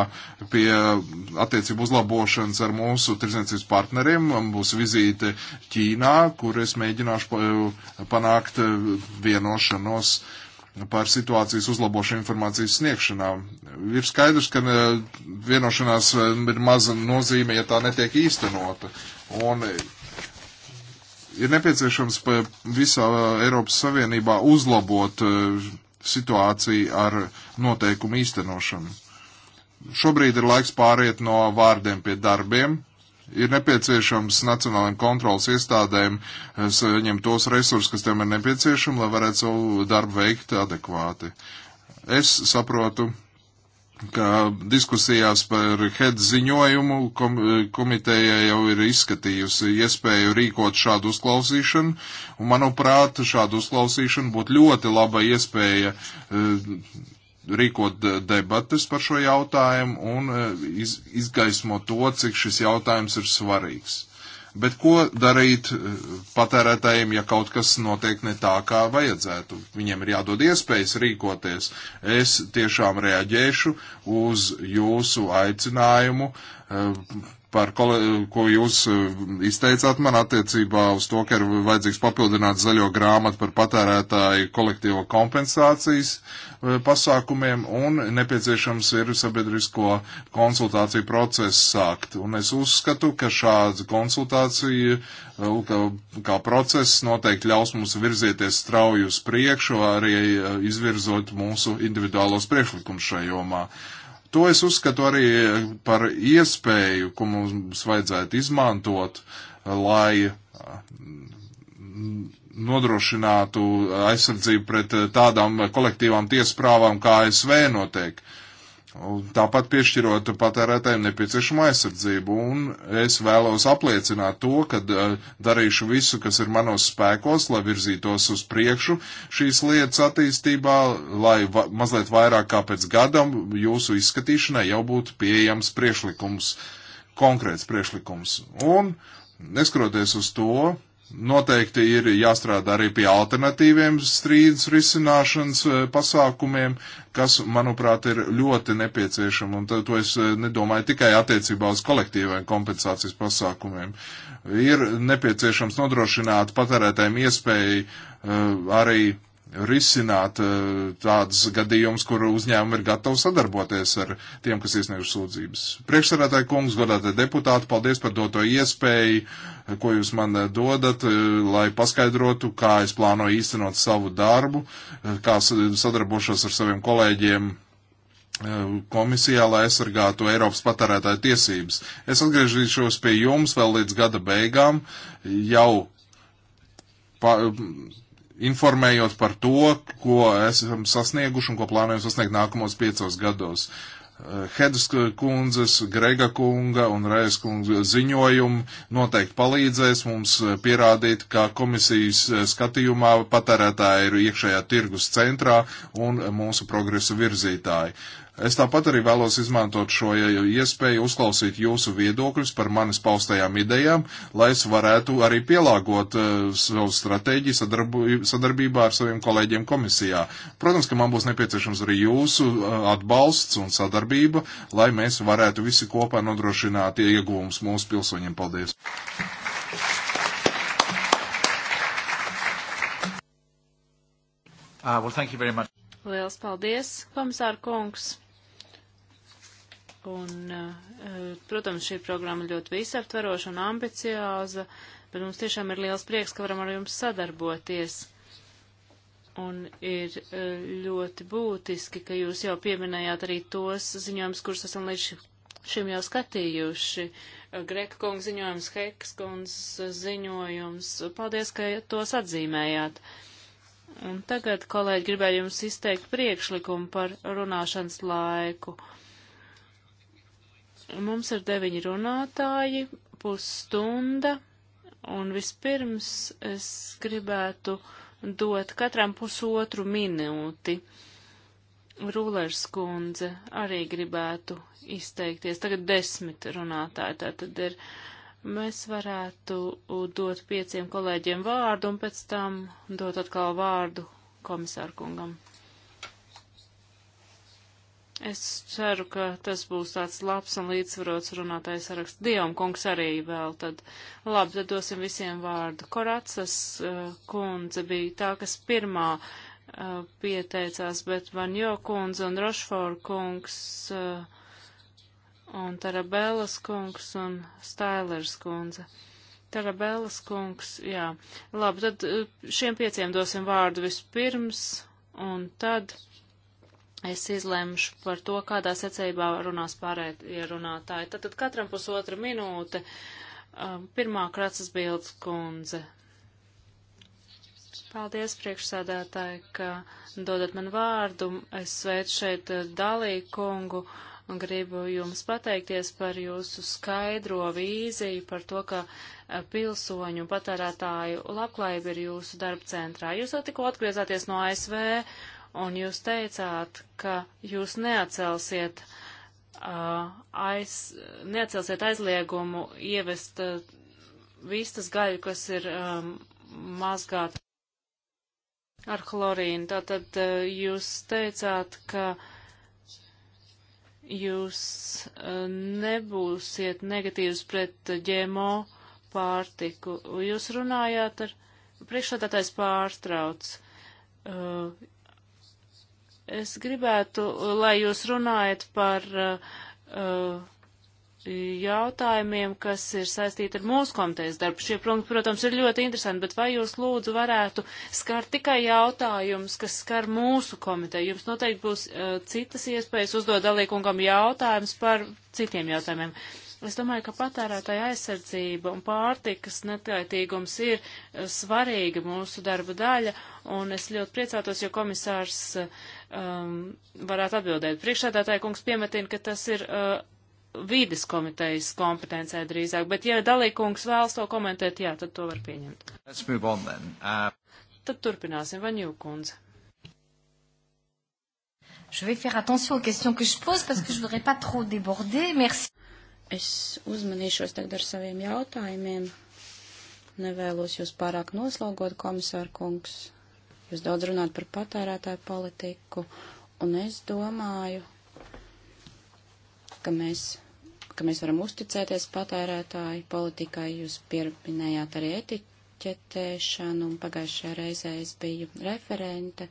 pie uh, attiecību uzlabošanas ar mūsu tirdzniecības partneriem. Būs vizīte Ķīnā, kur es mēģināšu uh, panākt uh, vienošanos par situācijas uzlabošanu informācijas sniegšanā. Ir skaidrs, ka vienošanās ir maza nozīme, ja tā netiek īstenota. Un ir nepieciešams visā Eiropas Savienībā uzlabot e, situāciju ar noteikumu īstenošanu. Šobrīd ir laiks pāriet no vārdiem pie darbiem. Ir nepieciešams nacionālajiem kontrolas iestādēm e, saņemt tos resursus, kas tiem ir nepieciešami, lai varētu savu darbu veikt adekvāti. Es saprotu, ka diskusijās par HED ziņojumu kom, komiteja jau ir izskatījusi iespēju rīkot šādu uzklausīšanu, un manuprāt, šādu uzklausīšanu būtu ļoti laba iespēja eh, rīkot debates par šo jautājumu un eh, iz, izgaismo to, cik šis jautājums ir svarīgs. Bet ko darīt eh, patērētājiem, ja kaut kas notiek ne tā, kā vajadzētu? Viņiem ir jādod iespējas rīkoties. Es tiešām reaģēšu uz jūsu aicinājumu eh, par, ko jūs eh, izteicāt man attiecībā uz to, ka ir vajadzīgs papildināt zaļo grāmatu par patērētāju kolektīvo kompensācijas eh, pasākumiem un nepieciešams ir sabiedrisko konsultāciju procesu sākt. Un es uzskatu, ka šāda konsultācija eh, kā, kā process noteikti ļaus mums virzieties strauju uz priekšu, arī izvirzot mūsu individuālos priekšlikumus šajā jomā. Uh, To es uzskatu arī par iespēju, ko mums vajadzētu izmantot, lai mm, nodrošinātu aizsardzību pret tādām kolektīvām tiesprāvām, kā ASV notiek. Uh, Tāpat piešķirot patērētājiem nepieciešamo aizsardzību, un es vēlos apliecināt to, ka e, darīšu visu, kas ir manos spēkos, lai virzītos uz priekšu šīs lietas attīstībā, lai va mazliet vairāk kā pēc gadam jūsu izskatīšanai jau būtu pieejams priešlikums, konkrēts priešlikums. Un, neskroties uz to, Noteikti ir jāstrādā arī pie alternatīviem strīdus risināšanas e, pasākumiem, kas, manuprāt, ir ļoti nepieciešama, un to es e, nedomāju tikai attiecībā uz kolektīviem kompensācijas pasākumiem. Ir nepieciešams nodrošināt patērētājiem iespēju uh, arī risināt eh, tādas gadījumus, kur uzņēmumi ir gatavi sadarboties ar tiem, kas iesnieguši sūdzības. Priekšsarētāji kungs, godātie deputāti, paldies par doto iespēju, eh, ko jūs man eh, dodat, lai paskaidrotu, kā es plānoju īstenot savu darbu, kā sadarbošos ar saviem kolēģiem komisijā, lai aizsargātu Eiropas patērētāju tiesības. Es atgriežīšos pie jums vēl līdz gada beigām, jau pa, informējot par to, ko esam sasnieguši un ko plānojam sasniegt nākamos piecos gados. Eh, Hedras kundzes, Grega kunga un Rēs kunga ziņojumi noteikti palīdzēs mums eh, pierādīt, ka komisijas eh, skatījumā patērētāji ir iekšējā tirgus centrā un mūsu progresa virzītāji. Es tāpat arī vēlos izmantot šo iespēju uzklausīt jūsu viedokļus par manis paustajām idejām, lai es varētu arī pielāgot uh, savu stratēģiju sadarbībā ar saviem kolēģiem komisijā. Protams, ka man būs nepieciešams arī jūsu uh, atbalsts un sadarbība, lai mēs varētu visi kopā nodrošināt ieguvumus mūsu pilsoņiem. Paldies! Uh, well, thank you very much. Liels paldies, komisāra kungs. Un, eh, protams, šī programma ļoti visaptvaroša un ambiciāza, bet mums tiešām ir liels prieks, ka varam ar jums sadarboties. Un ir eh, ļoti būtiski, ka jūs jau pieminējāt arī tos ziņojumus, kurus esam līdz šim jau skatījuši. Eh, Greka kungs ziņojums, Heks kungs ziņojums. Paldies, ka tos atzīmējāt. Un tagad, kolēģi, gribēju jums izteikt priekšlikumu par runāšanas laiku. Uh, Mums ir deviņi runātāji, pusstunda, un vispirms es gribētu dot katram pusotru minūti. Rūlers kundze arī gribētu izteikties. Tagad desmit runātāji tātad ir. Mēs varētu dot pieciem kolēģiem vārdu un pēc tam dot atkal vārdu komisāru kungam. Es ceru, ka tas būs tāds labs un līdzsvarots runātājs saraksts. Dievam kungs arī vēl tad. Labi, tad dosim visiem vārdu. Koracas uh, kundze bija tā, kas pirmā uh, pieteicās, bet Vanjo kundze un Rošfor kungs uh, un Tarabellas kungs un Stailers kundze. Tarabellas kungs, jā. Labi, tad uh, šiem pieciem dosim vārdu vispirms, un tad es izlemšu par to, kādā secībā runās pārējie runātāji. Tad, tad katram pusotra minūte. Um, pirmā kracas bildes kundze. Paldies, priekšsādātāji, ka dodat man vārdu. Es sveicu šeit eh, Dalī kungu un gribu jums pateikties par jūsu skaidro vīziju, par to, ka eh, pilsoņu patērētāju labklājība ir jūsu darba centrā. Jūs jau tikko atgriezāties no ASV un jūs teicāt, ka jūs neatcelsiet, uh, aiz, neatcelsiet aizliegumu ievest uh, vistas gaļu, kas ir um, mazgāta ar chlorīnu. Tātad uh, jūs teicāt, ka jūs uh, nebūsiet negatīvs pret ģēmo pārtiku. Jūs runājāt ar priekšsādātais pārtrauc. Uh, Es gribētu, lai jūs runājat par uh, jautājumiem, kas ir saistīti ar mūsu komitejas darbu. Šie punkti, protams, ir ļoti interesanti, bet vai jūs lūdzu varētu skart tikai jautājumus, kas skar mūsu komiteju? Jums noteikti būs uh, citas iespējas uzdot dalīkungam jautājumus par citiem jautājumiem. Uh, Es domāju, ka patērētāja aizsardzība un pārtikas netkaitīgums ir eh, svarīga mūsu darba daļa, un es ļoti priecātos, jo komisārs um, varētu atbildēt. Priekšsēdētāja kungs piemetina, ka tas ir uh, vīdes komitejas kompetencē drīzāk, bet ja dalīkungs vēlas to komentēt, jā, tad to var pieņemt. On, uh... Tad turpināsim, Vaņū kundze. Je vais faire attention aux questions que je pose parce que je voudrais pas trop déborder. Merci. Es uzmanīšos tagad ar saviem jautājumiem. Nevēlos jūs pārāk noslogot, komisāra kungs. Jūs daudz runāt par patērētāju politiku, un es domāju, ka mēs, ka mēs varam uzticēties patērētāju politikai. Jūs pieminējāt arī etiķetēšanu, un pagājušajā reizē es biju referente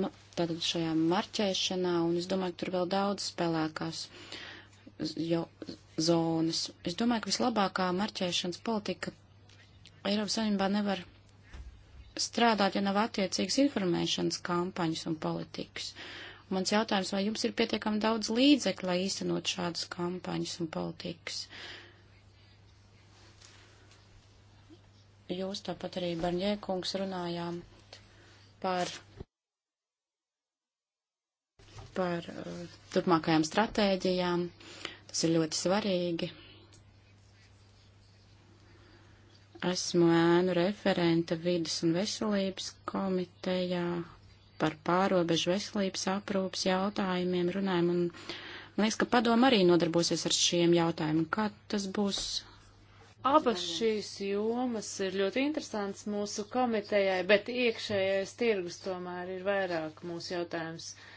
tātad šajā marķēšanā, un es domāju, ka tur vēl daudz spēlēkās. Uh, zonas. Es domāju, ka vislabākā marķēšanas politika Eiropas Savienībā nevar strādāt, ja nav attiecīgas informēšanas kampaņas un politikas. Mans jautājums, vai jums ir pietiekami daudz līdzekļu, lai īstenot šādas kampaņas un politikas? Jūs tāpat arī, Barņē kungs, runājām par par uh, turpmākajām stratēģijām. Tas ir ļoti svarīgi. Esmu ēnu referente vidas un veselības komitejā par pārobežu veselības aprūpas jautājumiem runājam, un man liekas, ka padoma arī nodarbosies ar šiem jautājumiem. Kā tas būs? Abas šīs jomas ir ļoti interesants mūsu komitejai, bet iekšējais tirgus tomēr ir vairāk mūsu jautājums. Uh,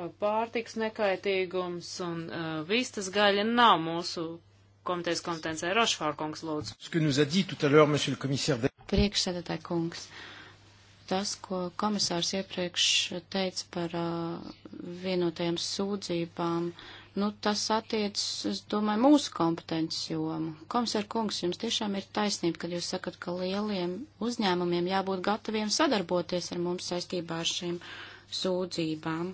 Uh, pārtiks nekaitīgums un uh, vistas gaļa nav mūsu komitejas kompetencē. Rošfār kungs, lūdzu. Priekšsēdētāji kungs, tas, ko komisārs iepriekš teica par uh, vienotajām sūdzībām, nu, tas attiec, es domāju, mūsu kompetences jomu. Komisār kungs, jums tiešām ir taisnība, kad jūs sakat, ka lieliem uzņēmumiem jābūt gataviem sadarboties ar mums saistībā ar šīm sūdzībām,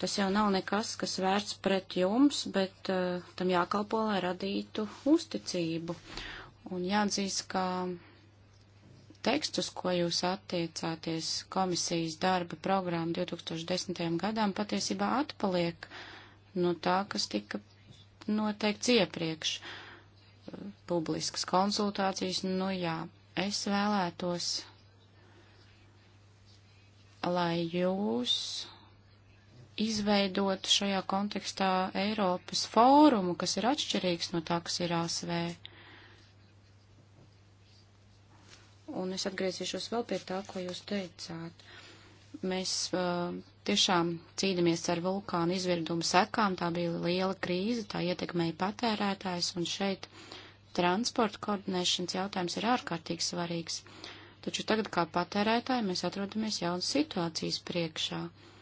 Tas jau nav nekas, kas vērts pret jums, bet uh, tam jākalpo, lai radītu uzticību. Un jāatzīst, ka tekstus, ko jūs attiecāties komisijas darba programmu 2010. gadām, patiesībā atpaliek no tā, kas tika noteikts iepriekš. Publiskas konsultācijas, nu jā, es vēlētos, lai jūs izveidot šajā kontekstā Eiropas fórumu, kas ir atšķirīgs no tā, kas ir ASV. Un es atgriezīšos vēl pie tā, ko jūs teicāt. Mēs uh, tiešām cīnāmies ar vulkānu izvirdumu sekām, tā bija liela krīze, tā ietekmēja patērētājs, un šeit transporta koordinēšanas jautājums ir ārkārtīgi svarīgs. Taču tagad kā patērētāji mēs atrodamies jaunas situācijas priekšā. Uh,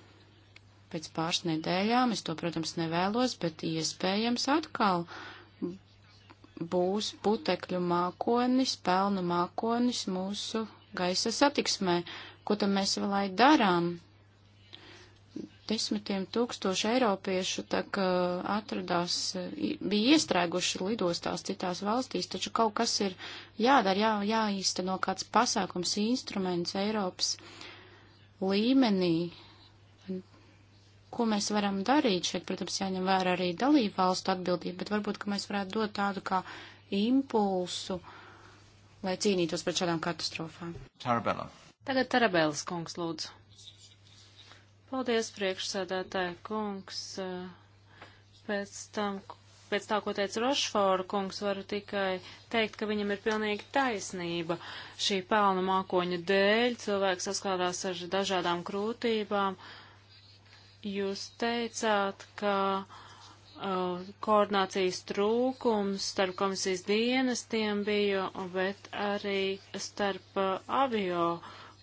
pēc pāris nedēļām. Es to, protams, nevēlos, bet iespējams atkal būs putekļu mākonis, pelnu mākonis mūsu gaisa satiksmē. Ko tam mēs vēl lai darām? Desmitiem tūkstoši eiropiešu tā kā atradās, bija iestrēguši lidostās citās valstīs, taču kaut kas ir jādara, jā, jāīsteno kāds pasākums, instruments Eiropas līmenī, ko mēs varam darīt. Šeit, protams, jāņem vērā arī dalību valstu atbildība, bet varbūt, ka mēs varētu dot tādu kā impulsu, lai cīnītos pret šādām katastrofām. Tarabela. Tagad Tarabēlas kungs lūdzu. Paldies, priekšsēdētāja kungs. Pēc tam, pēc tā, ko teica Rošfora kungs, varu tikai teikt, ka viņam ir pilnīgi taisnība. Šī pelnu mākoņa dēļ cilvēks saskārās ar dažādām krūtībām Jūs teicāt, ka uh, koordinācijas trūkums starp komisijas dienestiem bija, bet arī starp uh, avio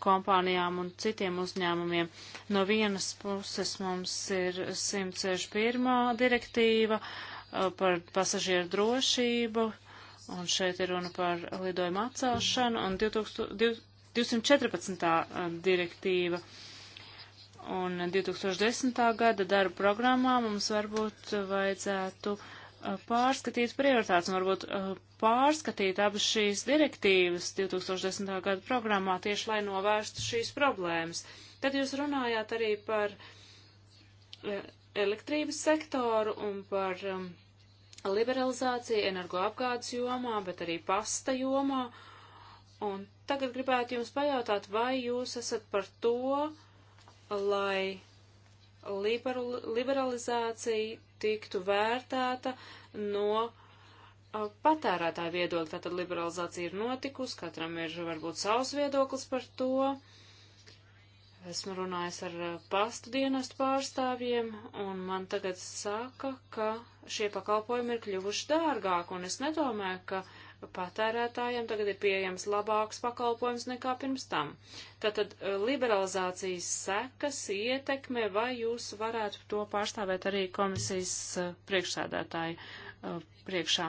kompānijām un citiem uzņēmumiem. No vienas puses mums ir 161. direktīva uh, par pasažieru drošību, un šeit ir runa par lidojumu atcelšanu, un 2000, 214. Uh, direktīva Un 2010. gada darba programmā mums varbūt vajadzētu uh, pārskatīt prioritātes un varbūt uh, pārskatīt abas šīs direktīvas 2010. gada programmā tieši, lai novērstu šīs problēmas. Tad jūs runājāt arī par uh, elektrības sektoru un par um, liberalizāciju energoapgādes jomā, bet arī pasta jomā. Un tagad gribētu jums pajautāt, vai jūs esat par to, uh, lai liberalizācija tiktu vērtēta no patērētāja viedokļa. Tātad liberalizācija ir notikusi, katram ir varbūt savs viedoklis par to. Esmu runājis ar pastu dienestu pārstāvjiem, un man tagad saka, ka šie pakalpojumi ir kļuvuši dārgāk, un es nedomāju, ka uh, patērētājiem tagad ir pieejams labāks pakalpojums nekā pirms tam. Tātad eh, liberalizācijas sekas ietekme, vai jūs varētu to pārstāvēt arī komisijas eh, priekšsēdētāju eh, priekšā.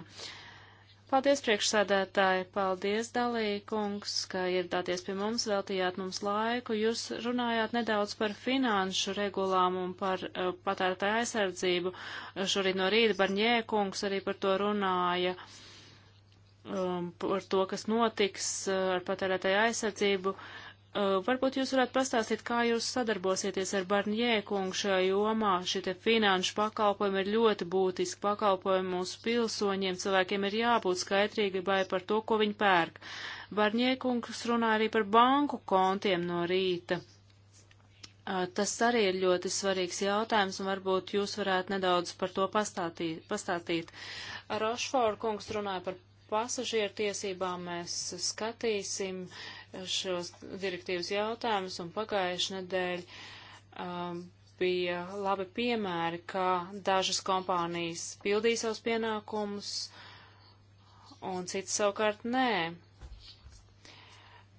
Paldies, priekšsēdētāji, paldies, dalīkungs, ka ieradāties pie mums, veltījāt mums laiku. Jūs runājāt nedaudz par finanšu regulām un par uh, patērētāju aizsardzību. Šorīt no rīta Barņēkungs arī par to runāja. Uh, um, par to, kas notiks uh, ar patērētāju aizsardzību. Uh, varbūt jūs varētu pastāstīt, kā jūs sadarbosieties ar Barnjē kungu šajā jomā. Šitie finanšu pakalpojumi ir ļoti būtiski pakalpojumi mūsu pilsoņiem. Cilvēkiem ir jābūt skaidrībai par to, ko viņi pērk. Barnjē kungs runā arī par banku kontiem no rīta. Uh, tas arī ir ļoti svarīgs jautājums, un varbūt jūs varētu nedaudz par to pastātīt. pastātīt. Rošfor kungs runāja par pasažieru tiesībām mēs skatīsim šos direktīvas jautājumus un pagājuši nedēļ um, bija labi piemēri, kā dažas kompānijas pildīja savus pienākumus un citas savukārt nē.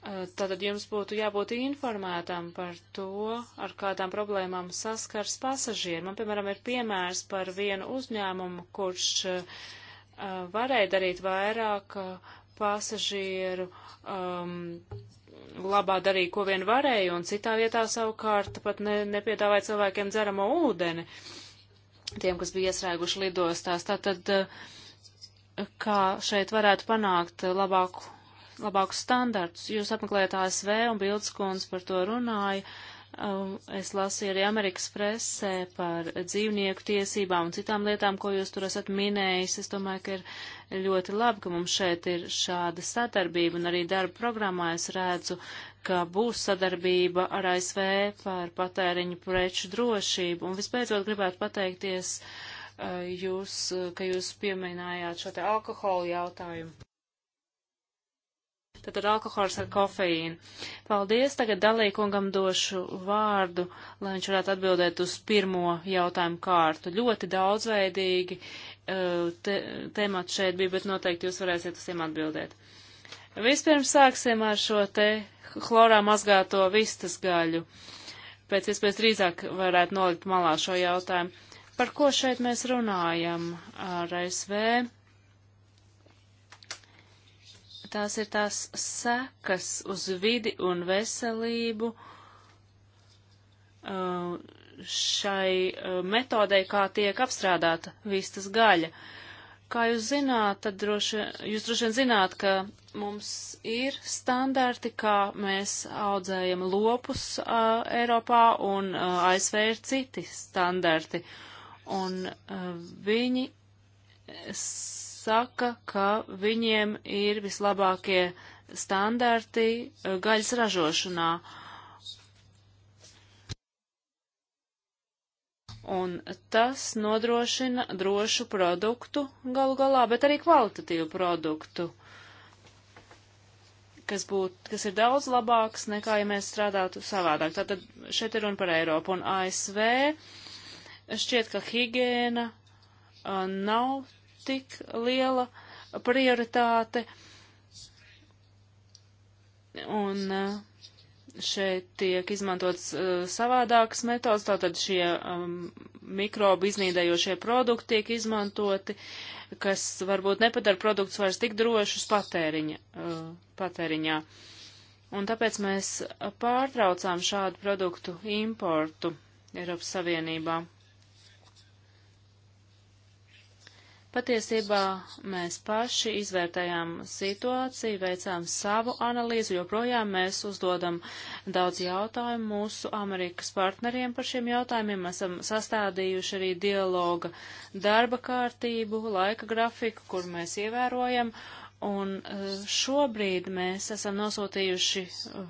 Uh, tātad jums būtu jābūt informētam par to, ar kādām problēmām saskars pasažieri. Man, piemēram, ir piemērs par vienu uzņēmumu, kurš uh, Uh, varēja darīt vairāk uh, pasažieru um, labā darīja, ko vien varēja, un citā vietā savukārt pat ne, nepiedāvāja cilvēkiem dzeramo ūdeni, tiem, kas bija iestrēguši lidostās. Tātad, uh, kā šeit varētu panākt labāku, labākus standartus? Jūs apmeklējat ASV, un Bildskons par to runāja. Uh, Um, es lasīju arī Amerikas presē par dzīvnieku tiesībām un citām lietām, ko jūs tur esat minējis. Es domāju, ka ir ļoti labi, ka mums šeit ir šāda sadarbība un arī darba programmā es redzu, ka būs sadarbība ar ASV par patēriņu preču drošību. Un vispēcot gribētu pateikties uh, jūs, ka jūs pieminējāt šo te alkoholu jautājumu. Tātad alkohols ar kofeīnu. Paldies, tagad dalīkungam došu vārdu, lai viņš varētu atbildēt uz pirmo jautājumu kārtu. Ļoti daudzveidīgi uh, te, temats šeit bija, bet noteikti jūs varēsiet uz tiem atbildēt. Vispirms sāksim ar šo te chlorā mazgāto vistas gaļu. Pēc iespējas drīzāk varētu nolikt malā šo jautājumu. Par ko šeit mēs runājam ar ASV? tās ir tās sekas uz vidi un veselību uh, šai uh, metodei, kā tiek apstrādāta vistas gaļa. Kā jūs zināt, tad droši, jūs droši vien zināt, ka mums ir standarti, kā mēs audzējam lopus uh, Eiropā un uh, ASV ir citi standarti. Un uh, viņi saka, ka viņiem ir vislabākie standarti e, gaļas ražošanā. Un tas nodrošina drošu produktu galu galā, bet arī kvalitatīvu produktu, kas, būt, kas ir daudz labāks nekā, ja mēs strādātu savādāk. Tātad šeit ir runa par Eiropu un ASV. Šķiet, ka higiēna e, nav tik liela prioritāte. Un eh, šeit tiek izmantots eh, savādākas metodas, tātad šie um, mikrobu iznīdējošie produkti tiek izmantoti, kas varbūt nepadara produktus vairs tik drošus patēriņa, uh, patēriņā. Un tāpēc mēs pārtraucām šādu produktu importu Eiropas Savienībā. Patiesībā mēs paši izvērtējām situāciju, veicām savu analīzi, joprojām mēs uzdodam daudz jautājumu mūsu Amerikas partneriem par šiem jautājumiem. Mēs esam sastādījuši arī dialoga darba kārtību, laika grafiku, kur mēs ievērojam. Un eh, šobrīd mēs esam nosūtījuši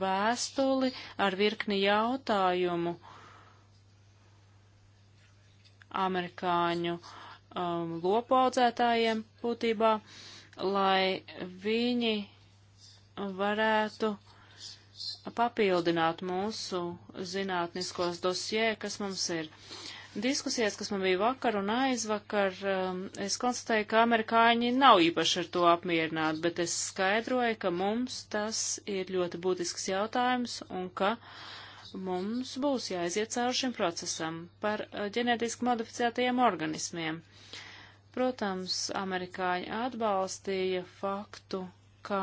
vēstuli ar virkni jautājumu amerikāņu uh, um, lopu audzētājiem būtībā, lai viņi varētu papildināt mūsu zinātniskos dosjē, kas mums ir. Diskusijas, kas man bija vakar un aizvakar, um, es konstatēju, ka amerikāņi nav īpaši ar to apmierināti, bet es skaidroju, ka mums tas ir ļoti būtisks jautājums un ka uh, mums būs jāiziet cauri šim procesam par eh, ģenētiski modificētajiem organismiem. Protams, amerikāņi atbalstīja faktu, ka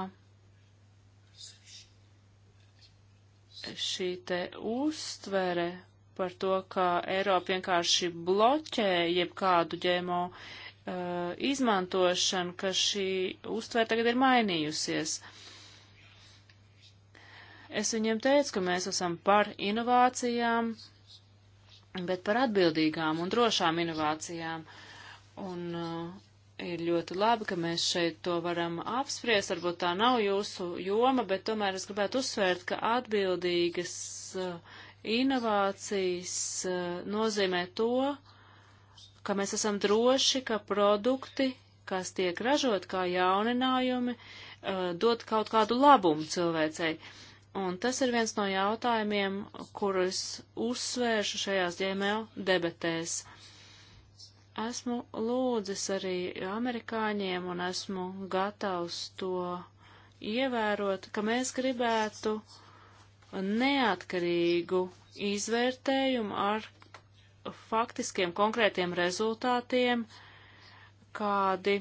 šī te uztvere par to, ka Eiropa vienkārši bloķē jebkādu ģēmo uh, eh, izmantošanu, ka šī uztvere tagad ir mainījusies. Uh, Es viņiem teicu, ka mēs esam par inovācijām, bet par atbildīgām un drošām inovācijām. Un uh, ir ļoti labi, ka mēs šeit to varam apspriest. Varbūt tā nav jūsu joma, bet tomēr es gribētu uzsvērt, ka atbildīgas uh, inovācijas uh, nozīmē to, ka mēs esam droši, ka produkti, kas tiek ražot kā jauninājumi, uh, dod kaut kādu labumu cilvēcei. Uh, Un tas ir viens no jautājumiem, kurus uzsvēršu šajās ģēmēl debatēs. Esmu lūdzis arī amerikāņiem un esmu gatavs to ievērot, ka mēs gribētu neatkarīgu izvērtējumu ar faktiskiem konkrētiem rezultātiem, kādi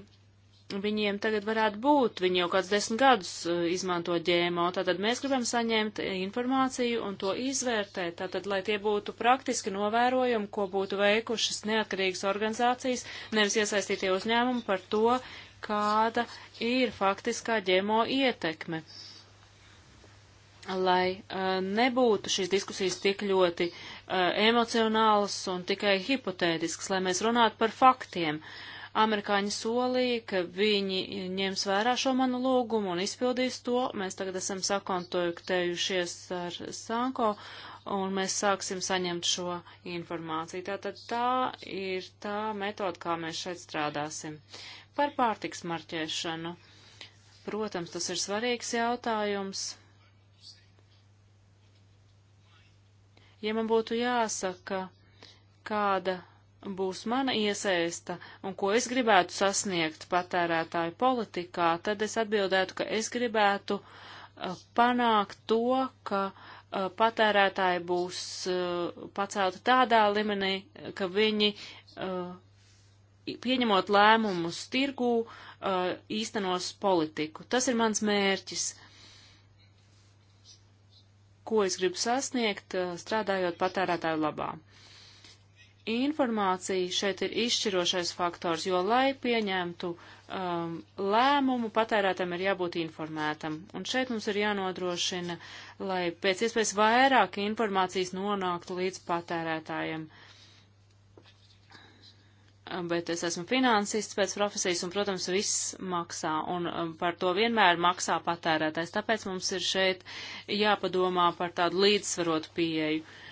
viņiem tagad varētu būt, viņi jau kāds desmit gadus uh, izmanto ģēmo, tātad mēs gribam saņemt informāciju un to izvērtēt, tātad, lai tie būtu praktiski novērojumi, ko būtu veikušas neatkarīgas organizācijas, nevis iesaistītie uzņēmumi par to, kāda ir faktiskā ģēmo ietekme. Lai uh, nebūtu šīs diskusijas tik ļoti uh, emocionālas un tikai hipotētiskas, lai mēs runātu par faktiem. Uh, Amerikāņi solīja, ka viņi ņems vērā šo manu lūgumu un izpildīs to. Mēs tagad esam sakontaktējušies ar Sanko un mēs sāksim saņemt šo informāciju. Tātad tā ir tā metoda, kā mēs šeit strādāsim. Par pārtiks marķēšanu. Protams, tas ir svarīgs jautājums. Ja man būtu jāsaka, kāda būs mana iesaista un ko es gribētu sasniegt patērētāju politikā, tad es atbildētu, ka es gribētu uh, panākt to, ka uh, patērētāji būs uh, pacelti tādā līmenī, ka viņi uh, pieņemot lēmumus tirgū, uh, īstenos politiku. Tas ir mans mērķis ko es gribu sasniegt, uh, strādājot patērētāju labā informācija šeit ir izšķirošais faktors, jo, lai pieņemtu um, lēmumu, patērētam ir jābūt informētam. Un šeit mums ir jānodrošina, lai pēc iespējas vairāk informācijas nonāktu līdz patērētājiem. Um, bet es esmu finansists pēc profesijas, un, protams, viss maksā, un um, par to vienmēr maksā patērētājs. Tāpēc mums ir šeit jāpadomā par tādu līdzsvarotu pieeju. Uh,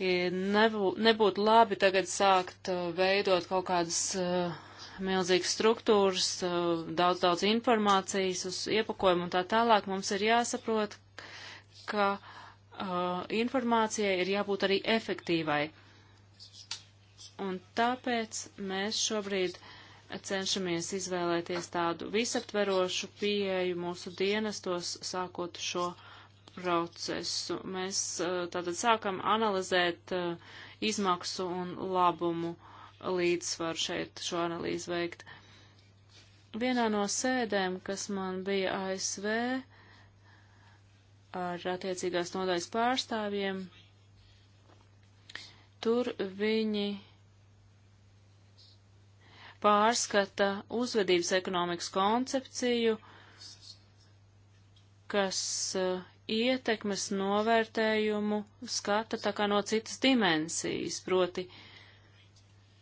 nebū, nebūtu labi tagad sākt uh, veidot kaut kādas uh, milzīgas struktūras, uh, daudz, daudz informācijas uz iepakojumu un tā tālāk. Mums ir jāsaprot, ka uh, informācijai ir jābūt arī efektīvai. Un tāpēc mēs šobrīd cenšamies izvēlēties tādu visaptverošu pieeju mūsu dienestos, sākot šo uh, procesu. Mēs tātad sākam analizēt izmaksu un labumu līdzsvaru šeit šo analīzi veikt. Vienā no sēdēm, kas man bija ASV ar attiecīgās nodaļas pārstāvjiem, tur viņi pārskata uzvedības ekonomikas koncepciju, kas uh, ietekmes novērtējumu skata tā kā no citas dimensijas, proti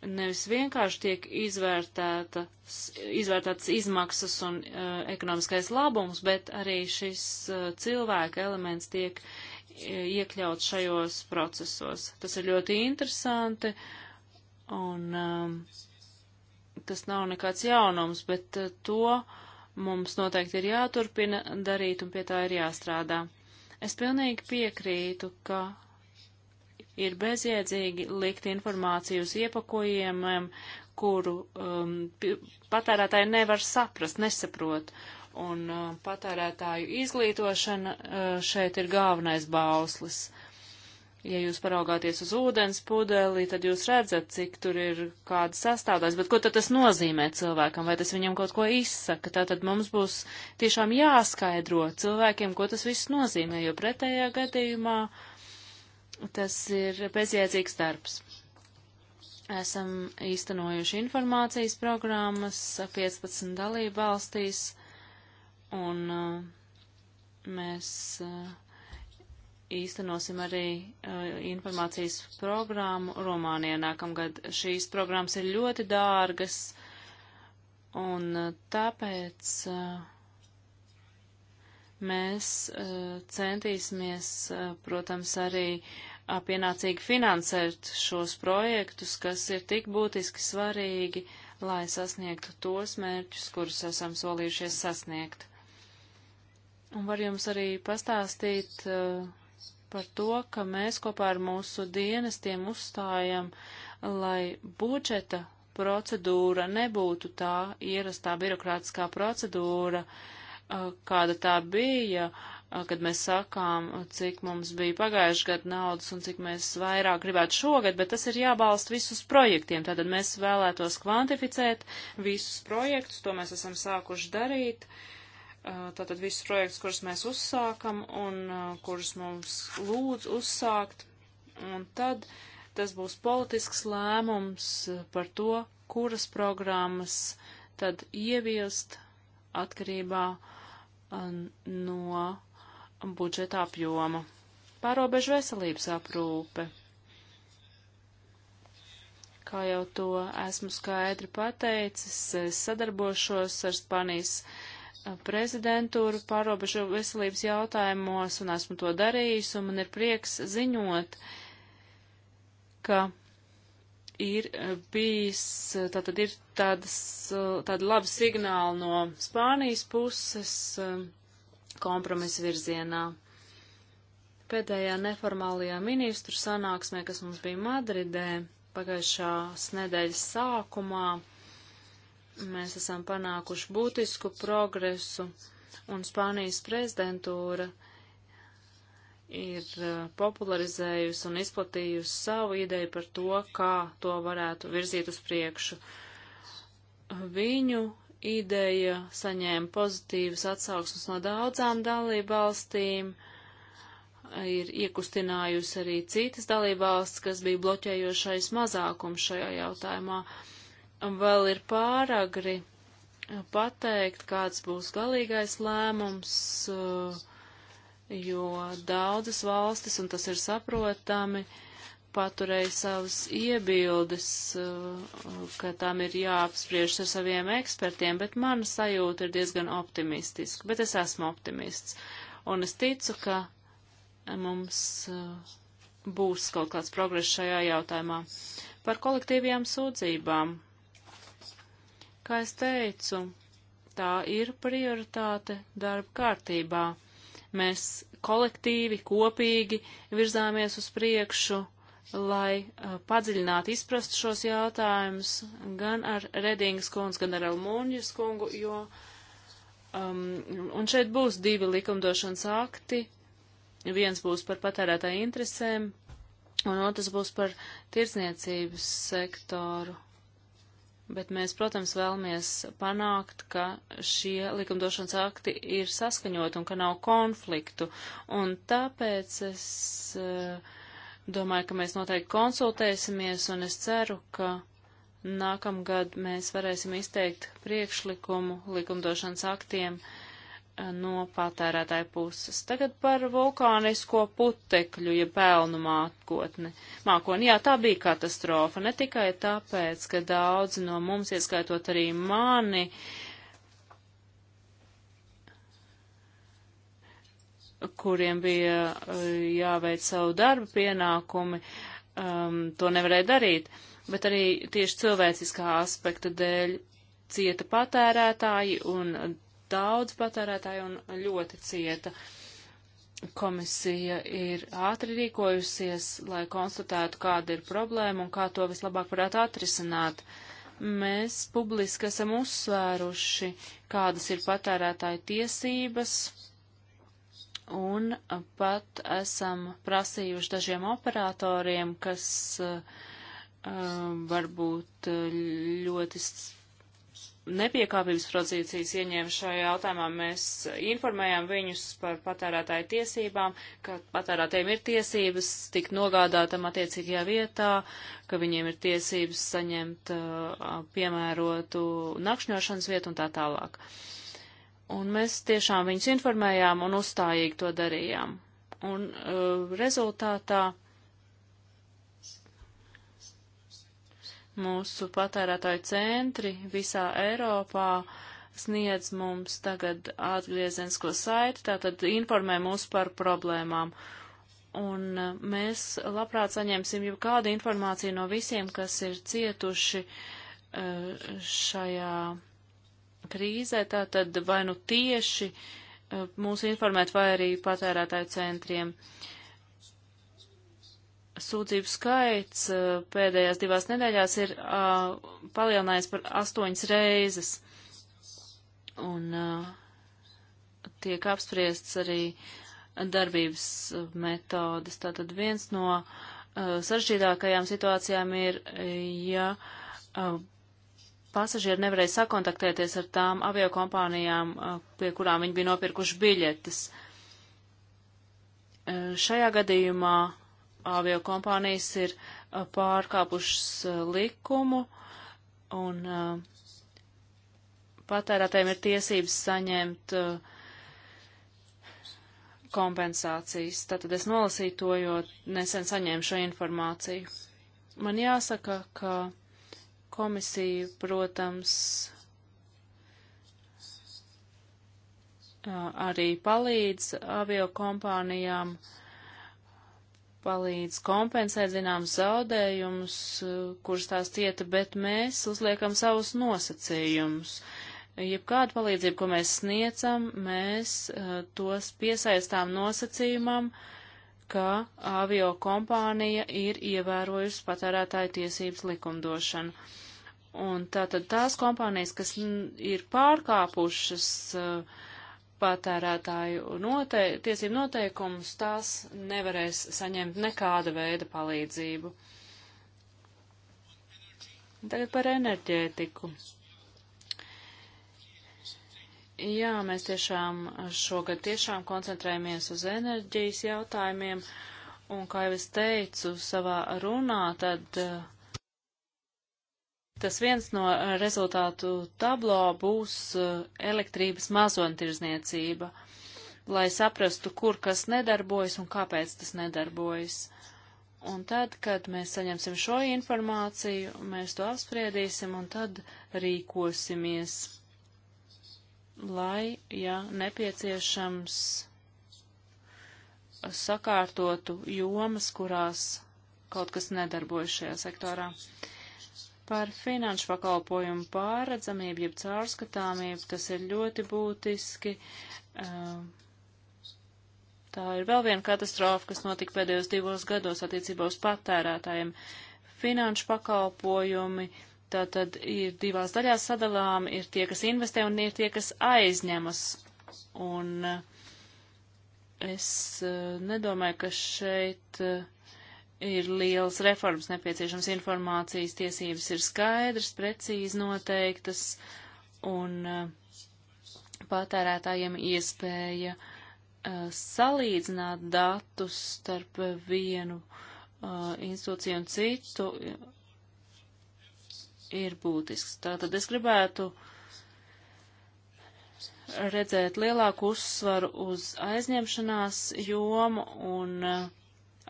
nevis vienkārši tiek izvērtētas, izvērtētas izmaksas un uh, ekonomiskais labums, bet arī šis uh, cilvēka elements tiek eh, iekļauts šajos procesos. Tas ir ļoti interesanti un um, tas nav nekāds jaunums, bet uh, to uh, mums noteikti ir jāturpina darīt un pie tā ir jāstrādā. Es pilnīgi piekrītu, ka ir bezjēdzīgi likt informāciju uz iepakojumiem, kuru um, patērētāji nevar saprast, nesaprot. Un uh, patērētāju izglītošana uh, šeit ir galvenais bauslis. Uh, Ja jūs paraugāties uz ūdens pudeli, tad jūs redzat, cik tur ir kāda sastāvdaļas, bet ko tad tas nozīmē cilvēkam, vai tas viņam kaut ko izsaka? Tātad mums būs tiešām jāskaidro cilvēkiem, ko tas viss nozīmē, jo pretējā gadījumā tas ir bezjēdzīgs darbs. Esam īstenojuši informācijas programmas 15 dalību valstīs, un uh, mēs. Uh, īstenosim arī uh, informācijas programmu Rumānijā nākamgad. Šīs programmas ir ļoti dārgas, un uh, tāpēc uh, mēs uh, centīsimies, uh, protams, arī uh, pienācīgi finansēt šos projektus, kas ir tik būtiski svarīgi, lai sasniegtu tos mērķus, kurus esam solījušies sasniegt. Un var jums arī pastāstīt uh, par to, ka mēs kopā ar mūsu dienestiem uzstājam, lai budžeta procedūra nebūtu tā ierastā birokrātiskā procedūra, kāda tā bija, kad mēs sakām, cik mums bija pagājuši gadu naudas un cik mēs vairāk gribētu šogad, bet tas ir jābalst visus projektiem. Tātad mēs vēlētos kvantificēt visus projektus, to mēs esam sākuši darīt. Uh, tātad visus projektus, kurus mēs uzsākam un kurus mums lūdz uzsākt. Un tad tas būs politisks lēmums par to, kuras programmas tad ieviest atkarībā no budžeta apjoma. Pārobežu veselības aprūpe. Kā jau to esmu skaidri pateicis, es sadarbošos ar Spanijas uh, prezidentūru pārobežu veselības jautājumos, un esmu to darījis, un man ir prieks ziņot, ka ir bijis, tātad ir tādas, tāda laba signāla no Spānijas puses um, kompromisa virzienā. Pēdējā neformālajā ministru sanāksmē, kas mums bija Madridē pagājušās nedēļas sākumā, Mēs esam panākuši būtisku progresu, un Spānijas prezidentūra ir uh, popularizējusi un izplatījusi savu ideju par to, kā to varētu virzīt uz priekšu. Viņu ideja saņēma pozitīvas atsauksmes no daudzām dalību valstīm ir iekustinājusi arī citas dalībvalsts, kas bija bloķējošais mazākums šajā jautājumā vēl ir pāragri eh, pateikt, kāds būs galīgais lēmums, eh, jo daudzas valstis, un tas ir saprotami, paturēja savas iebildes, eh, ka tam ir jāapspriež ar saviem ekspertiem, bet mana sajūta ir diezgan optimistiska, bet es esmu optimists. Un es ticu, ka mums būs kaut kāds progress šajā jautājumā. Par kolektīvajām sūdzībām Kā es teicu, tā ir prioritāte darba kārtībā. Mēs kolektīvi, kopīgi virzāmies uz priekšu, lai uh, padziļinātu izprastu šos jautājumus gan ar Redingas kundzi, gan ar Almūņas kungu, jo, um, un šeit būs divi likumdošanas akti, viens būs par patērētāju interesēm, un otrs būs par tirdzniecības sektoru bet mēs, protams, vēlamies panākt, ka šie likumdošanas akti ir saskaņot un ka nav konfliktu. Un tāpēc es eh, domāju, ka mēs noteikti konsultēsimies un es ceru, ka nākamgad mēs varēsim izteikt priekšlikumu likumdošanas aktiem, uh, no patērētāja puses. Tagad par vulkānisko putekļu, ja pelnu mākotni. Mākoni, jā, tā bija katastrofa, ne tikai tāpēc, ka daudzi no mums, ieskaitot arī mani, kuriem bija eh, jāveic savu darbu pienākumi, um, to nevarēja darīt, bet arī tieši cilvēciskā aspekta dēļ cieta patērētāji un daudz patērētāju un ļoti cieta. Komisija ir ātri rīkojusies, lai konstatētu, kāda ir problēma un kā to vislabāk varētu atrisināt. Mēs publiski esam uzsvēruši, kādas ir patērētāju tiesības, un pat esam prasījuši dažiem operatoriem, kas uh, varbūt eh, ļoti nepiekāpības procedīcijas ieņēma šajā jautājumā, mēs informējām viņus par patērētāju tiesībām, ka patērētājiem ir tiesības tikt nogādātam attiecīgajā vietā, ka viņiem ir tiesības saņemt uh, piemērotu nakšņošanas vietu un tā tālāk. Un mēs tiešām viņus informējām un uzstājīgi to darījām. Un uh, rezultātā Mūsu patērētāju centri visā Eiropā sniedz mums tagad atgriezensko saiti, tātad informē mūs par problēmām. Un e, mēs labprāt saņemsim jau kādu informāciju no visiem, kas ir cietuši e, šajā krīzē, tātad vai nu tieši e, mūs informēt, vai arī patērētāju centriem. Uh, sūdzību skaits eh, pēdējās divās nedēļās ir eh, palielinājies par astoņas reizes. Un eh, tiek apspriests arī darbības metodas. Tātad viens no sarežģītākajām situācijām ir, ja pasažieri nevarēja sakontaktēties ar tām aviokompānijām, pie kurām viņi bija nopirkuši biļetes. Šajā gadījumā avio kompānijas ir pārkāpušas likumu un patērētājiem ir tiesības saņemt kompensācijas. Tātad es nolasīju to, jo nesen saņēmu šo informāciju. Man jāsaka, ka komisija, protams, arī palīdz avio kompānijām uh, palīdz kompensēt zināmas zaudējumus, eh, kuras tās cieta, bet mēs uzliekam savus nosacījumus. Jebkādu palīdzību, ko mēs sniedzam, mēs eh, tos piesaistām nosacījumam, ka avio kompānija ir ievērojusi patērētāju tiesības likumdošanu. Un tātad tās kompānijas, kas ir pārkāpušas uh, patērētāju note tiesību noteikumus, tās nevarēs saņemt nekāda veida palīdzību. Tagad par enerģētiku. Jā, mēs tiešām šogad tiešām koncentrējamies uz enerģijas jautājumiem, un kā jau es teicu savā runā, tad uh, Tas viens no eh, rezultātu tablo būs eh, elektrības mazoņtirzniecība, lai saprastu, kur kas nedarbojas un kāpēc tas nedarbojas. Un tad, kad mēs saņemsim šo informāciju, mēs to apspriedīsim un tad rīkosimies, lai, ja nepieciešams, sakārtotu jomas, kurās kaut kas nedarbojas šajā sektorā. Uh, Par finanšu pakalpojumu pārredzamību, jeb caurskatāmību, tas ir ļoti būtiski. Ehm, tā ir vēl viena katastrofa, kas notika pēdējos divos gados attiecībā uz patērētājiem. Finanšu pakalpojumi tātad ir divās daļās sadalām, ir tie, kas investē un ir tie, kas aizņemas. Un eh, es eh, nedomāju, ka šeit eh, ir liels reformas nepieciešams, informācijas tiesības ir skaidrs, precīzi noteiktas un eh, patērētājiem iespēja eh, salīdzināt datus starp vienu eh, institūciju un citu ir būtisks. Tātad es gribētu redzēt lielāku uzsvaru uz aizņemšanās jomu un uh,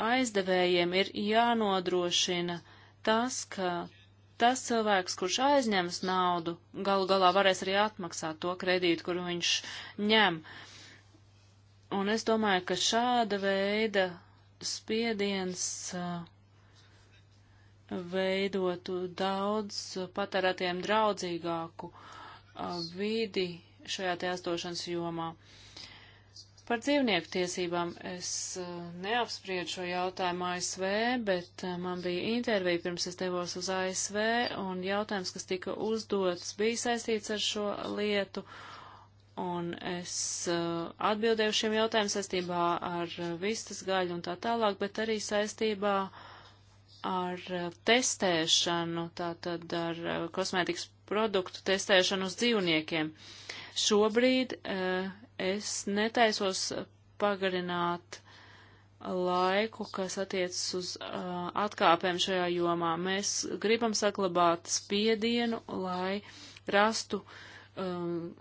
aizdevējiem ir jānodrošina tas, ka tas cilvēks, kurš aizņems naudu, galu galā varēs arī atmaksāt to kredītu, kuru viņš ņem. Un es domāju, ka šāda veida spiediens uh, veidotu daudz patērētiem draudzīgāku uh, vidi šajā te aizdošanas jomā. Uh, Par dzīvnieku tiesībām es eh, neapspriedu šo jautājumu ASV, bet eh, man bija intervija pirms es devos uz ASV, un jautājums, kas tika uzdots, bija saistīts ar šo lietu, un es eh, atbildēju šiem jautājumiem saistībā ar vistas gaļu un tā tālāk, bet arī saistībā ar testēšanu, tātad ar kosmētikas produktu testēšanu uz dzīvniekiem. Šobrīd uh, es netaisos pagarināt laiku, kas attiecas uz uh, atkāpēm šajā jomā. Mēs gribam saglabāt spiedienu, lai rastu um,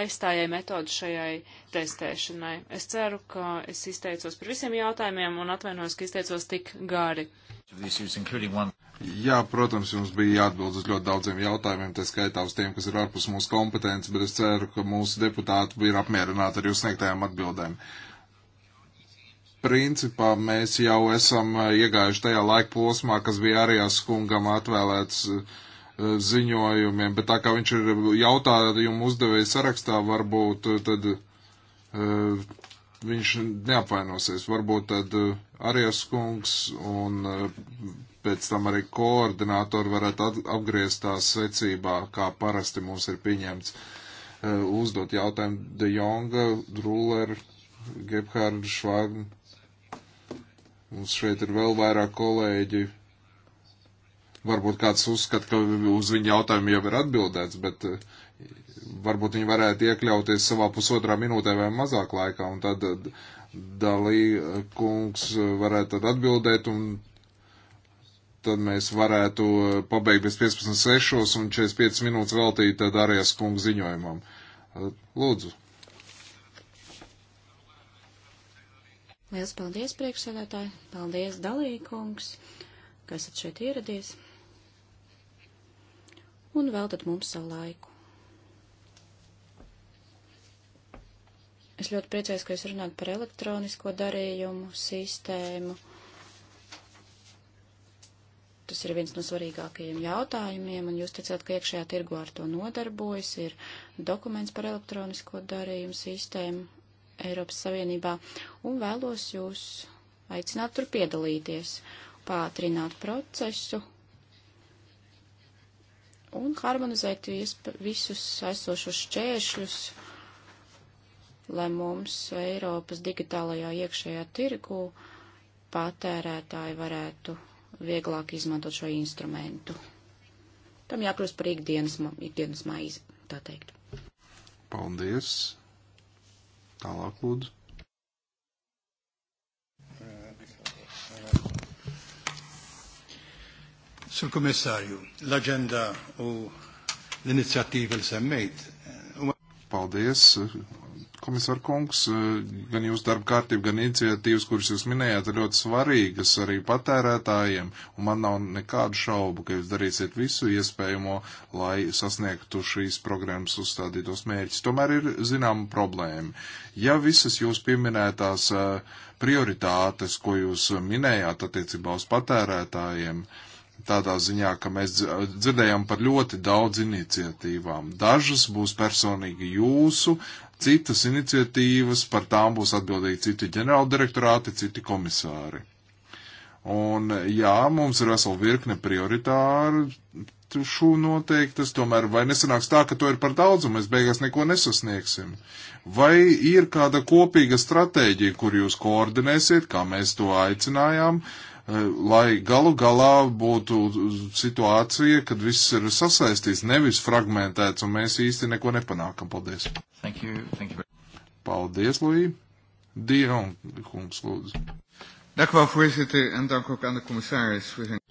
aizstājai metodu šajai testēšanai. Es ceru, ka es izteicos par visiem jautājumiem un atvainojos, ka izteicos tik gāri. One... Jā, protams, jums bija jāatbild uz ļoti daudziem jautājumiem, tā skaitā uz tiem, kas ir ārpus mūsu kompetences, bet es ceru, ka mūsu deputāti ir apmierināti ar jūsu sniegtajām atbildēm. Principā mēs jau esam uh, iegājuši tajā laika posmā, kas bija arī skungam atvēlēts uh, ziņojumiem, bet tā kā viņš ir jautājumu uzdevējs sarakstā, varbūt uh, tad viņš neapvainosies. Varbūt tad Arijas kungs un pēc tam arī koordinātori varētu apgrieztā secībā, kā parasti mums ir pieņemts, uh, uzdot jautājumu De Jonga, Druller, Gebhard, Švagn. Mums šeit ir vēl vairāk kolēģi. Varbūt kāds uzskata, ka uz viņu jautājumu jau ir atbildēts, bet uh, varbūt viņi varētu iekļauties savā pusotrā minūtē vai mazāk laikā, un tad eh, Dalī kungs varētu tad atbildēt, un tad mēs varētu pabeigt bez 15.6 un 45 minūtes veltīt Darijas kungu ziņojumam. Lūdzu. Liels paldies, priekšsēdētāji. Paldies, dalīkungs, kas esat šeit ieradies. Un veltat mums savu laiku. Es ļoti priecājos, ka jūs runājat par elektronisko darījumu sistēmu Tas ir viens no svarīgākajiem jautājumiem, un jūs teicāt, ka iekšējā tirgu ar to nodarbojas, ir dokuments par elektronisko darījumu sistēmu Eiropas Savienībā, un vēlos jūs aicināt tur piedalīties, pātrināt procesu un harmonizēt visus esošos šķēršļus, lai mums Eiropas digitālajā iekšējā tirgu patērētāji varētu vieglāk izmantot šo instrumentu. Tam jākļūst par ikdienas, ikdienas maizi, tā teikt. Paldies! Tālāk lūdzu. Sur Kommissarju, l-agenda u l-inizjattiva li semmejt. Paldies, komisār kungs, eh, gan jūsu darba kārtība, gan iniciatīvas, kuras jūs minējāt, ir ļoti svarīgas arī patērētājiem, un man nav nekādu šaubu, ka jūs darīsiet visu iespējamo, lai sasniegtu šīs programmas uzstādītos mērķus. Tomēr ir zināma problēma. Ja visas jūs pieminētās eh, prioritātes, ko jūs minējāt attiecībā uz patērētājiem, tādā ziņā, ka mēs dzirdējām par ļoti daudz iniciatīvām. Dažas būs personīgi jūsu, citas iniciatīvas, par tām būs atbildīgi citi ģenerāldirektorāti, citi komisāri. Un jā, mums ir vesela virkne prioritāru šu noteiktas, tomēr vai nesanāks tā, ka to ir par daudz un mēs beigās neko nesasniegsim? Vai ir kāda kopīga stratēģija, kur jūs koordinēsiet, kā mēs to aicinājām, uh, lai galu galā būtu situācija, kad viss ir sasaistīts, nevis fragmentēts, un mēs īsti neko nepanākam. Paldies! Thank you, thank you. Paldies, Lūija! Dion, kungs, lūdzu. Dank u wel, voorzitter, en dank ook aan de commissaris voor zijn.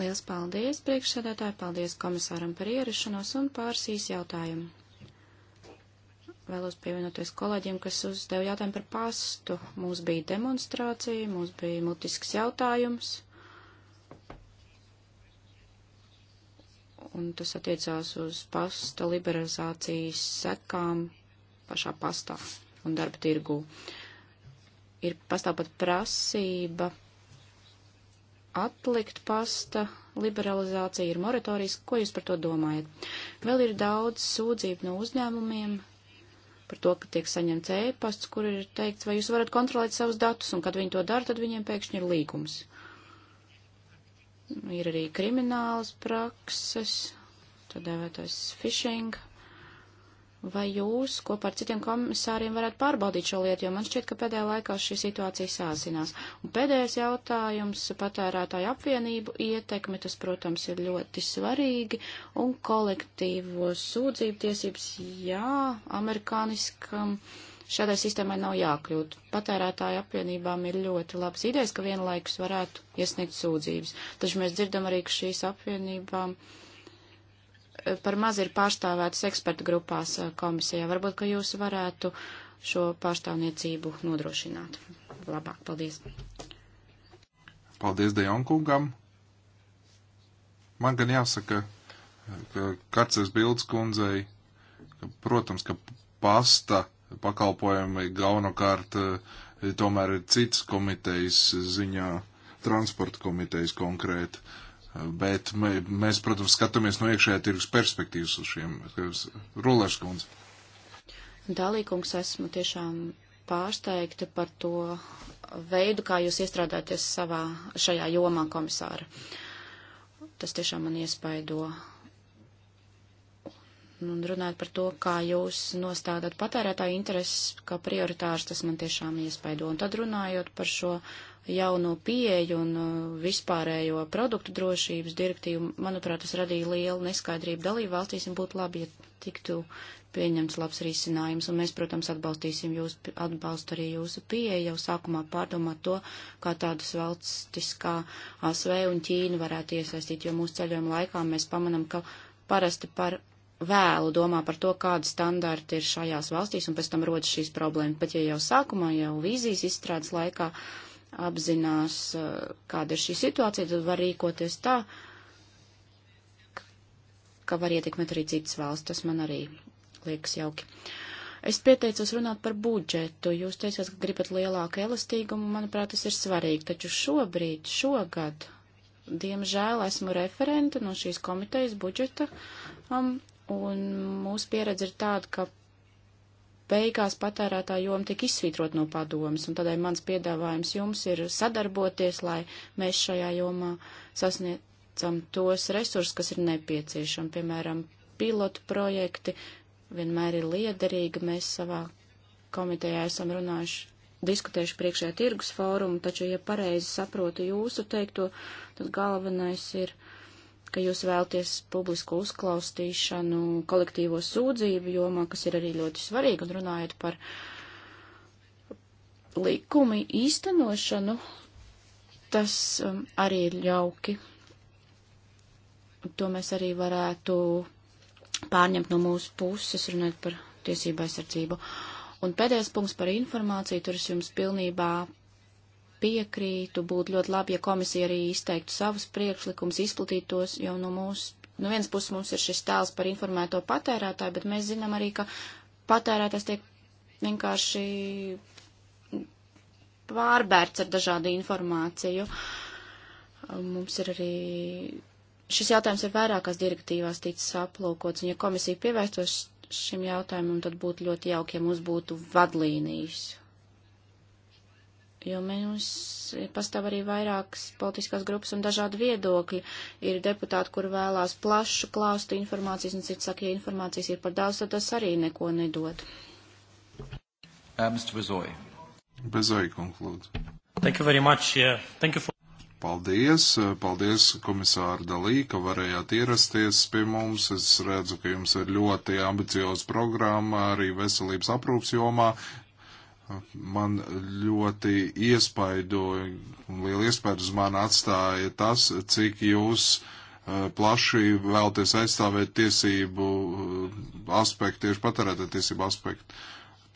Liels paldies, priekšsēdētāji, paldies komisāram par ierašanos un pārsīs jautājumu. Vēlos pievienoties kolēģiem, kas uzdeva jautājumu par pastu. Mums bija demonstrācija, mums bija mutisks jautājums. Un tas attiecās uz pasta liberalizācijas sekām pašā pastā un darba tirgū. Ir pastāv pat prasība atlikt pasta liberalizāciju, ir moratorijas. Ko jūs par to domājat? Vēl ir daudz sūdzību no uzņēmumiem, par to, ka tiek saņemts ēpasts, kur ir teikts, vai jūs varat kontrolēt savus datus, un kad viņi to dara, tad viņiem pēkšņi ir līgums. Ir arī kriminālas prakses, tā dēvētais phishing. Vai jūs kopā ar citiem komisāriem varētu pārbaudīt šo lietu, jo man šķiet, ka pēdējā laikā šī situācija sāsinās. Un pēdējais jautājums - patērētāju apvienību ietekme, tas, protams, ir ļoti svarīgi, un kolektīvo sūdzību tiesības, jā, amerikāniskam. Šādai sistēmai nav jākļūt. Patērētāju apvienībām ir ļoti labs idejas, ka vienlaikus varētu iesniegt sūdzības. Taču mēs dzirdam arī, ka šīs apvienībām uh, par maz ir pārstāvētas ekspertu grupās eh, komisijā. Varbūt, ka jūs varētu šo pārstāvniecību nodrošināt. Labāk, paldies. Paldies Dejonkungam. Man gan jāsaka, ka Karces Bildes kundzei, ka, protams, ka pasta pakalpojumi galvenokārt eh, tomēr ir cits komitejas ziņā, transporta komitejas konkrēti. Uh, Bet mēs, protams, skatāmies no iekšējā tirgus perspektīvas uz šiem rulēšu kundze. Dalīkungs, esmu tiešām pārsteigta par to veidu, kā jūs iestrādāties savā šajā jomā, komisāra. Tas tiešām man iespaido un runāt par to, kā jūs nostādāt patērētāju intereses, kā prioritārs, tas man tiešām iespaido. Un tad runājot par šo jauno pieeju un uh, vispārējo produktu drošības direktīvu, manuprāt, tas radīja lielu neskaidrību dalību valstīs un būtu labi, ja tiktu pieņemts labs risinājums. Un mēs, protams, atbalstīsim jūs, atbalstu arī jūsu pieeju jau sākumā pārdomāt to, kā tādas valstis kā ASV un Ķīna varētu iesaistīt, jo mūsu ceļojuma laikā mēs pamanam, ka parasti par vēlu domā par to, kāda standarta ir šajās valstīs, un pēc tam rodas šīs problēmas. Bet ja jau sākumā, jau vīzijas izstrādes laikā apzinās, eh, kāda ir šī situācija, tad var rīkoties tā, ka var ietekmēt arī citas valsts. Tas man arī liekas jauki. Es pieteicos runāt par budžetu. Jūs teicāt, ka gribat lielāku elastīgumu, manuprāt, tas ir svarīgi, taču šobrīd, šogad diemžēl esmu referente no šīs komitejas budžeta um, un mūsu pieredze ir tāda, ka beigās patērētā joma tika izsvītrot no padomas, un tādēļ mans piedāvājums jums ir sadarboties, lai mēs šajā jomā sasniedzam tos resursus, kas ir nepieciešami, piemēram, pilotu projekti vienmēr ir liederīgi, mēs savā komitejā esam runājuši, diskutējuši priekšējā tirgus fórumu, taču, ja pareizi saprotu jūsu teikto, tad galvenais ir ka jūs vēlties publisku uzklausīšanu kolektīvo sūdzību jomā, kas ir arī ļoti svarīga, un runājot par likumi īstenošanu, tas um, arī ir jauki. To mēs arī varētu pārņemt no mūsu puses, runāt par tiesību aizsardzību. Un pēdējais punkts par informāciju, tur es jums pilnībā piekrītu, būtu ļoti labi, ja komisija arī izteiktu savus priekšlikumus, izplatītos, jo no mūsu, no vienas puses mums ir šis tēls par informēto patērētāju, bet mēs zinām arī, ka patērētājs tiek vienkārši pārbērts ar dažādu informāciju. Mums ir arī. Šis jautājums ir vairākās direktīvās ticis aplūkots, un ja komisija pievērstos šim jautājumam, tad būtu ļoti jauki, ja mums būtu vadlīnijas jo mums pastāv arī vairākas politiskās grupas un dažādi viedokļi. Ir deputāti, kur vēlās plašu klāstu informācijas, un cits saka, ja informācijas ir par daudz, tad tas arī neko nedod. Bezoji. Uh, Bezoji, kunglūdzu. Thank you very much. Yeah. Thank you for... Paldies, uh, paldies komisāra Dalī, ka varējāt ierasties pie mums. Es redzu, ka jums ir ļoti ambicioza programma arī veselības aprūps jomā man ļoti iespaidoja un liela iespēja uz mani atstāja tas, cik jūs e, plaši vēlties aizstāvēt tiesību e, aspektu, tieši patērētā tiesību aspektu.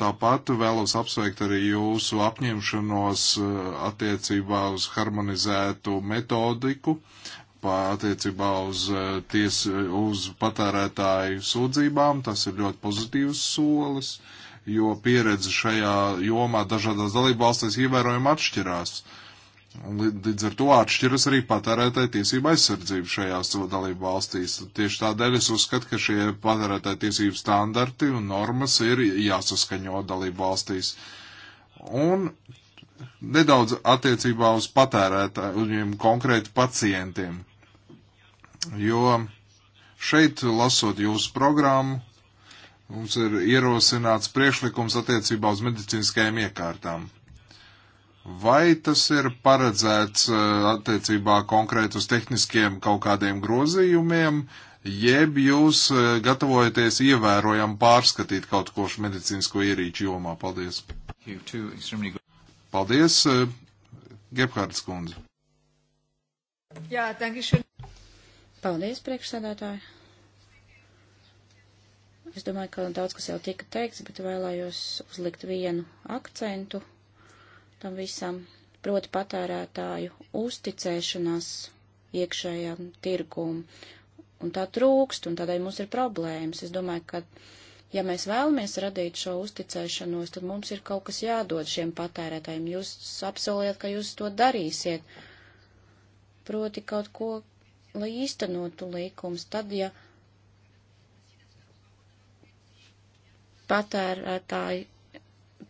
Tāpat vēlos apsveikt arī jūsu apņemšanos e, attiecībā uz harmonizētu metodiku, attiecībā uz, ties, uz patērētāju sūdzībām. Tas ir ļoti pozitīvs solis. Uh, jo pieredze šajā jomā dažādās dalībvalstīs ievērojami atšķirās. Un līdz ar to atšķiras arī patērētāja tiesība aizsardzība šajās dalību valstīs. Tieši tādēļ es uzskatu, ka šie patērētāja tiesību standarti un normas ir jāsaskaņo dalību valstīs. Un nedaudz attiecībā uz patērētājiem, konkrēti pacientiem. Jo šeit, lasot jūsu programmu, Mums ir ierosināts priekšlikums attiecībā uz medicīniskajām iekārtām. Vai tas ir paredzēts uh, attiecībā konkrēt uz tehniskiem kaut kādiem grozījumiem, jeb jūs uh, gatavojaties ievērojam pārskatīt kaut ko medicīnisko ierīču jomā? Paldies! Paldies, uh, Gebhards kundze! Jā, Paldies, priekšsēdētāji! Es domāju, ka daudz kas jau tika teikts, bet vēlējos uzlikt vienu akcentu tam visam, proti patērētāju uzticēšanās iekšējām tirgum. Un tā trūkst, un tādēļ mums ir problēmas. Es domāju, ka, ja mēs vēlamies radīt šo uzticēšanos, tad mums ir kaut kas jādod šiem patērētājiem. Jūs apsoliet, ka jūs to darīsiet. Proti kaut ko, lai īstenotu likums. Tad, ja patērētāji,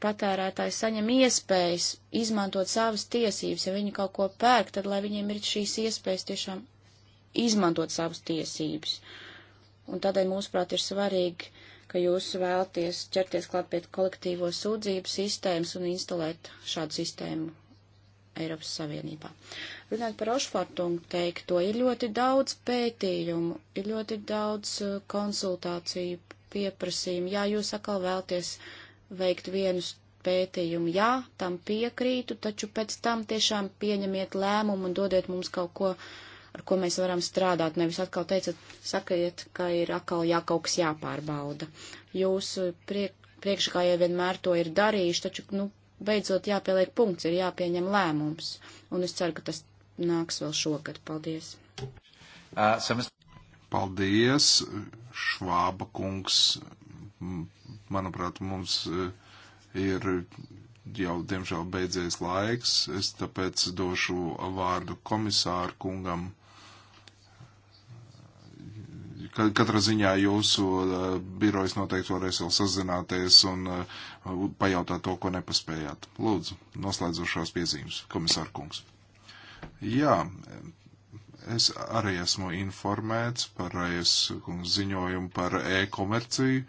patērētāji saņem iespējas izmantot savas tiesības. Ja viņi kaut ko pērk, tad lai viņiem ir šīs iespējas tiešām izmantot savas tiesības. Un tādēļ, mūsuprāt, ir svarīgi, ka jūs vēlaties ķerties klāt pie kolektīvo sūdzību sistēmas un instalēt šādu sistēmu Eiropas Savienībā. Runāt par Ošfortungu teikto, ir ļoti daudz pētījumu, ir ļoti daudz eh, konsultāciju pieprasījumu. Jā, jūs atkal vēlties veikt vienu pētījumu. Jā, tam piekrītu, taču pēc tam tiešām pieņemiet lēmumu un dodiet mums kaut ko, ar ko mēs varam strādāt. Nevis atkal teicat, sakiet, ka ir atkal jā, kaut kas jāpārbauda. Jūs priek, priekšgājēji vienmēr to ir darījuši, taču, nu, beidzot jāpieliek punkts, ir jāpieņem lēmums. Un es ceru, ka tas nāks vēl šogad. Paldies! Uh, so must... Paldies, Švāba kungs. Manuprāt, mums eh, ir jau, diemžēl, beidzies laiks. Es tāpēc došu vārdu komisāru kungam katrā ziņā jūsu uh, eh, birojas noteikti varēs vēl sazināties un uh, pajautāt to, ko nepaspējāt. Lūdzu, noslēdzošās piezīmes, komisāra kungs. Jā, Es arī esmu informēts par es ziņojumu par e-komerciju.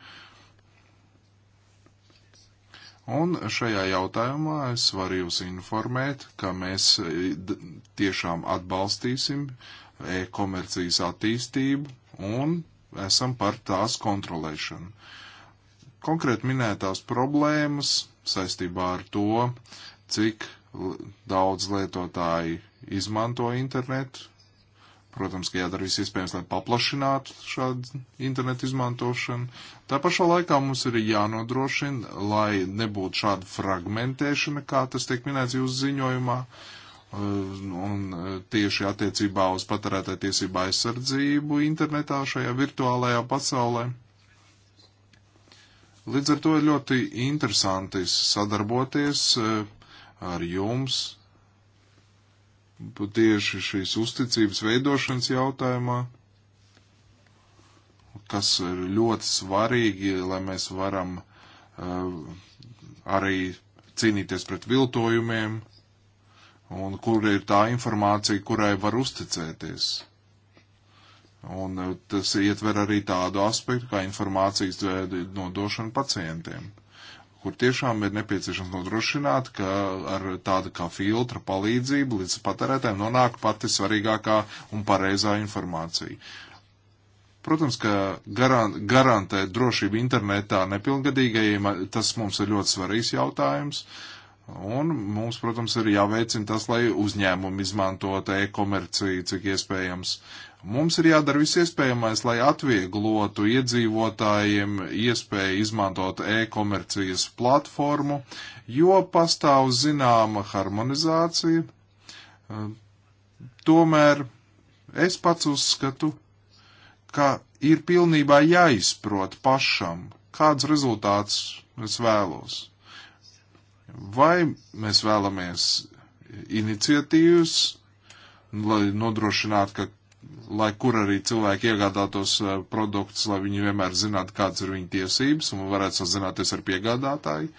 Un šajā jautājumā es varu jūs informēt, ka mēs e, tiešām atbalstīsim e-komercijas attīstību un esam par tās kontrolēšanu. Konkrēt minētās problēmas saistībā ar to, cik daudz lietotāji izmanto internetu, Protams, ka jādara viss iespējams, lai paplašinātu šādu internetu izmantošanu. Tā pašā laikā mums ir jānodrošina, lai nebūtu šāda fragmentēšana, kā tas tiek minēts jūsu ziņojumā, uh, un uh, tieši attiecībā uz patērētāju tiesību aizsardzību internetā šajā virtuālajā pasaulē. Līdz ar to ir ļoti interesanti sadarboties uh, ar jums, tieši šīs uzticības veidošanas jautājumā, kas ir ļoti svarīgi, lai mēs varam uh, arī cīnīties pret viltojumiem, un kur ir tā informācija, kurai var uzticēties. Un uh, tas ietver arī tādu aspektu kā informācijas nodošanu pacientiem kur tiešām ir nepieciešams nodrošināt, ka ar tādu kā filtra palīdzību līdz patērētājiem nonāk pati svarīgākā un pareizā informācija. Protams, ka garan, garantēt drošību internetā nepilngadīgajiem, tas mums ir ļoti svarīgs jautājums. Uh, Un mums, protams, ir jāveicina tas, lai uzņēmumi izmantotu e-komerciju, cik iespējams. Mums ir jādara viss iespējamais, lai atvieglotu iedzīvotājiem iespēju izmantot e-komercijas platformu, jo pastāv zināma harmonizācija. Tomēr es pats uzskatu, ka ir pilnībā jāizprot pašam, kāds rezultāts es vēlos Vai mēs vēlamies iniciatīvas, lai nodrošinātu, ka, lai kur arī cilvēki iegādātos uh, produktus, lai viņi vienmēr zinātu, kādas ir viņu tiesības un varētu sazināties ar piegādātāju,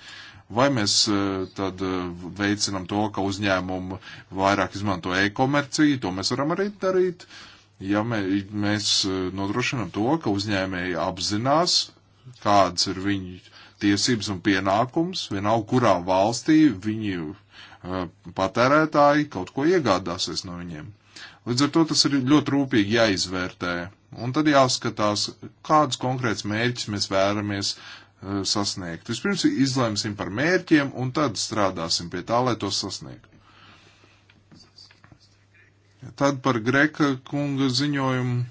vai mēs uh, tad uh, veicinam to, ka uzņēmumu vairāk izmanto e-komerciju, to mēs varam arī darīt, ja mē, mēs nodrošinam to, ka uzņēmēji apzinās, kādas ir viņu tiesības un pienākums, vienalga kurā valstī viņi uh, patērētāji kaut ko iegādāsies no viņiem. Līdz ar to tas ir ļoti rūpīgi jāizvērtē, un tad jāskatās, kādus konkrēts mērķus mēs vēramies uh, sasniegt. Vispirms izlēmsim par mērķiem, un tad strādāsim pie tā, lai tos sasniegtu. Tad par Greka kunga ziņojumu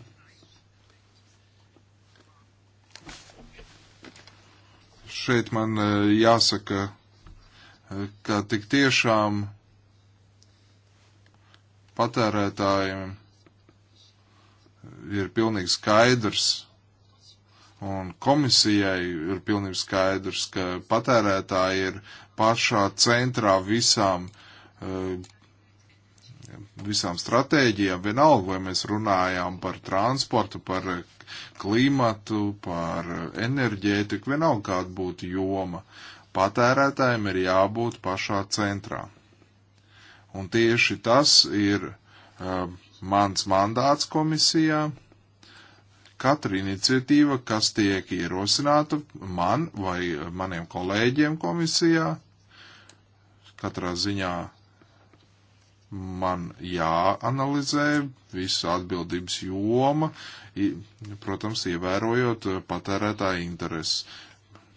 šeit man e, jāsaka, e, ka tik tiešām patērētājiem e, ir pilnīgi skaidrs, un komisijai ir pilnīgi skaidrs, ka patērētāji ir pašā centrā visām, visām stratēģijām, vienalga, vai mēs runājām par transportu, par klimatu, par enerģētiku, vienalga kāda būtu joma. Patērētājiem ir jābūt pašā centrā. Un tieši tas ir uh, mans mandāts komisijā. Katra iniciatīva, kas tiek ierosināta man vai maniem kolēģiem komisijā, katrā ziņā man jāanalizē visa atbildības joma, protams, ievērojot patērētāja intereses.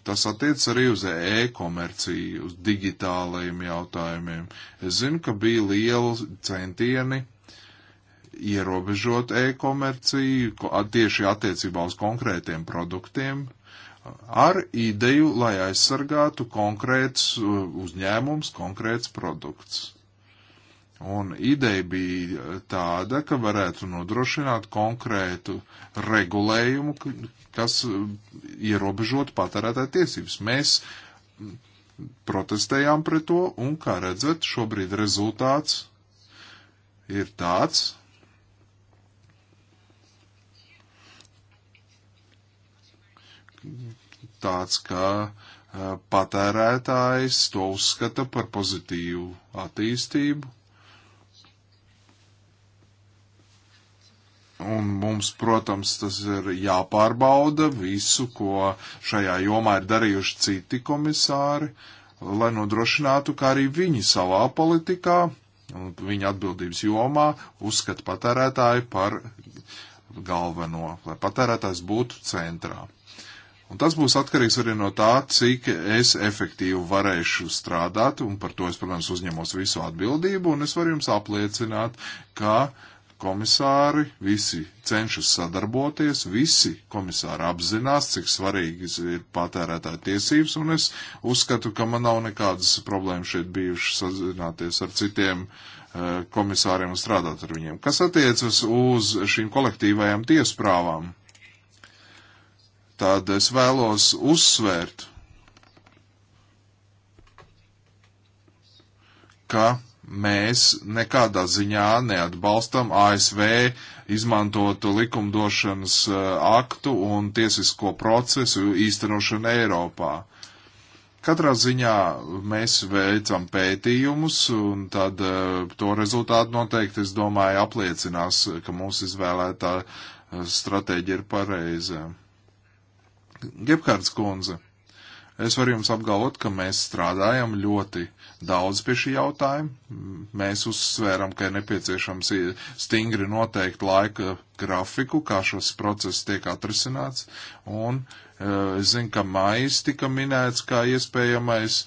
Tas attiec arī uz e-komerciju, uz digitālajiem jautājumiem. Es zinu, ka bija lieli centieni ierobežot e-komerciju tieši attiecībā uz konkrētiem produktiem, ar ideju, lai aizsargātu konkrēts uh, uzņēmums, konkrēts produkts. Un ideja bija tāda, ka varētu nodrošināt konkrētu regulējumu, kas uh, ierobežot patērētāju tiesības. Mēs protestējām pret to, un, kā redzat, šobrīd rezultāts ir tāds, tāds, ka uh, patērētājs to uzskata par pozitīvu attīstību, Un mums, protams, tas ir jāpārbauda visu, ko šajā jomā ir darījuši citi komisāri, lai nodrošinātu, ka arī viņi savā politikā un viņa atbildības jomā uzskata patērētāju par galveno, lai patērētājs būtu centrā. Un tas būs atkarīgs arī no tā, cik es efektīvi varēšu strādāt, un par to es, protams, uzņemos visu atbildību, un es varu jums apliecināt, ka uh, komisāri, visi cenšas sadarboties, visi komisāri apzinās, cik svarīgi ir patērētāja tiesības, un es uzskatu, ka man nav nekādas problēmas šeit bijušas sazināties ar citiem eh, komisāriem un strādāt ar viņiem. Kas attiecas uz šīm kolektīvajām tiesprāvām, tad es vēlos uzsvērt, ka mēs nekādā ziņā neatbalstam ASV izmantotu likumdošanas eh, aktu un tiesisko procesu īstenošanu Eiropā. Katrā ziņā mēs veicam pētījumus, un tad eh, to rezultātu noteikti, es domāju, apliecinās, ka mūsu izvēlētā eh, stratēģija ir pareiza. Gebhards Kunze, es varu jums apgalvot, ka mēs strādājam ļoti daudz pie šī jautājuma. Mēs uzsvēram, ka ir nepieciešams stingri noteikt laika grafiku, kā šis process tiek atrisināts. Un e, es zinu, ka maijs tika minēts kā iespējamais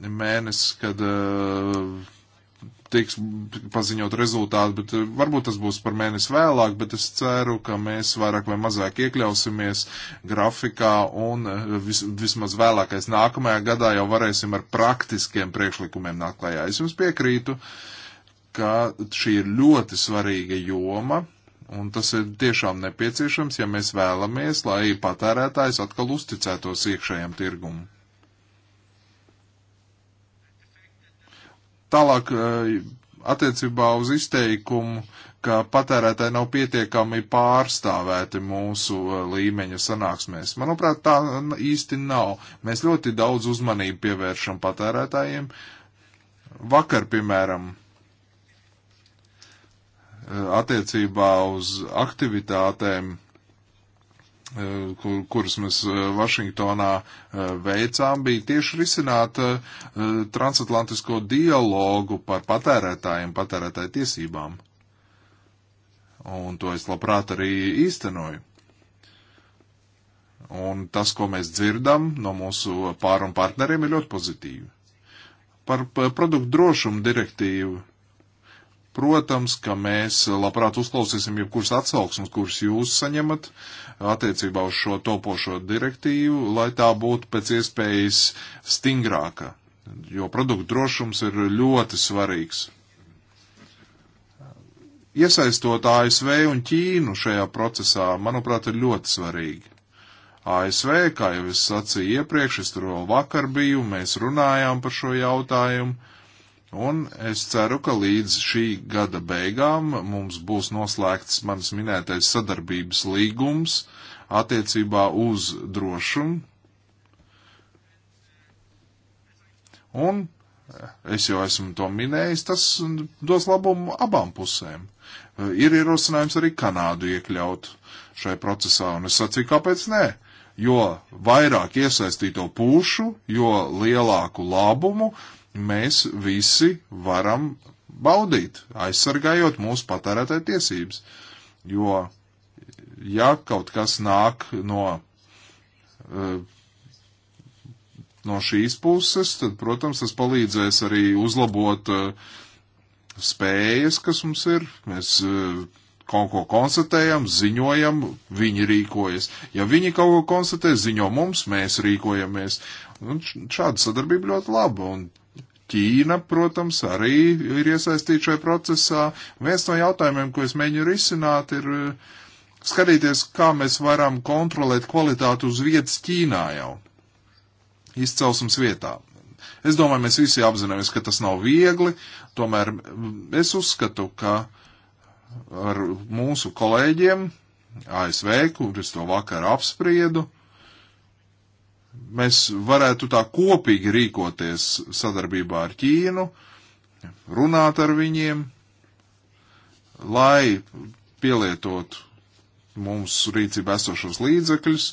mēnesis, kad uh, tiks paziņot rezultāti, bet eh, varbūt tas būs par mēnesi vēlāk, bet es ceru, ka mēs vairāk vai mazāk iekļausimies grafikā un eh, vis, vismaz vēlākais nākamajā gadā jau varēsim ar praktiskiem priekšlikumiem nākt klajā. Es jums piekrītu, ka šī ir ļoti svarīga joma. Un tas ir tiešām nepieciešams, ja mēs vēlamies, lai patērētājs atkal uzticētos iekšējiem tirgumam. Tālāk eh, attiecībā uz izteikumu, ka patērētāji nav pietiekami pārstāvēti mūsu eh, līmeņa sanāksmēs. Manuprāt, tā īsti nav. Mēs ļoti daudz uzmanību pievēršam patērētājiem. Vakar, piemēram, eh, attiecībā uz aktivitātēm Eh, kur, kurus mēs eh, Vašingtonā eh, veicām, bija tieši risināt transatlantisko dialogu par patērētājiem, patērētāju tiesībām. Un to es labprāt arī īstenoju. Un tas, ko mēs dzirdam no mūsu pārum partneriem, ir ļoti pozitīvi. Par produktu drošumu direktīvu Protams, ka mēs labprāt uzklausīsim jebkuras atsauksmes, kuras jūs saņemat attiecībā uz šo topošo direktīvu, lai tā būtu pēc iespējas stingrāka, jo produktu drošums ir ļoti svarīgs. Iesaistot ASV un Ķīnu šajā procesā, manuprāt, ir ļoti svarīgi. ASV, kā jau es sacīju iepriekš, es tur vēl vakar biju, mēs runājām par šo jautājumu Un es ceru, ka līdz šī gada beigām mums būs noslēgts manis minētais sadarbības līgums attiecībā uz drošumu. Un es jau esmu to minējis, tas dos labumu abām pusēm. Ir ierosinājums arī Kanādu iekļaut šai procesā, un es sacīju, kāpēc nē? Jo vairāk iesaistīto pušu, jo lielāku labumu, uh, mēs visi varam baudīt, aizsargājot mūsu patērētāju tiesības. Jo, ja kaut kas nāk no, eh, no šīs puses, tad, protams, tas palīdzēs arī uzlabot eh, spējas, kas mums ir. Mēs eh, kaut ko konstatējam, ziņojam, viņi rīkojas. Ja viņi kaut ko konstatē, ziņo mums, mēs rīkojamies. Un šāda sadarbība ļoti laba, un Ķīna, protams, arī ir iesaistīta šajā procesā. Viens no jautājumiem, ko es mēģinu risināt, ir eh, skatīties, kā mēs varam kontrolēt kvalitāti uz vietas Ķīnā jau, izcelsmes vietā. Es domāju, mēs visi apzināmies, ka tas nav viegli, tomēr mm, es uzskatu, ka ar mūsu kolēģiem ASV, kur es to vakar apspriedu, mēs varētu tā kopīgi rīkoties sadarbībā ar Ķīnu, runāt ar viņiem, lai pielietotu mums rīcība esošos līdzekļus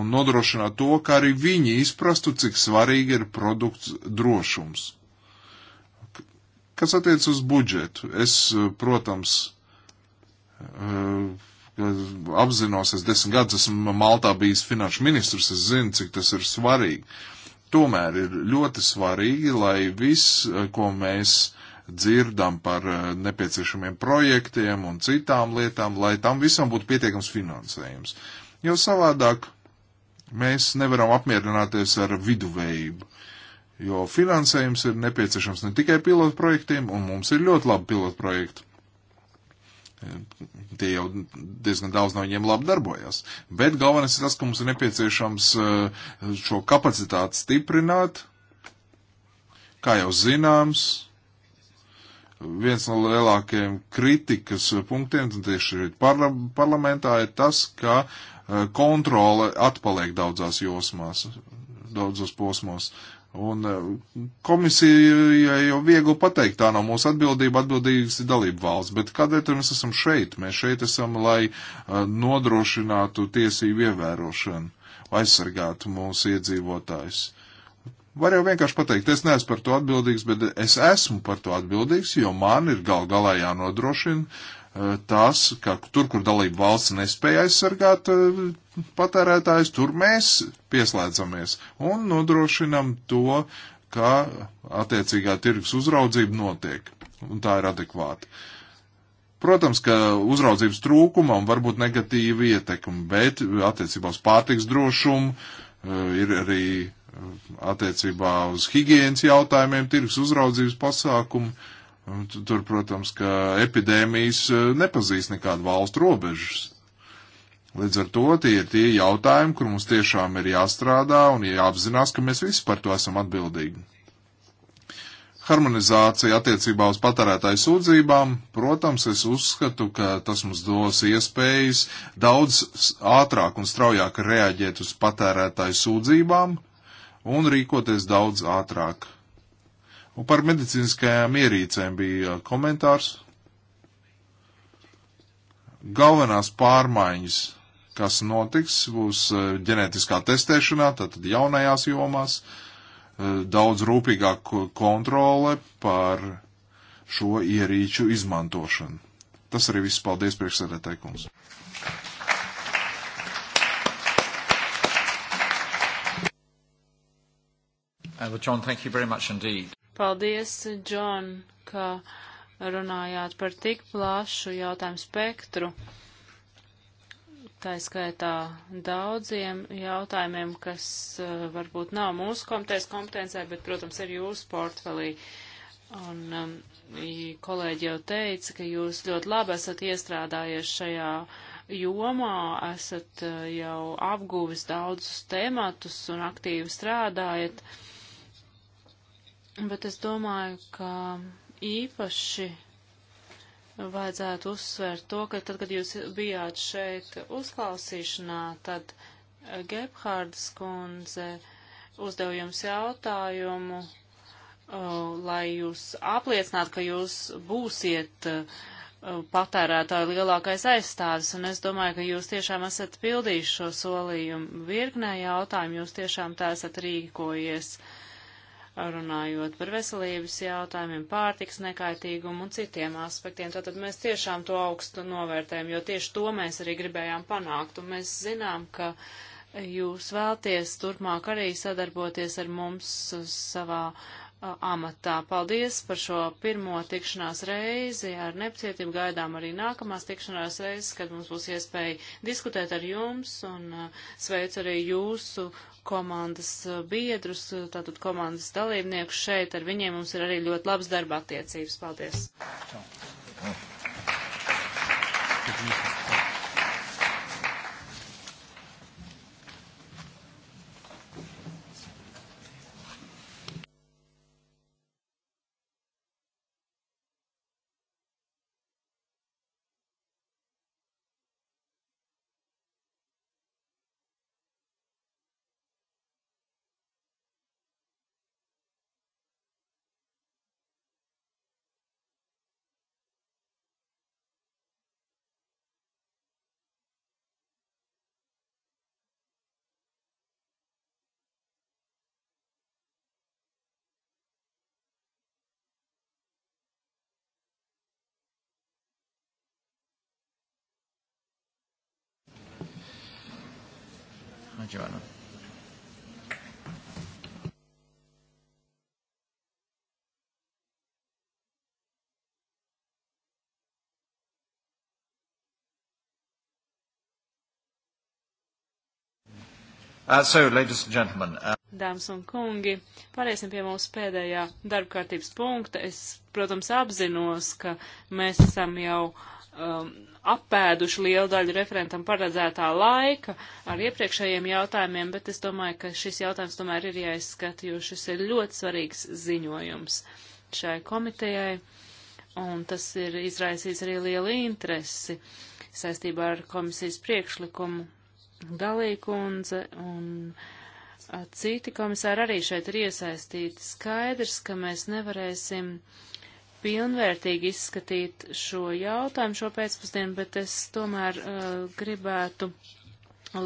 un nodrošināt to, ka arī viņi izprastu, cik svarīgi ir produkts drošums. Kas attiec uz budžetu, es, protams, uh, apzinos, es desmit gadus esmu Maltā bijis finanšu ministrs, es zinu, cik tas ir svarīgi. Tomēr ir ļoti svarīgi, lai viss, eh, ko mēs dzirdam par eh, nepieciešamiem projektiem un citām lietām, lai tam visam būtu pietiekams finansējums. Jo savādāk mēs nevaram apmierināties ar viduvējību. Jo finansējums ir nepieciešams ne tikai pilotu projektiem, un mums ir ļoti labi pilotu projekti tie jau diezgan daudz no viņiem labi darbojas. Bet galvenais ir tas, ka mums ir nepieciešams eh, šo kapacitāti stiprināt. Kā jau zināms, viens no lielākajiem kritikas punktiem, un tieši parla parlamentā, ir tas, ka eh, kontrole atpaliek daudzās josmās, daudzos posmos. Uh, Un eh, komisijai jau viegli pateikt, tā nav mūsu atbildība, atbildīgas ir dalība valsts, bet kādēļ tur mēs esam šeit? Mēs šeit esam, lai eh, nodrošinātu tiesību ievērošanu, aizsargātu mūsu iedzīvotājus. Var jau vienkārši pateikt, es neesmu par to atbildīgs, bet es esmu par to atbildīgs, jo man ir gal galā jānodrošina, Eh, tas, ka tur, kur dalība valsts nespēja aizsargāt eh, patērētājs, tur mēs pieslēdzamies un nodrošinam to, ka attiecīgā tirgus uzraudzība notiek, un tā ir adekvāta. Protams, ka uzraudzības trūkumam var būt negatīva ietekme, bet attiecībā uz pārtiks drošumu eh, ir arī attiecībā uz higienas jautājumiem, tirgus uzraudzības pasākumu Tur, protams, ka epidēmijas e, nepazīst nekādu valstu robežas. Līdz ar to tie ir tie jautājumi, kur mums tiešām ir jāstrādā un jāapzinās, ka mēs visi par to esam atbildīgi. Harmonizācija attiecībā uz patērētāju sūdzībām, protams, es uzskatu, ka tas mums dos iespējas daudz ātrāk un straujāk reaģēt uz patērētāju sūdzībām un rīkoties daudz ātrāk Un par medicīniskajām ierīcēm bija uh, komentārs. Galvenās pārmaiņas, kas notiks, būs uh, ģenētiskā testēšanā, tātad jaunajās jomās, uh, daudz rūpīgāk kontrole par šo ierīču izmantošanu. Tas arī viss paldies priekšsēdētāji kungs. Uh, well, John, thank you very much indeed. Paldies, Džon, ka runājāt par tik plašu jautājumu spektru. Tā skaitā daudziem jautājumiem, kas uh, varbūt nav mūsu komitejas kompetencē, bet, protams, ir jūsu portfelī. Un um, kolēģi jau teica, ka jūs ļoti labi esat iestrādājies šajā jomā, esat uh, jau apguvis daudzus tematus un aktīvi strādājat. Uh, Bet es domāju, ka īpaši vajadzētu uzsvērt to, ka tad, kad jūs bijāt šeit uzklausīšanā, tad Gebhārdas kundze uzdev jums jautājumu, lai jūs apliecinātu, ka jūs būsiet patērētāju lielākais aizstāvis, un es domāju, ka jūs tiešām esat pildījuši šo solījumu virknē jautājumu, jūs tiešām tā esat rīkojies. Uh, runājot par veselības jautājumiem, pārtiks nekaitīgumu un citiem aspektiem. Tātad mēs tiešām to augstu novērtējam, jo tieši to mēs arī gribējām panākt. Un mēs zinām, ka uh, jūs vēlties turpmāk arī sadarboties ar mums savā amatā. Paldies par šo pirmo tikšanās reizi. Ar nepacietību gaidām arī nākamās tikšanās reizes, kad mums būs iespēja diskutēt ar jums un sveicu arī jūsu komandas biedrus, tātad komandas dalībniekus šeit. Ar viņiem mums ir arī ļoti labs darba attiecības. Paldies! Čau. Čau. Hi, Joanna. Uh, so, ladies and gentlemen, uh... Dāmas un kungi, pāriesim pie mūsu pēdējā darba kārtības punkta. Es, protams, apzinos, ka mēs esam jau uh, um, apēduši lielu daļu referentam paredzētā laika ar iepriekšējiem jautājumiem, bet es domāju, ka šis jautājums tomēr ir jāizskata, jo šis ir ļoti svarīgs ziņojums šai komitejai, un tas ir izraisījis arī lielu interesi saistībā ar komisijas priekšlikumu Galīkundze un citi komisāri arī šeit ir iesaistīti. Skaidrs, ka mēs nevarēsim uh, pilnvērtīgi izskatīt šo jautājumu šo pēcpusdienu, bet es tomēr uh, gribētu,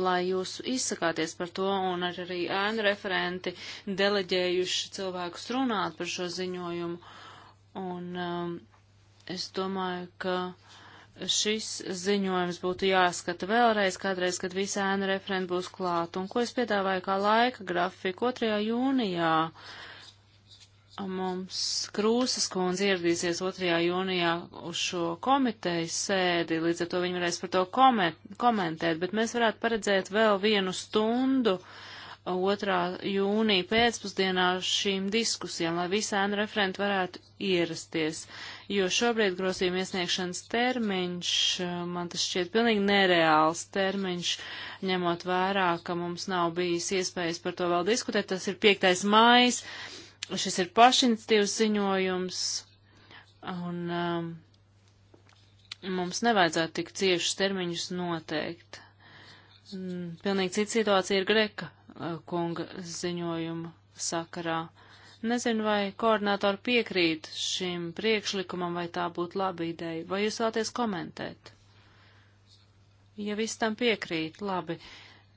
lai jūs izsakāties par to un arī ēnu referenti deleģējuši cilvēkus runāt par šo ziņojumu. Un um, es domāju, ka šis ziņojums būtu jāskata vēlreiz, kādreiz, kad visi ēnu referenti būs klāt. Un ko es piedāvāju kā laika grafiku 2. jūnijā? Uh, mums Krūsas kundze ieradīsies 2. jūnijā uz šo komiteju sēdi, līdz ar to viņi varēs par to komentēt, bet mēs varētu paredzēt vēl vienu stundu 2. jūnija pēcpusdienā šīm diskusijām, lai visi ēnu referenti varētu ierasties, jo šobrīd grozījuma iesniegšanas termiņš, man tas šķiet pilnīgi nereāls termiņš, ņemot vērā, ka mums nav bijis iespējas par to vēl diskutēt, tas ir 5. mājas. Šis ir pašinstīvs ziņojums, un um, mums nevajadzētu tik ciešus termiņus noteikt. Mm, pilnīgi cita situācija ir Greka uh, kunga ziņojuma sakarā. Nezinu, vai koordinātori piekrīt šim priekšlikumam, vai tā būtu laba ideja, vai jūs vēlaties komentēt? Ja viss tam piekrīt, labi.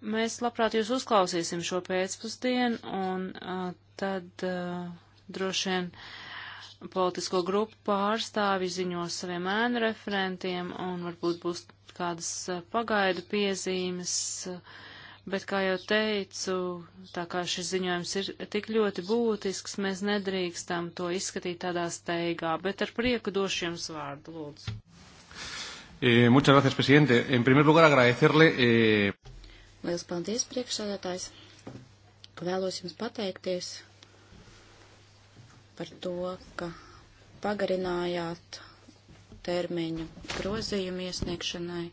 Mēs labprāt jūs uzklausīsim šo pēcpusdienu, un uh, tad uh, droši vien politisko grupu pārstāvi ziņos saviem ēnu referentiem un varbūt būs kādas eh, pagaidu piezīmes, eh, bet, kā jau teicu, tā kā šis ziņojums ir tik ļoti būtisks, mēs nedrīkstam to izskatīt tādā steigā, bet ar prieku došu jums vārdu, lūdzu. Eh, muchas gracias, presidente. En primer lugar, agradecerle. Eh... Lielas paldies, priekšsēdētājs. Vēlos jums pateikties par to, ka pagarinājāt termiņu grozījumu iesniegšanai.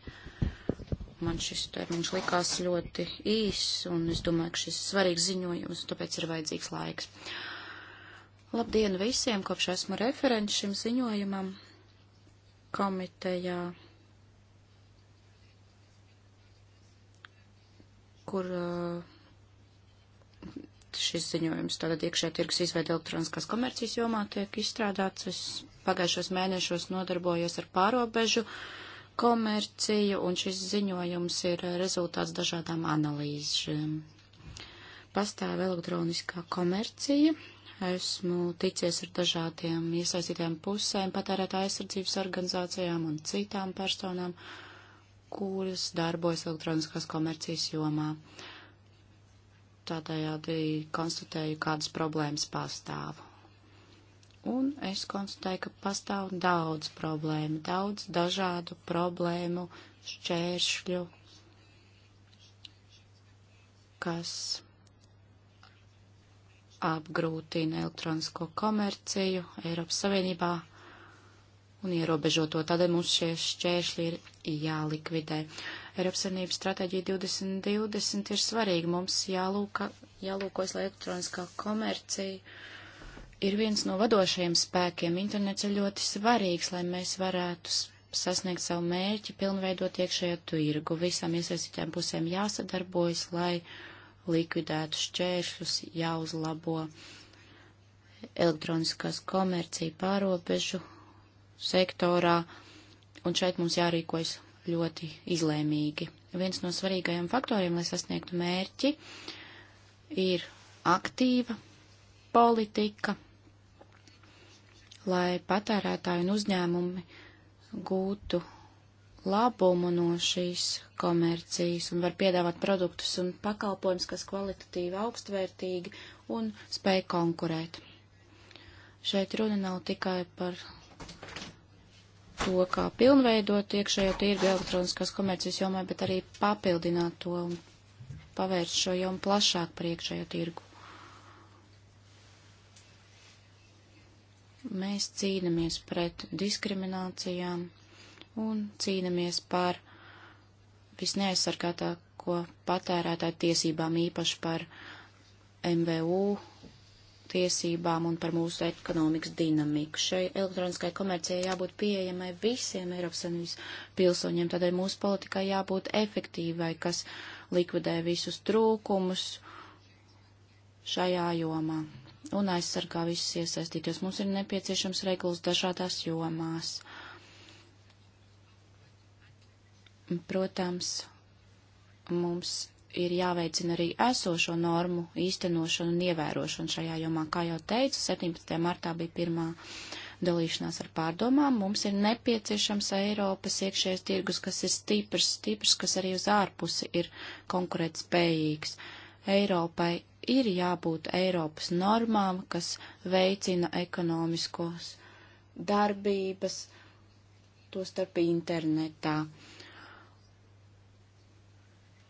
Man šis termiņš likās ļoti īss, un es domāju, ka šis svarīgs ziņojums, tāpēc ir vajadzīgs laiks. Labdien visiem, kopš esmu referents šim ziņojumam komitejā, kur uh, šis ziņojums. Tātad iekšē tirgus izveida elektroniskās komercijas jomā tiek izstrādāts. Es pagājušos mēnešos nodarbojos ar pārobežu komerciju, un šis ziņojums ir rezultāts dažādām analīzēm. Pastāv elektroniskā komercija. Esmu ticies ar dažādiem iesaistītiem pusēm, patērētā aizsardzības organizācijām un citām personām, kuras darbojas elektroniskās komercijas jomā. Uh, tādējādi konstatēju, kādas problēmas pastāv. Un es konstatēju, ka pastāv daudz problēmu, daudz dažādu problēmu, šķēršļu, kas apgrūtina elektronisko komerciju Eiropas Savienībā un ierobežo to. Tādēļ mums šie šķēršļi ir jālikvidē. Eiropas Savienības stratēģija 2020 ir svarīga. Mums jālūka, jālūkojas, lai elektroniskā komercija ir viens no vadošajiem spēkiem. Internets ir ļoti svarīgs, lai mēs varētu sasniegt savu mērķi, pilnveidot iekšējo tirgu. Visām iesaistītām pusēm jāsadarbojas, lai likvidētu šķēršļus, jāuzlabo elektroniskās komercija pārobežu sektorā, un šeit mums jārīkojas ļoti izlēmīgi. Viens no svarīgajiem faktoriem, lai sasniegtu mērķi, ir aktīva politika, lai patērētāji un uzņēmumi gūtu labumu no šīs komercijas un var piedāvāt produktus un pakalpojumus, kas kvalitatīvi augstvērtīgi un spēj konkurēt. Šeit runa nav tikai par to, kā pilnveidot iekšējo tirgu elektroniskās komercijas jomā, bet arī papildināt to un pavērst šo jomu plašāk par iekšējo tirgu. Mēs cīnamies pret diskriminācijām un cīnamies par visneaizsargātāko patērētāju tiesībām, īpaši par MVU tiesībām un par mūsu ekonomikas dinamiku. Šai elektroniskai komercijai jābūt pieejamai visiem Eiropas Savienības pilsoņiem, tādēļ mūsu politikai jābūt efektīvai, kas likvidē visus trūkumus šajā jomā un aizsargā visus iesaistītos. Mums ir nepieciešams regulas dažādās jomās. Protams, mums ir jāveicina arī esošo normu īstenošanu un ievērošanu šajā jomā. Kā jau teicu, 17. martā bija pirmā dalīšanās ar pārdomām. Mums ir nepieciešams Eiropas iekšējais tirgus, kas ir stiprs, stiprs, kas arī uz ārpusi ir konkurētspējīgs. Eiropai ir jābūt Eiropas normām, kas veicina ekonomiskos darbības, to starp internetā. Uh,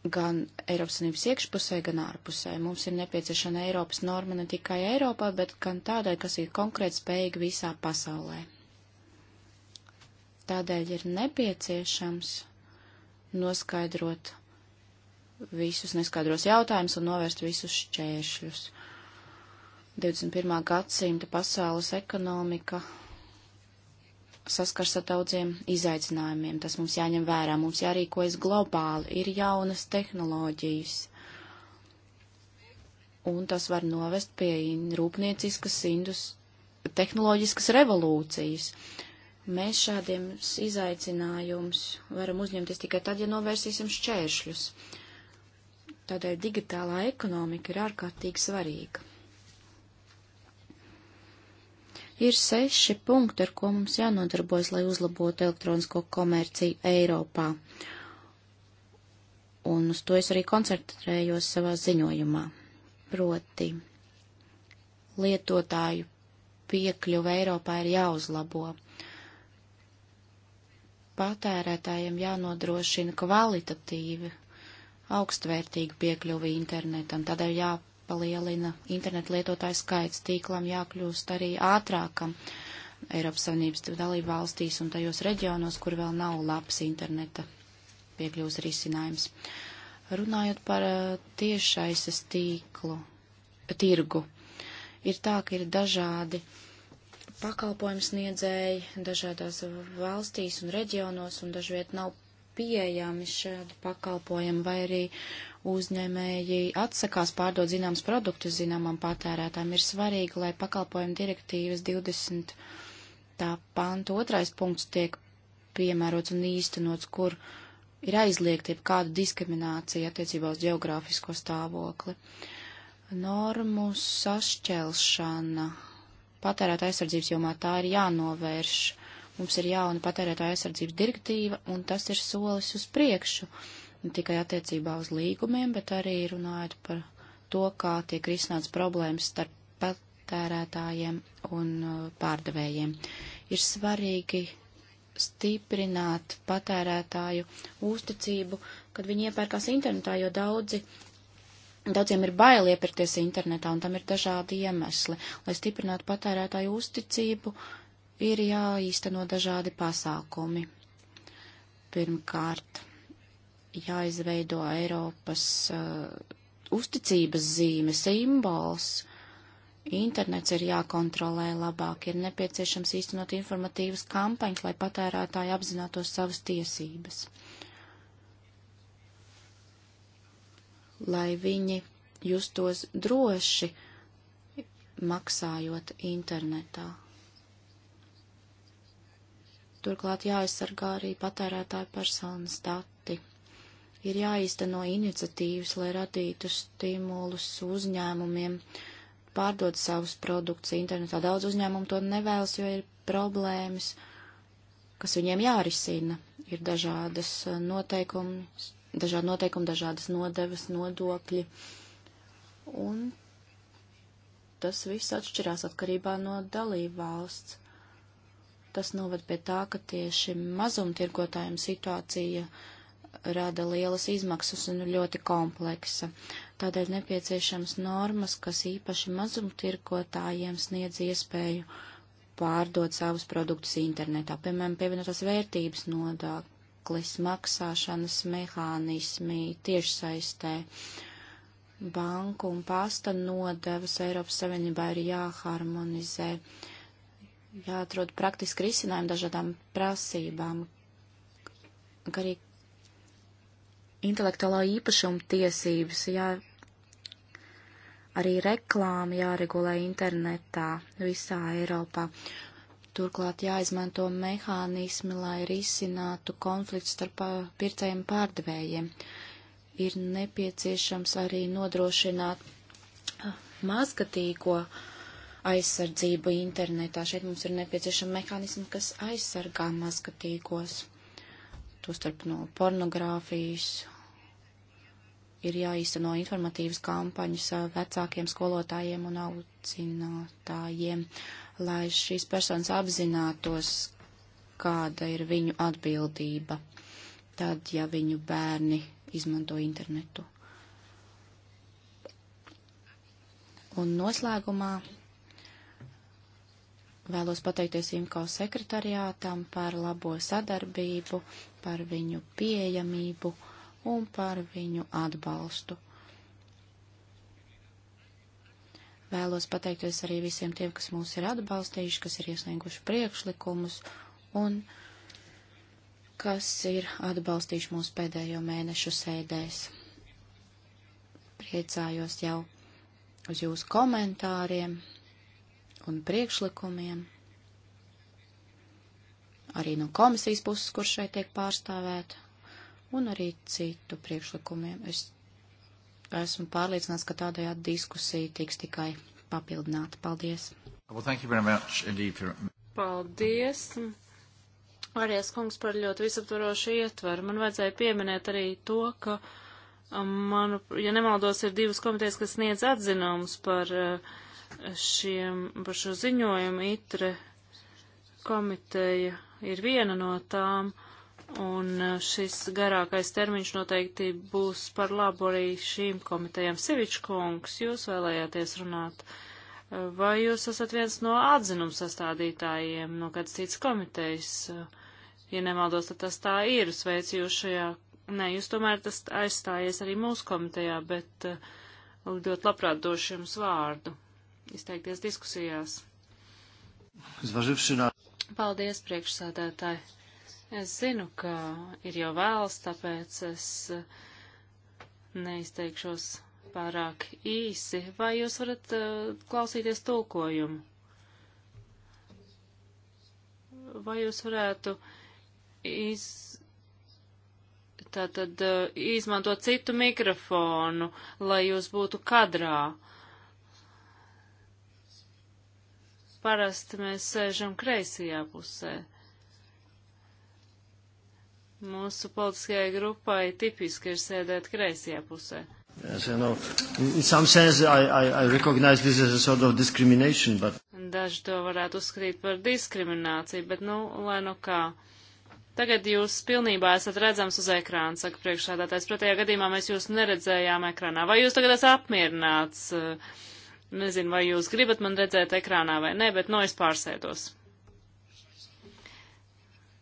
gan Eiropas Savienības iekšpusē, gan ārpusē. Mums ir nepieciešama Eiropas norma ne tikai Eiropā, bet gan tādai, kas ir konkrēti spējīga visā pasaulē. Tādēļ ir nepieciešams noskaidrot visus neskaidros jautājumus un novērst visus šķēršļus. 21. gadsimta pasaules ekonomika saskars ar daudziem izaicinājumiem. Tas mums jāņem vērā, mums jārīkojas globāli, ir jaunas tehnoloģijas. Un tas var novest pie rūpnieciskas indus, tehnoloģiskas revolūcijas. Mēs šādiem izaicinājumus varam uzņemties tikai tad, ja novērsīsim šķēršļus. Tādēļ digitālā ekonomika ir ārkārtīgi svarīga. Ir seši punkti, ar ko mums jānodarbojas, lai uzlabotu elektronisko komerciju Eiropā. Un uz to es arī koncentrējos savā ziņojumā. Proti, lietotāju piekļuva Eiropā ir jāuzlabo. Patērētājiem jānodrošina kvalitatīvi augstvērtīgu piekļuvi internetam, tādēļ jā, jāpalielina internetu lietotāju skaits. Tīklam jākļūst arī ātrākam Eiropas Savienības dalību valstīs un tajos reģionos, kur vēl nav labs interneta piekļūs risinājums. Runājot par eh, tiešaises tīklu, tirgu, ir tā, ka ir dažādi pakalpojumu sniedzēji dažādās valstīs un reģionos, un dažviet nav pieejami šādi pakalpojumi, vai arī uzņēmēji atsakās pārdot zināmas produktus zināmam patērētājiem, ir svarīgi, lai pakalpojuma direktīvas 20. tā panta otrais punkts tiek piemērots un īstenots, kur ir aizliegta jeb kāda diskriminācija attiecībā uz geogrāfisko stāvokli. Normu sašķelšana patērētāja aizsardzības jomā tā ir jānovērš. Mums ir jauna patērētāja aizsardzības direktīva, un tas ir solis uz priekšu. Uh, ne tikai attiecībā uz līgumiem, bet arī runājot par to, kā tiek risināts problēmas starp patērētājiem un uh, pārdevējiem. Ir svarīgi stiprināt patērētāju uzticību, kad viņi iepērkās internetā, jo daudzi, daudziem ir bail iepirkties internetā, un tam ir dažādi iemesli. Lai stiprinātu patērētāju uzticību, ir jāīsteno dažādi pasākumi. Pirmkārt, jāizveido Eiropas uh, uzticības zīme, simbols. Internets ir jākontrolē labāk, ir nepieciešams īstenot informatīvas kampaņas, lai patērētāji apzinātos savas tiesības. Lai viņi justos droši maksājot internetā. Turklāt jāaizsargā arī patērētāju personas dati ir jāīsteno iniciatīvas, lai radītu stimulus uzņēmumiem pārdot savus produktus internetā. Daudz uzņēmumu to nevēlas, jo ir problēmas, kas viņiem jārisina. Ir dažādas eh, noteikumi, dažādi noteikumi, dažādas nodevas, nodokļi. Un tas viss atšķirās atkarībā no dalību valsts. Tas noved pie tā, ka tieši mazumtirgotājiem situācija uh, rada lielas izmaksas un ir ļoti kompleksa. Tādēļ nepieciešams normas, kas īpaši mazumtirkotājiem sniedz iespēju pārdot savus produktus internetā, piemēram, pievienotās vērtības nodoklis, maksāšanas mehānismi tiešsaistē. Banku un pasta nodevas Eiropas Savienībā ir jāharmonizē, jāatrod praktiski risinājumi dažādām prasībām, ka arī intelektuālā īpašuma tiesības, jā, arī reklāma jāregulē internetā visā Eiropā. Turklāt jāizmanto mehānismi, lai risinātu konflikts starp pircējiem pārdevējiem. Ir nepieciešams arī nodrošināt mazgatīgo aizsardzību internetā. Šeit mums ir nepieciešama mehānismi, kas aizsargā mazgatīgos tostarp no pornogrāfijas, ir jāīsteno informatīvas kampaņas uh, vecākiem skolotājiem un audzinātājiem, lai šīs personas apzinātos, kāda ir viņu atbildība, tad, ja viņu bērni izmanto internetu. Un noslēgumā Vēlos pateikties IMCO sekretariātam par labo sadarbību, par viņu pieejamību un par viņu atbalstu. Vēlos pateikties arī visiem tiem, kas mūs ir atbalstījuši, kas ir iesnieguši priekšlikumus un kas ir atbalstījuši mūsu pēdējo mēnešu sēdēs. Priecājos jau uz jūsu komentāriem, un priekšlikumiem. Arī no komisijas puses, kur šeit tiek pārstāvēta, un arī citu priekšlikumiem. Es esmu pārliecināts, ka tādējādi diskusija tiks tikai papildināta. Paldies! Well, thank you very much indeed for... Paldies! Arijas kungs par ļoti visaptvarošu ietvaru. Man vajadzēja pieminēt arī to, ka, um, manu, ja nemaldos, ir divas komitejas, kas sniedz atzinumus par uh, šiem, par šo ziņojumu ITRE komiteja ir viena no tām, un šis garākais termiņš noteikti būs par labu arī šīm komitejām. Sevičkungs, jūs vēlējāties runāt. Vai jūs esat viens no atzinuma sastādītājiem no kādas citas komitejas? Ja nemaldos, tad tas tā ir. Sveicu jūs šajā. Nē, jūs tomēr tas aizstājies arī mūsu komitejā, bet eh, ļoti labprāt došu jums vārdu izteikties diskusijās. Paldies, priekšsādētāji. Es zinu, ka ir jau vēls, tāpēc es eh, neizteikšos pārāk īsi. Vai jūs varat uh, klausīties tulkojumu? Vai jūs varētu iz tātad eh, izmantot citu mikrofonu, lai jūs būtu kadrā. parasti mēs sēžam kreisajā pusē. Mūsu politiskajai grupai tipiski ir sēdēt kreisajā pusē. Yes, I know. In some sense, I, I, I recognize this as a sort of discrimination, but... Daži to varētu uzskatīt par diskrimināciju, bet nu, lai nu kā. Tagad jūs pilnībā esat redzams uz ekrāna, saka priekšādātais. Pretējā gadījumā mēs jūs neredzējām ekrānā. Vai jūs tagad esat apmierināts? Uh, Nezinu, vai jūs gribat man redzēt ekrānā vai nē, bet no nu, es pārsēdos.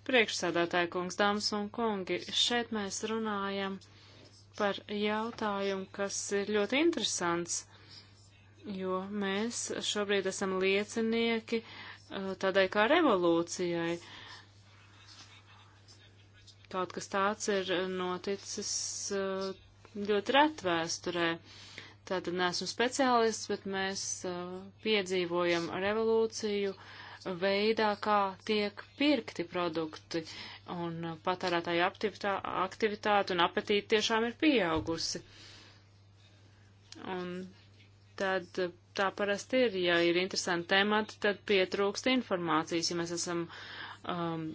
Priekšsādātāja kungs, dāmas un kungi, šeit mēs runājam par jautājumu, kas ir ļoti interesants, jo mēs šobrīd esam liecinieki uh, tādai kā revolūcijai. Kaut kas tāds ir noticis uh, ļoti retvēsturē. vēsturē Tātad neesmu speciālists, bet mēs uh, piedzīvojam revolūciju veidā, kā tiek pirkti produkti, un uh, patērētāju aktivitā, aktivitāte un apetīte tiešām ir pieaugusi. Un tad tā parasti ir, ja ir interesanti temati, tad pietrūkst informācijas, ja mēs esam um,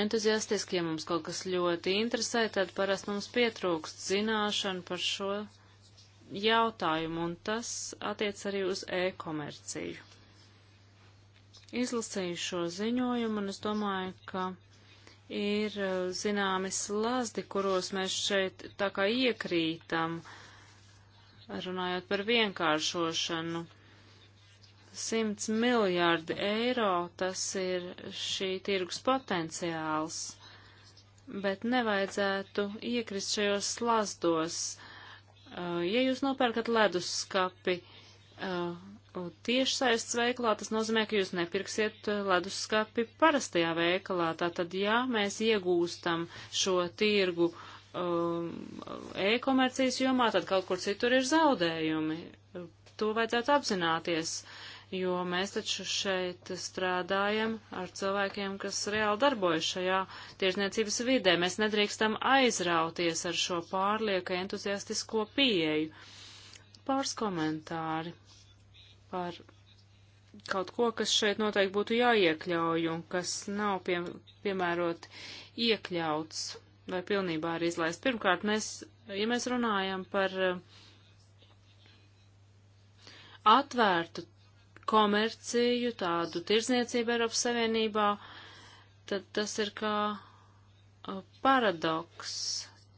entuziastiski, ja mums kaut kas ļoti interesē, tad parasti mums pietrūkst zināšanu par šo jautājumu, un tas attiec arī uz e-komerciju. Izlasīju šo ziņojumu, un es domāju, ka ir uh, zināmi slazdi, kuros mēs šeit tā kā iekrītam, runājot par vienkāršošanu. 100 miljārdi eiro tas ir šī tirgus potenciāls, bet nevajadzētu iekrist šajos slazdos. Uh, Uh, ja jūs nopērkat leduskapi uh, tiešsaistes veiklā, tas nozīmē, ka jūs nepirksiet uh, leduskapi parastajā veikalā. Tātad, ja mēs iegūstam šo tirgu um, e-komercijas jomā, tad kaut kur citur ir zaudējumi. To vajadzētu apzināties. Uh, jo mēs taču šeit strādājam ar cilvēkiem, kas reāli darbojas šajā tiešniecības vidē. Mēs nedrīkstam aizrauties ar šo pārlieka entuziastisko pieeju. Pāris komentāri par kaut ko, kas šeit noteikti būtu jāiekļauj un kas nav pie, piemērot iekļauts vai pilnībā arī izlaist. Pirmkārt, mēs, ja mēs runājam par eh, atvērtu komerciju, tādu tirzniecību Eiropas Savienībā, tad tas ir kā uh, paradoks.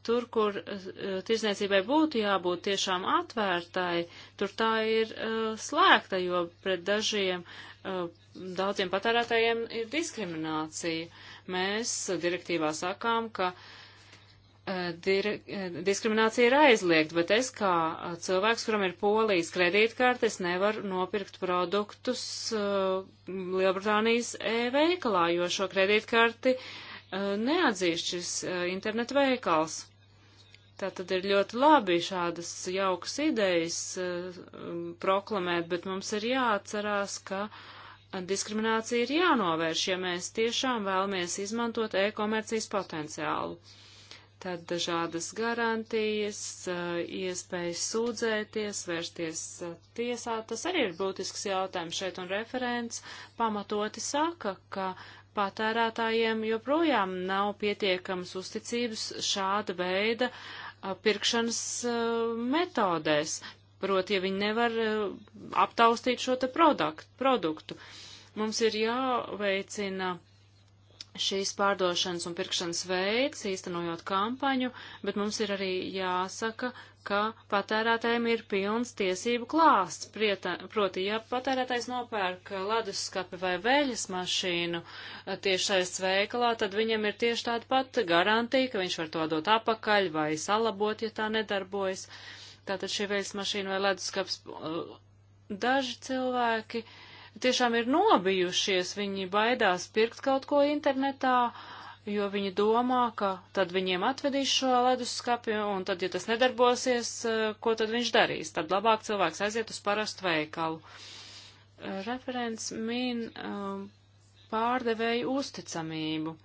Tur, kur uh, tirzniecībai būtu jābūt tiešām atvērtai, tur tā ir uh, slēgta, jo pret dažiem daudziem patērētājiem ir diskriminācija. Mēs direktīvā sakām, ka uh, dir, eh, diskriminācija ir aizliegta, bet es kā eh, cilvēks, kuram ir polijas kredītkarte, es nevaru nopirkt produktus uh, Lielbritānijas e-veikalā, jo šo kredītkarti uh, neatzīst šis uh, internetu veikals. Tā tad ir ļoti labi šādas jaukas idejas uh, proklamēt, bet mums ir jāatcerās, ka diskriminācija ir jānovērš, ja mēs tiešām vēlamies izmantot e-komercijas potenciālu. Uh, Tad dažādas garantijas, eh, iespējas sūdzēties, vērsties eh, tiesā, tas arī ir būtisks jautājums šeit, un referents pamatoti saka, ka patērētājiem joprojām nav pietiekams uzticības šāda veida eh, pirkšanas metodēs, proti, ja viņi nevar aptaustīt šo te produktu. Mums ir jāveicina šīs pārdošanas un pirkšanas veids, īstenojot kampaņu, bet mums ir arī jāsaka, ka patērētājiem ir pilns tiesību klāsts. Prieta, proti, ja patērētājs nopērk leduskapi vai veļas mašīnu eh, tieši saistas veikalā, tad viņam ir tieši tāda pati garantija, ka viņš var to dot apakaļ vai salabot, ja tā nedarbojas. Tātad šī veļas mašīna vai leduskaps eh, daži cilvēki uh, tiešām ir nobijušies, viņi baidās pirkt kaut ko internetā, jo viņi domā, ka tad viņiem atvedīs šo leduskapi, un tad, ja tas nedarbosies, eh, ko tad viņš darīs? Tad labāk cilvēks aiziet uz parastu veikalu. Eh, referents min um, pārdevēju uzticamību,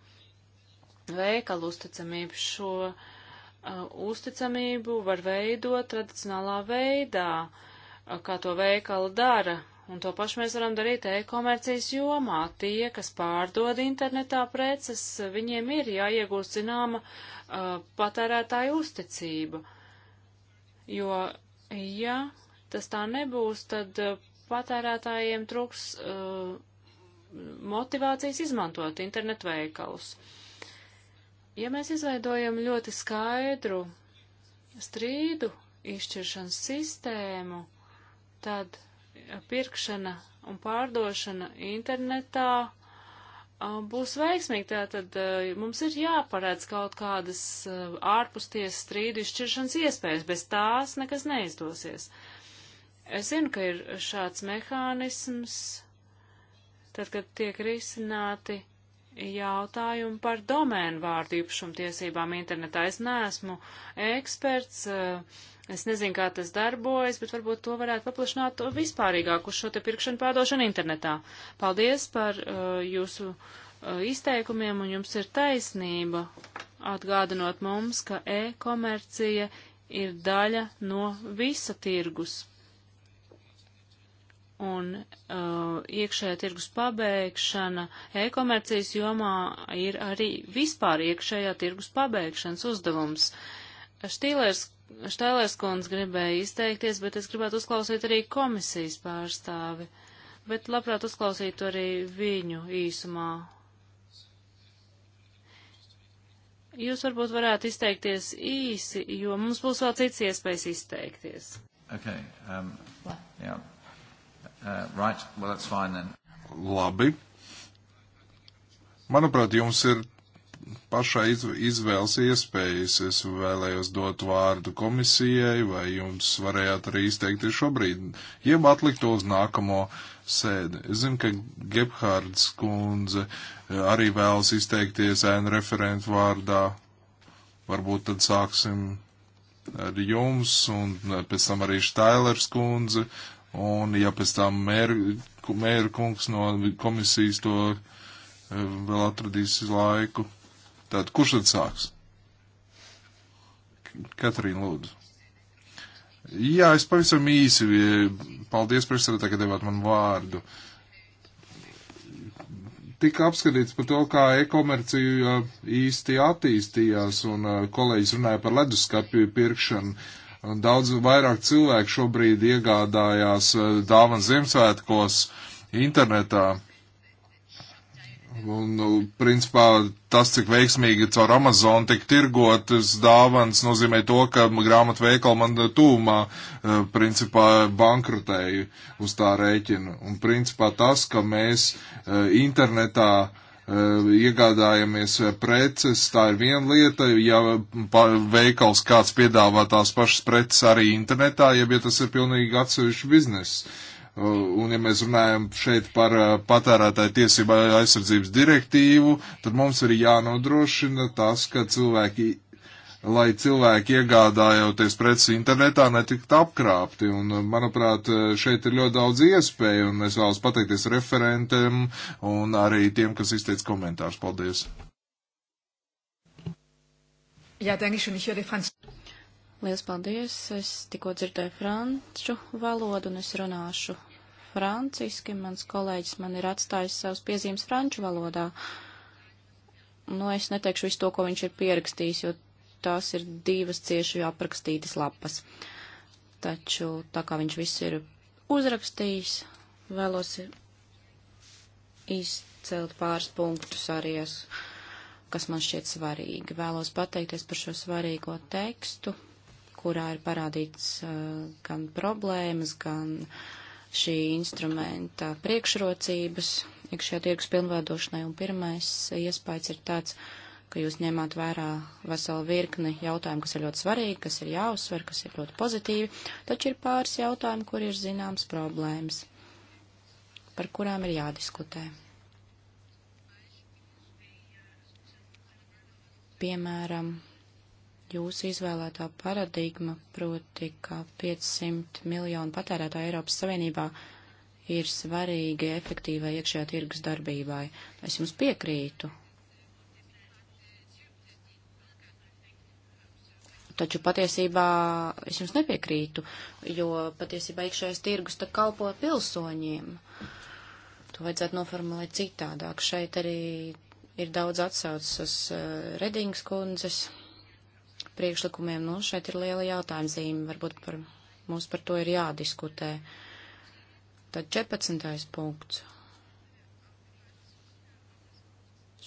veikalu uzticamību šo uh, uzticamību var veidot tradicionālā veidā, kā to veikala dara, Un to pašu mēs varam darīt e-komercijas jomā. Tie, kas pārdod internetā preces, viņiem ir jāiegūst zināma uh, patērētāja uzticība. Jo, ja tas tā nebūs, tad uh, patērētājiem trūks uh, motivācijas izmantot internetu veikalus. Ja mēs izveidojam ļoti skaidru strīdu izšķiršanas sistēmu, tad pirkšana un pārdošana internetā būs veiksmīgi. Tātad mums ir jāparedz kaut kādas ārpusties strīdu izšķiršanas iespējas, bez tās nekas neizdosies. Es zinu, ka ir šāds mehānisms, tad, kad tiek risināti jautājumu par domēnu vārdu īpašumtiesībām internetā. Es neesmu eksperts, Es nezinu, kā tas darbojas, bet varbūt to varētu paplašināt vispārīgāk uz šo te pirkšanu pārdošanu internetā. Paldies par uh, jūsu uh, izteikumiem, un jums ir taisnība atgādinot mums, ka e-komercija ir daļa no visa tirgus. Un uh, iekšējā tirgus pabeigšana e-komercijas jomā ir arī vispār iekšējā tirgus pabeigšanas uzdevums. Štīlers Štēlērs kundze gribēja izteikties, bet es gribētu uzklausīt arī komisijas pārstāvi, bet labprāt uzklausītu arī viņu īsumā. Jūs varbūt varētu izteikties īsi, jo mums būs vēl cits iespējas izteikties. Okay, um, yeah. uh, right. well, that's fine, then. Labi. Manuprāt, jums ir pašā izvēles iespējas. Es vēlējos dot vārdu komisijai, vai jums varējāt arī izteikti šobrīd, jeb atlikt to uz nākamo sēdi. Es zinu, ka Gebhards kundze arī vēlas izteikties ēnu referentu vārdā. Varbūt tad sāksim ar jums, un pēc tam arī Štailers kundze, un ja pēc tam mēra kungs no komisijas to eh, vēl atradīs laiku. Tātad, kurš tad sāks? Katrīna, lūdzu. Jā, es pavisam īsi. E, paldies, priekšsēdētāji, ka devāt man vārdu. Tika apskatīts par to, kā e-komercija īsti attīstījās, un e, kolēģis runāja par leduskapju pirkšanu. Daudz vairāk cilvēku šobrīd iegādājās e, dāvana Ziemassvētkos internetā Un, nu, principā, tas, cik veiksmīgi caur Amazon tiek tirgotas dāvans, nozīmē to, ka grāmatu veikala man tūmā, eh, principā, bankrutēju uz tā rēķina. Un, principā, tas, ka mēs eh, internetā eh, iegādājamies preces, tā ir viena lieta, ja veikals kāds piedāvā tās pašas preces arī internetā, ja, ja tas ir pilnīgi atsevišķi bizness. Un, ja mēs runājam šeit par eh, patērētāju tiesību aizsardzības direktīvu, tad mums ir jānodrošina tas, ka cilvēki, lai cilvēki iegādājoties preci internetā, netiktu apkrāpti. Un, eh, manuprāt, eh, šeit ir ļoti daudz iespēju, un es vēlos pateikties referentiem un arī tiem, kas izteica komentārus. Paldies! Jā, danke schön, ich höre Franz. Lielas paldies! Es tikko dzirdēju franču valodu un es runāšu franciski. Mans kolēģis man ir atstājis savus piezīmes franču valodā. Nu, es neteikšu visu to, ko viņš ir pierakstījis, jo tās ir divas cieši aprakstītas lapas. Taču tā kā viņš viss ir uzrakstījis, vēlos izcelt pāris punktus arī, es, kas man šķiet svarīgi. Vēlos pateikties par šo svarīgo tekstu kurā ir parādīts uh, gan problēmas, gan šī instrumenta priekšrocības iekšējā tirgus pilnveidošanai. Un pirmais iespējas ir tāds, ka jūs ņemāt vērā veselu virkni jautājumu, kas ir ļoti svarīgi, kas ir jāuzsver, kas ir ļoti pozitīvi, taču ir pāris jautājumu, kur ir zināms problēmas, par kurām ir jādiskutē. Piemēram, jūsu izvēlētā paradigma, proti, ka 500 miljonu patērētāju Eiropas Savienībā ir svarīgi efektīvai iekšējā tirgus darbībai. Es jums piekrītu. Taču patiesībā es jums nepiekrītu, jo patiesībā iekšējais tirgus tā kalpo pilsoņiem. To vajadzētu noformulēt citādāk. Šeit arī ir daudz atsaucas uz uh, Redingas kundzes priekšlikumiem. Nu, šeit ir liela jautājuma zīme, varbūt par, mums par to ir jādiskutē. Tad 14. punkts.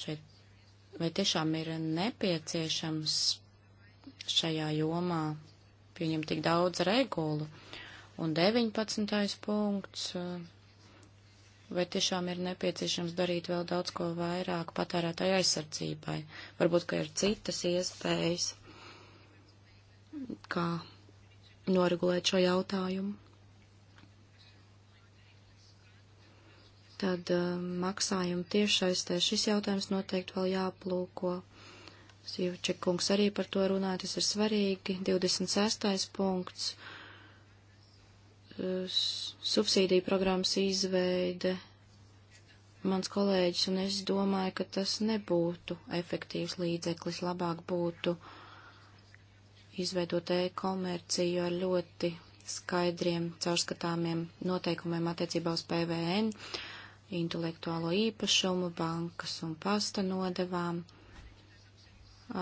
Šeit vai tiešām ir nepieciešams šajā jomā pieņemt tik daudz regulu. Un 19. punkts, vai tiešām ir nepieciešams darīt vēl daudz ko vairāk patērētāju aizsardzībai. Varbūt, ka ir citas iespējas kā noregulēt šo jautājumu. Tad uh, um, maksājumu tiešsaistē šis jautājums noteikti vēl jāplūko. Sīvčekungs arī par to runā, tas ir svarīgi. 26. punkts. Subsīdija programmas izveide. Mans kolēģis un es domāju, ka tas nebūtu efektīvs līdzeklis, labāk būtu uh, izveidot e-komerciju ar ļoti skaidriem, caurskatāmiem noteikumiem attiecībā uz PVN, intelektuālo īpašumu, bankas un pasta nodevām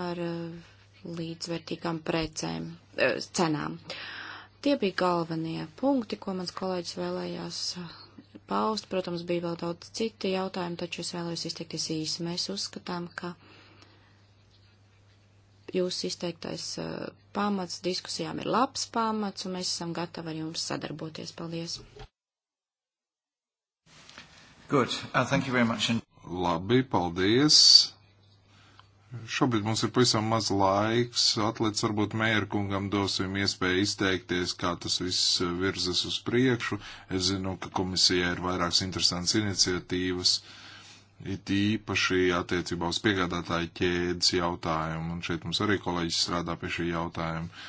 ar uh, līdzvērtīgām precēm, uh, cenām. Tie bija galvenie punkti, ko mans kolēģis vēlējās uh, paust. Protams, bija vēl daudz citi jautājumi, taču es vēlējos izteikties īsi. Mēs uzskatām, ka jūsu izteiktais uh, pamats diskusijām ir labs pamats, un mēs esam gatavi ar jums sadarboties. Paldies! Good. Uh, thank you very much. And... Labi, paldies! Šobrīd mums ir pavisam maz laiks, atliec varbūt mērkungam dosim iespēju izteikties, kā tas viss virzas uz priekšu. Es zinu, ka komisijai ir vairākas interesantas iniciatīvas. Uh, it īpaši attiecībā uz piegādātāju ķēdes jautājumu, un šeit mums arī kolēģis strādā pie šī jautājuma.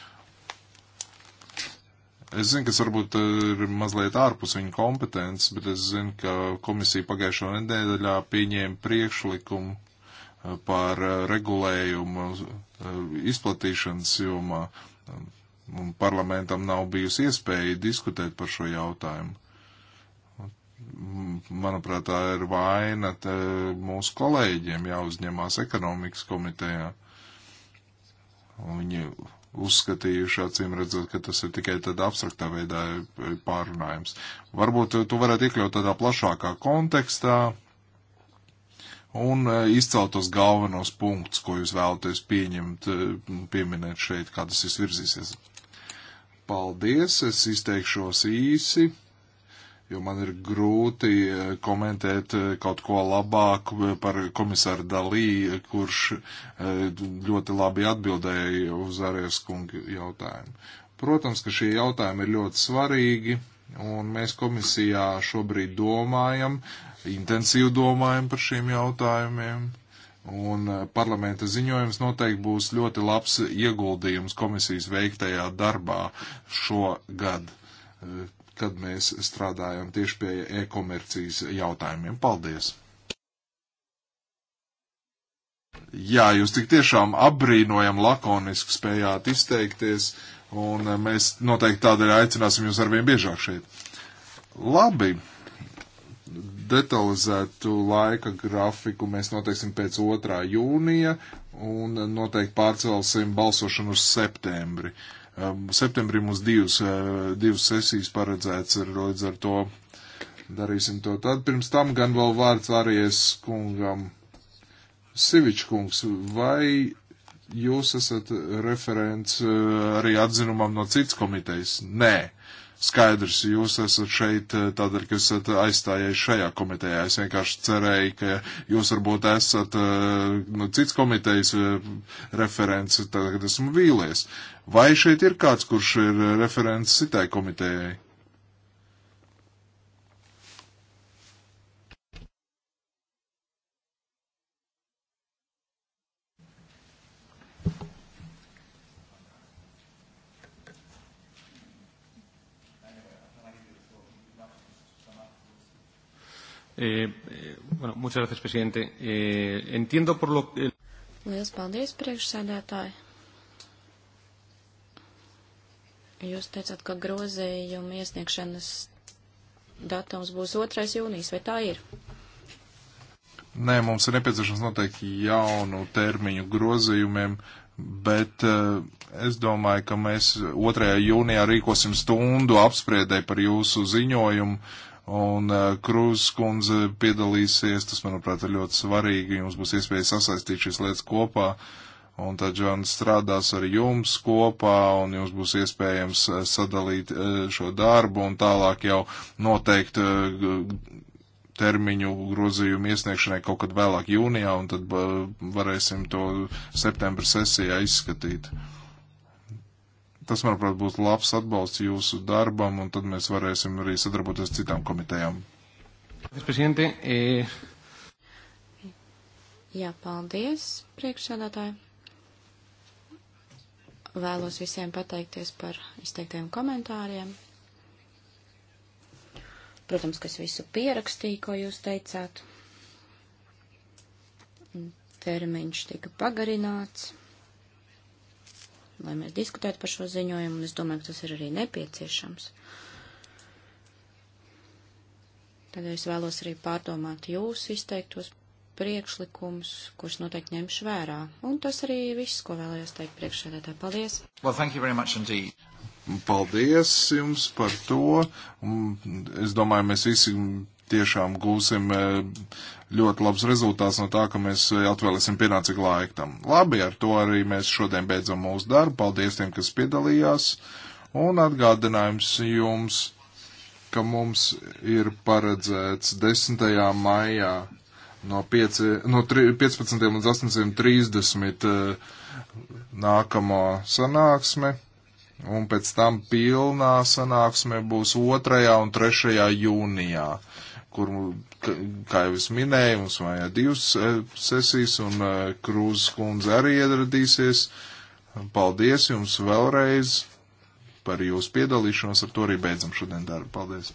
Es zinu, kas varbūt ir mazliet ārpus viņa kompetences, bet es zinu, ka komisija pagājušo nedēļā pieņēma priekšlikumu eh, par eh, regulējumu eh, izplatīšanas jomā, un parlamentam nav bijusi iespēja diskutēt par šo jautājumu manuprāt, tā ir vaina mūsu kolēģiem jāuzņemās ekonomikas komitejā. Viņi uzskatījuši, acīm redzot, ka tas ir tikai tādā abstraktā veidā pārunājums. Varbūt to varētu iekļaut tādā plašākā kontekstā un e, izcelt tos galvenos punktus, ko jūs vēlaties pieņemt, e, pieminēt šeit, kā tas viss virzīsies. Paldies, es izteikšos īsi jo man ir grūti eh, komentēt eh, kaut ko labāku eh, par komisāru Dalī, kurš ļoti labi atbildēja uz Arijas kunga jautājumu. Protams, ka šie jautājumi ir ļoti svarīgi, un mēs komisijā šobrīd domājam, intensīvi domājam par šiem jautājumiem. Un parlamenta ziņojums noteikti būs ļoti labs ieguldījums komisijas veiktajā darbā šogad kad mēs strādājam tieši pie e-komercijas jautājumiem. Paldies! Jā, jūs tik tiešām apbrīnojam lakoniski spējāt izteikties, un mēs noteikti tādēļ aicināsim jūs arvien biežāk šeit. Labi, detalizētu laika grafiku mēs noteiksim pēc 2. jūnija, un noteikti pārcelsim balsošanu uz septembri. Uh, Um, septembrī mums divas, uh, divas sesijas paredzētas ir līdz ar to. Darīsim to tad. Pirms tam gan vēl vārds Arijas kungam. Sivičkungs, vai jūs esat referents uh, arī atzinumam no cits komitejas? Nē skaidrs, jūs esat šeit eh, tādēļ, ka esat aizstājies šajā komitejā. Es vienkārši cerēju, ka jūs varbūt esat nu, cits komitejas eh, referents, tagad esmu vīlies. Vai šeit ir kāds, kurš ir referents citai komitejai? Eh, eh, bueno, muchas gracias, presidente. Eh, entiendo por lo que. Lielas paldies, priekšsēdētāji. Jūs teicāt, ka grozījuma iesniegšanas datums būs 2. jūnijas, vai tā ir? Nē, mums ir nepieciešams noteikti jaunu termiņu grozījumiem, bet uh, es domāju, ka mēs 2. jūnijā rīkosim stundu apspriedē par jūsu ziņojumu un eh, Krūzes kundze piedalīsies. Tas, manuprāt, ir ļoti svarīgi. Jums būs iespēja sasaistīt šīs lietas kopā. Un tad Džons strādās ar jums kopā, un jums būs iespējams eh, sadalīt eh, šo darbu un tālāk jau noteikt termiņu grozījumu iesniegšanai kaut kad vēlāk jūnijā, un tad varēsim to septembra sesijā izskatīt. Tas, manuprāt, būs labs atbalsts jūsu darbam, un tad mēs varēsim arī sadarboties citām komitejām. Eh, Jā, paldies, priekšsēdētāji. Vēlos visiem pateikties par izteiktiem komentāriem. Protams, ka es visu pierakstīju, ko jūs teicāt. Termiņš tika pagarināts lai mēs diskutētu par šo ziņojumu, un es domāju, ka tas ir arī nepieciešams. Tad es vēlos arī pārdomāt jūsu izteiktos priekšlikumus, kurus noteikti ņemšu vērā. Un tas arī viss, ko vēlējos teikt priekšsēdētā. Paldies! Well, thank you very much indeed. Paldies jums par to. Es domāju, mēs visi tiešām gūsim e, ļoti labs rezultāts no tā, ka mēs atvēlēsim pienācīgu laiku tam. Labi, ar to arī mēs šodien beidzam mūsu darbu. Paldies tiem, kas piedalījās. Un atgādinājums jums, ka mums ir paredzēts 10. maijā no, 5, no 3, 15 līdz 18.30 e, nākamā sanāksme. Un pēc tam pilnā sanāksme būs 2. un 3. jūnijā kur, kā jau es minēju, mums vajag divas e, sesijas, un e, Krūzes kundze arī ieradīsies. Paldies jums vēlreiz par jūsu piedalīšanos, ar to arī beidzam šodien darbu. Paldies!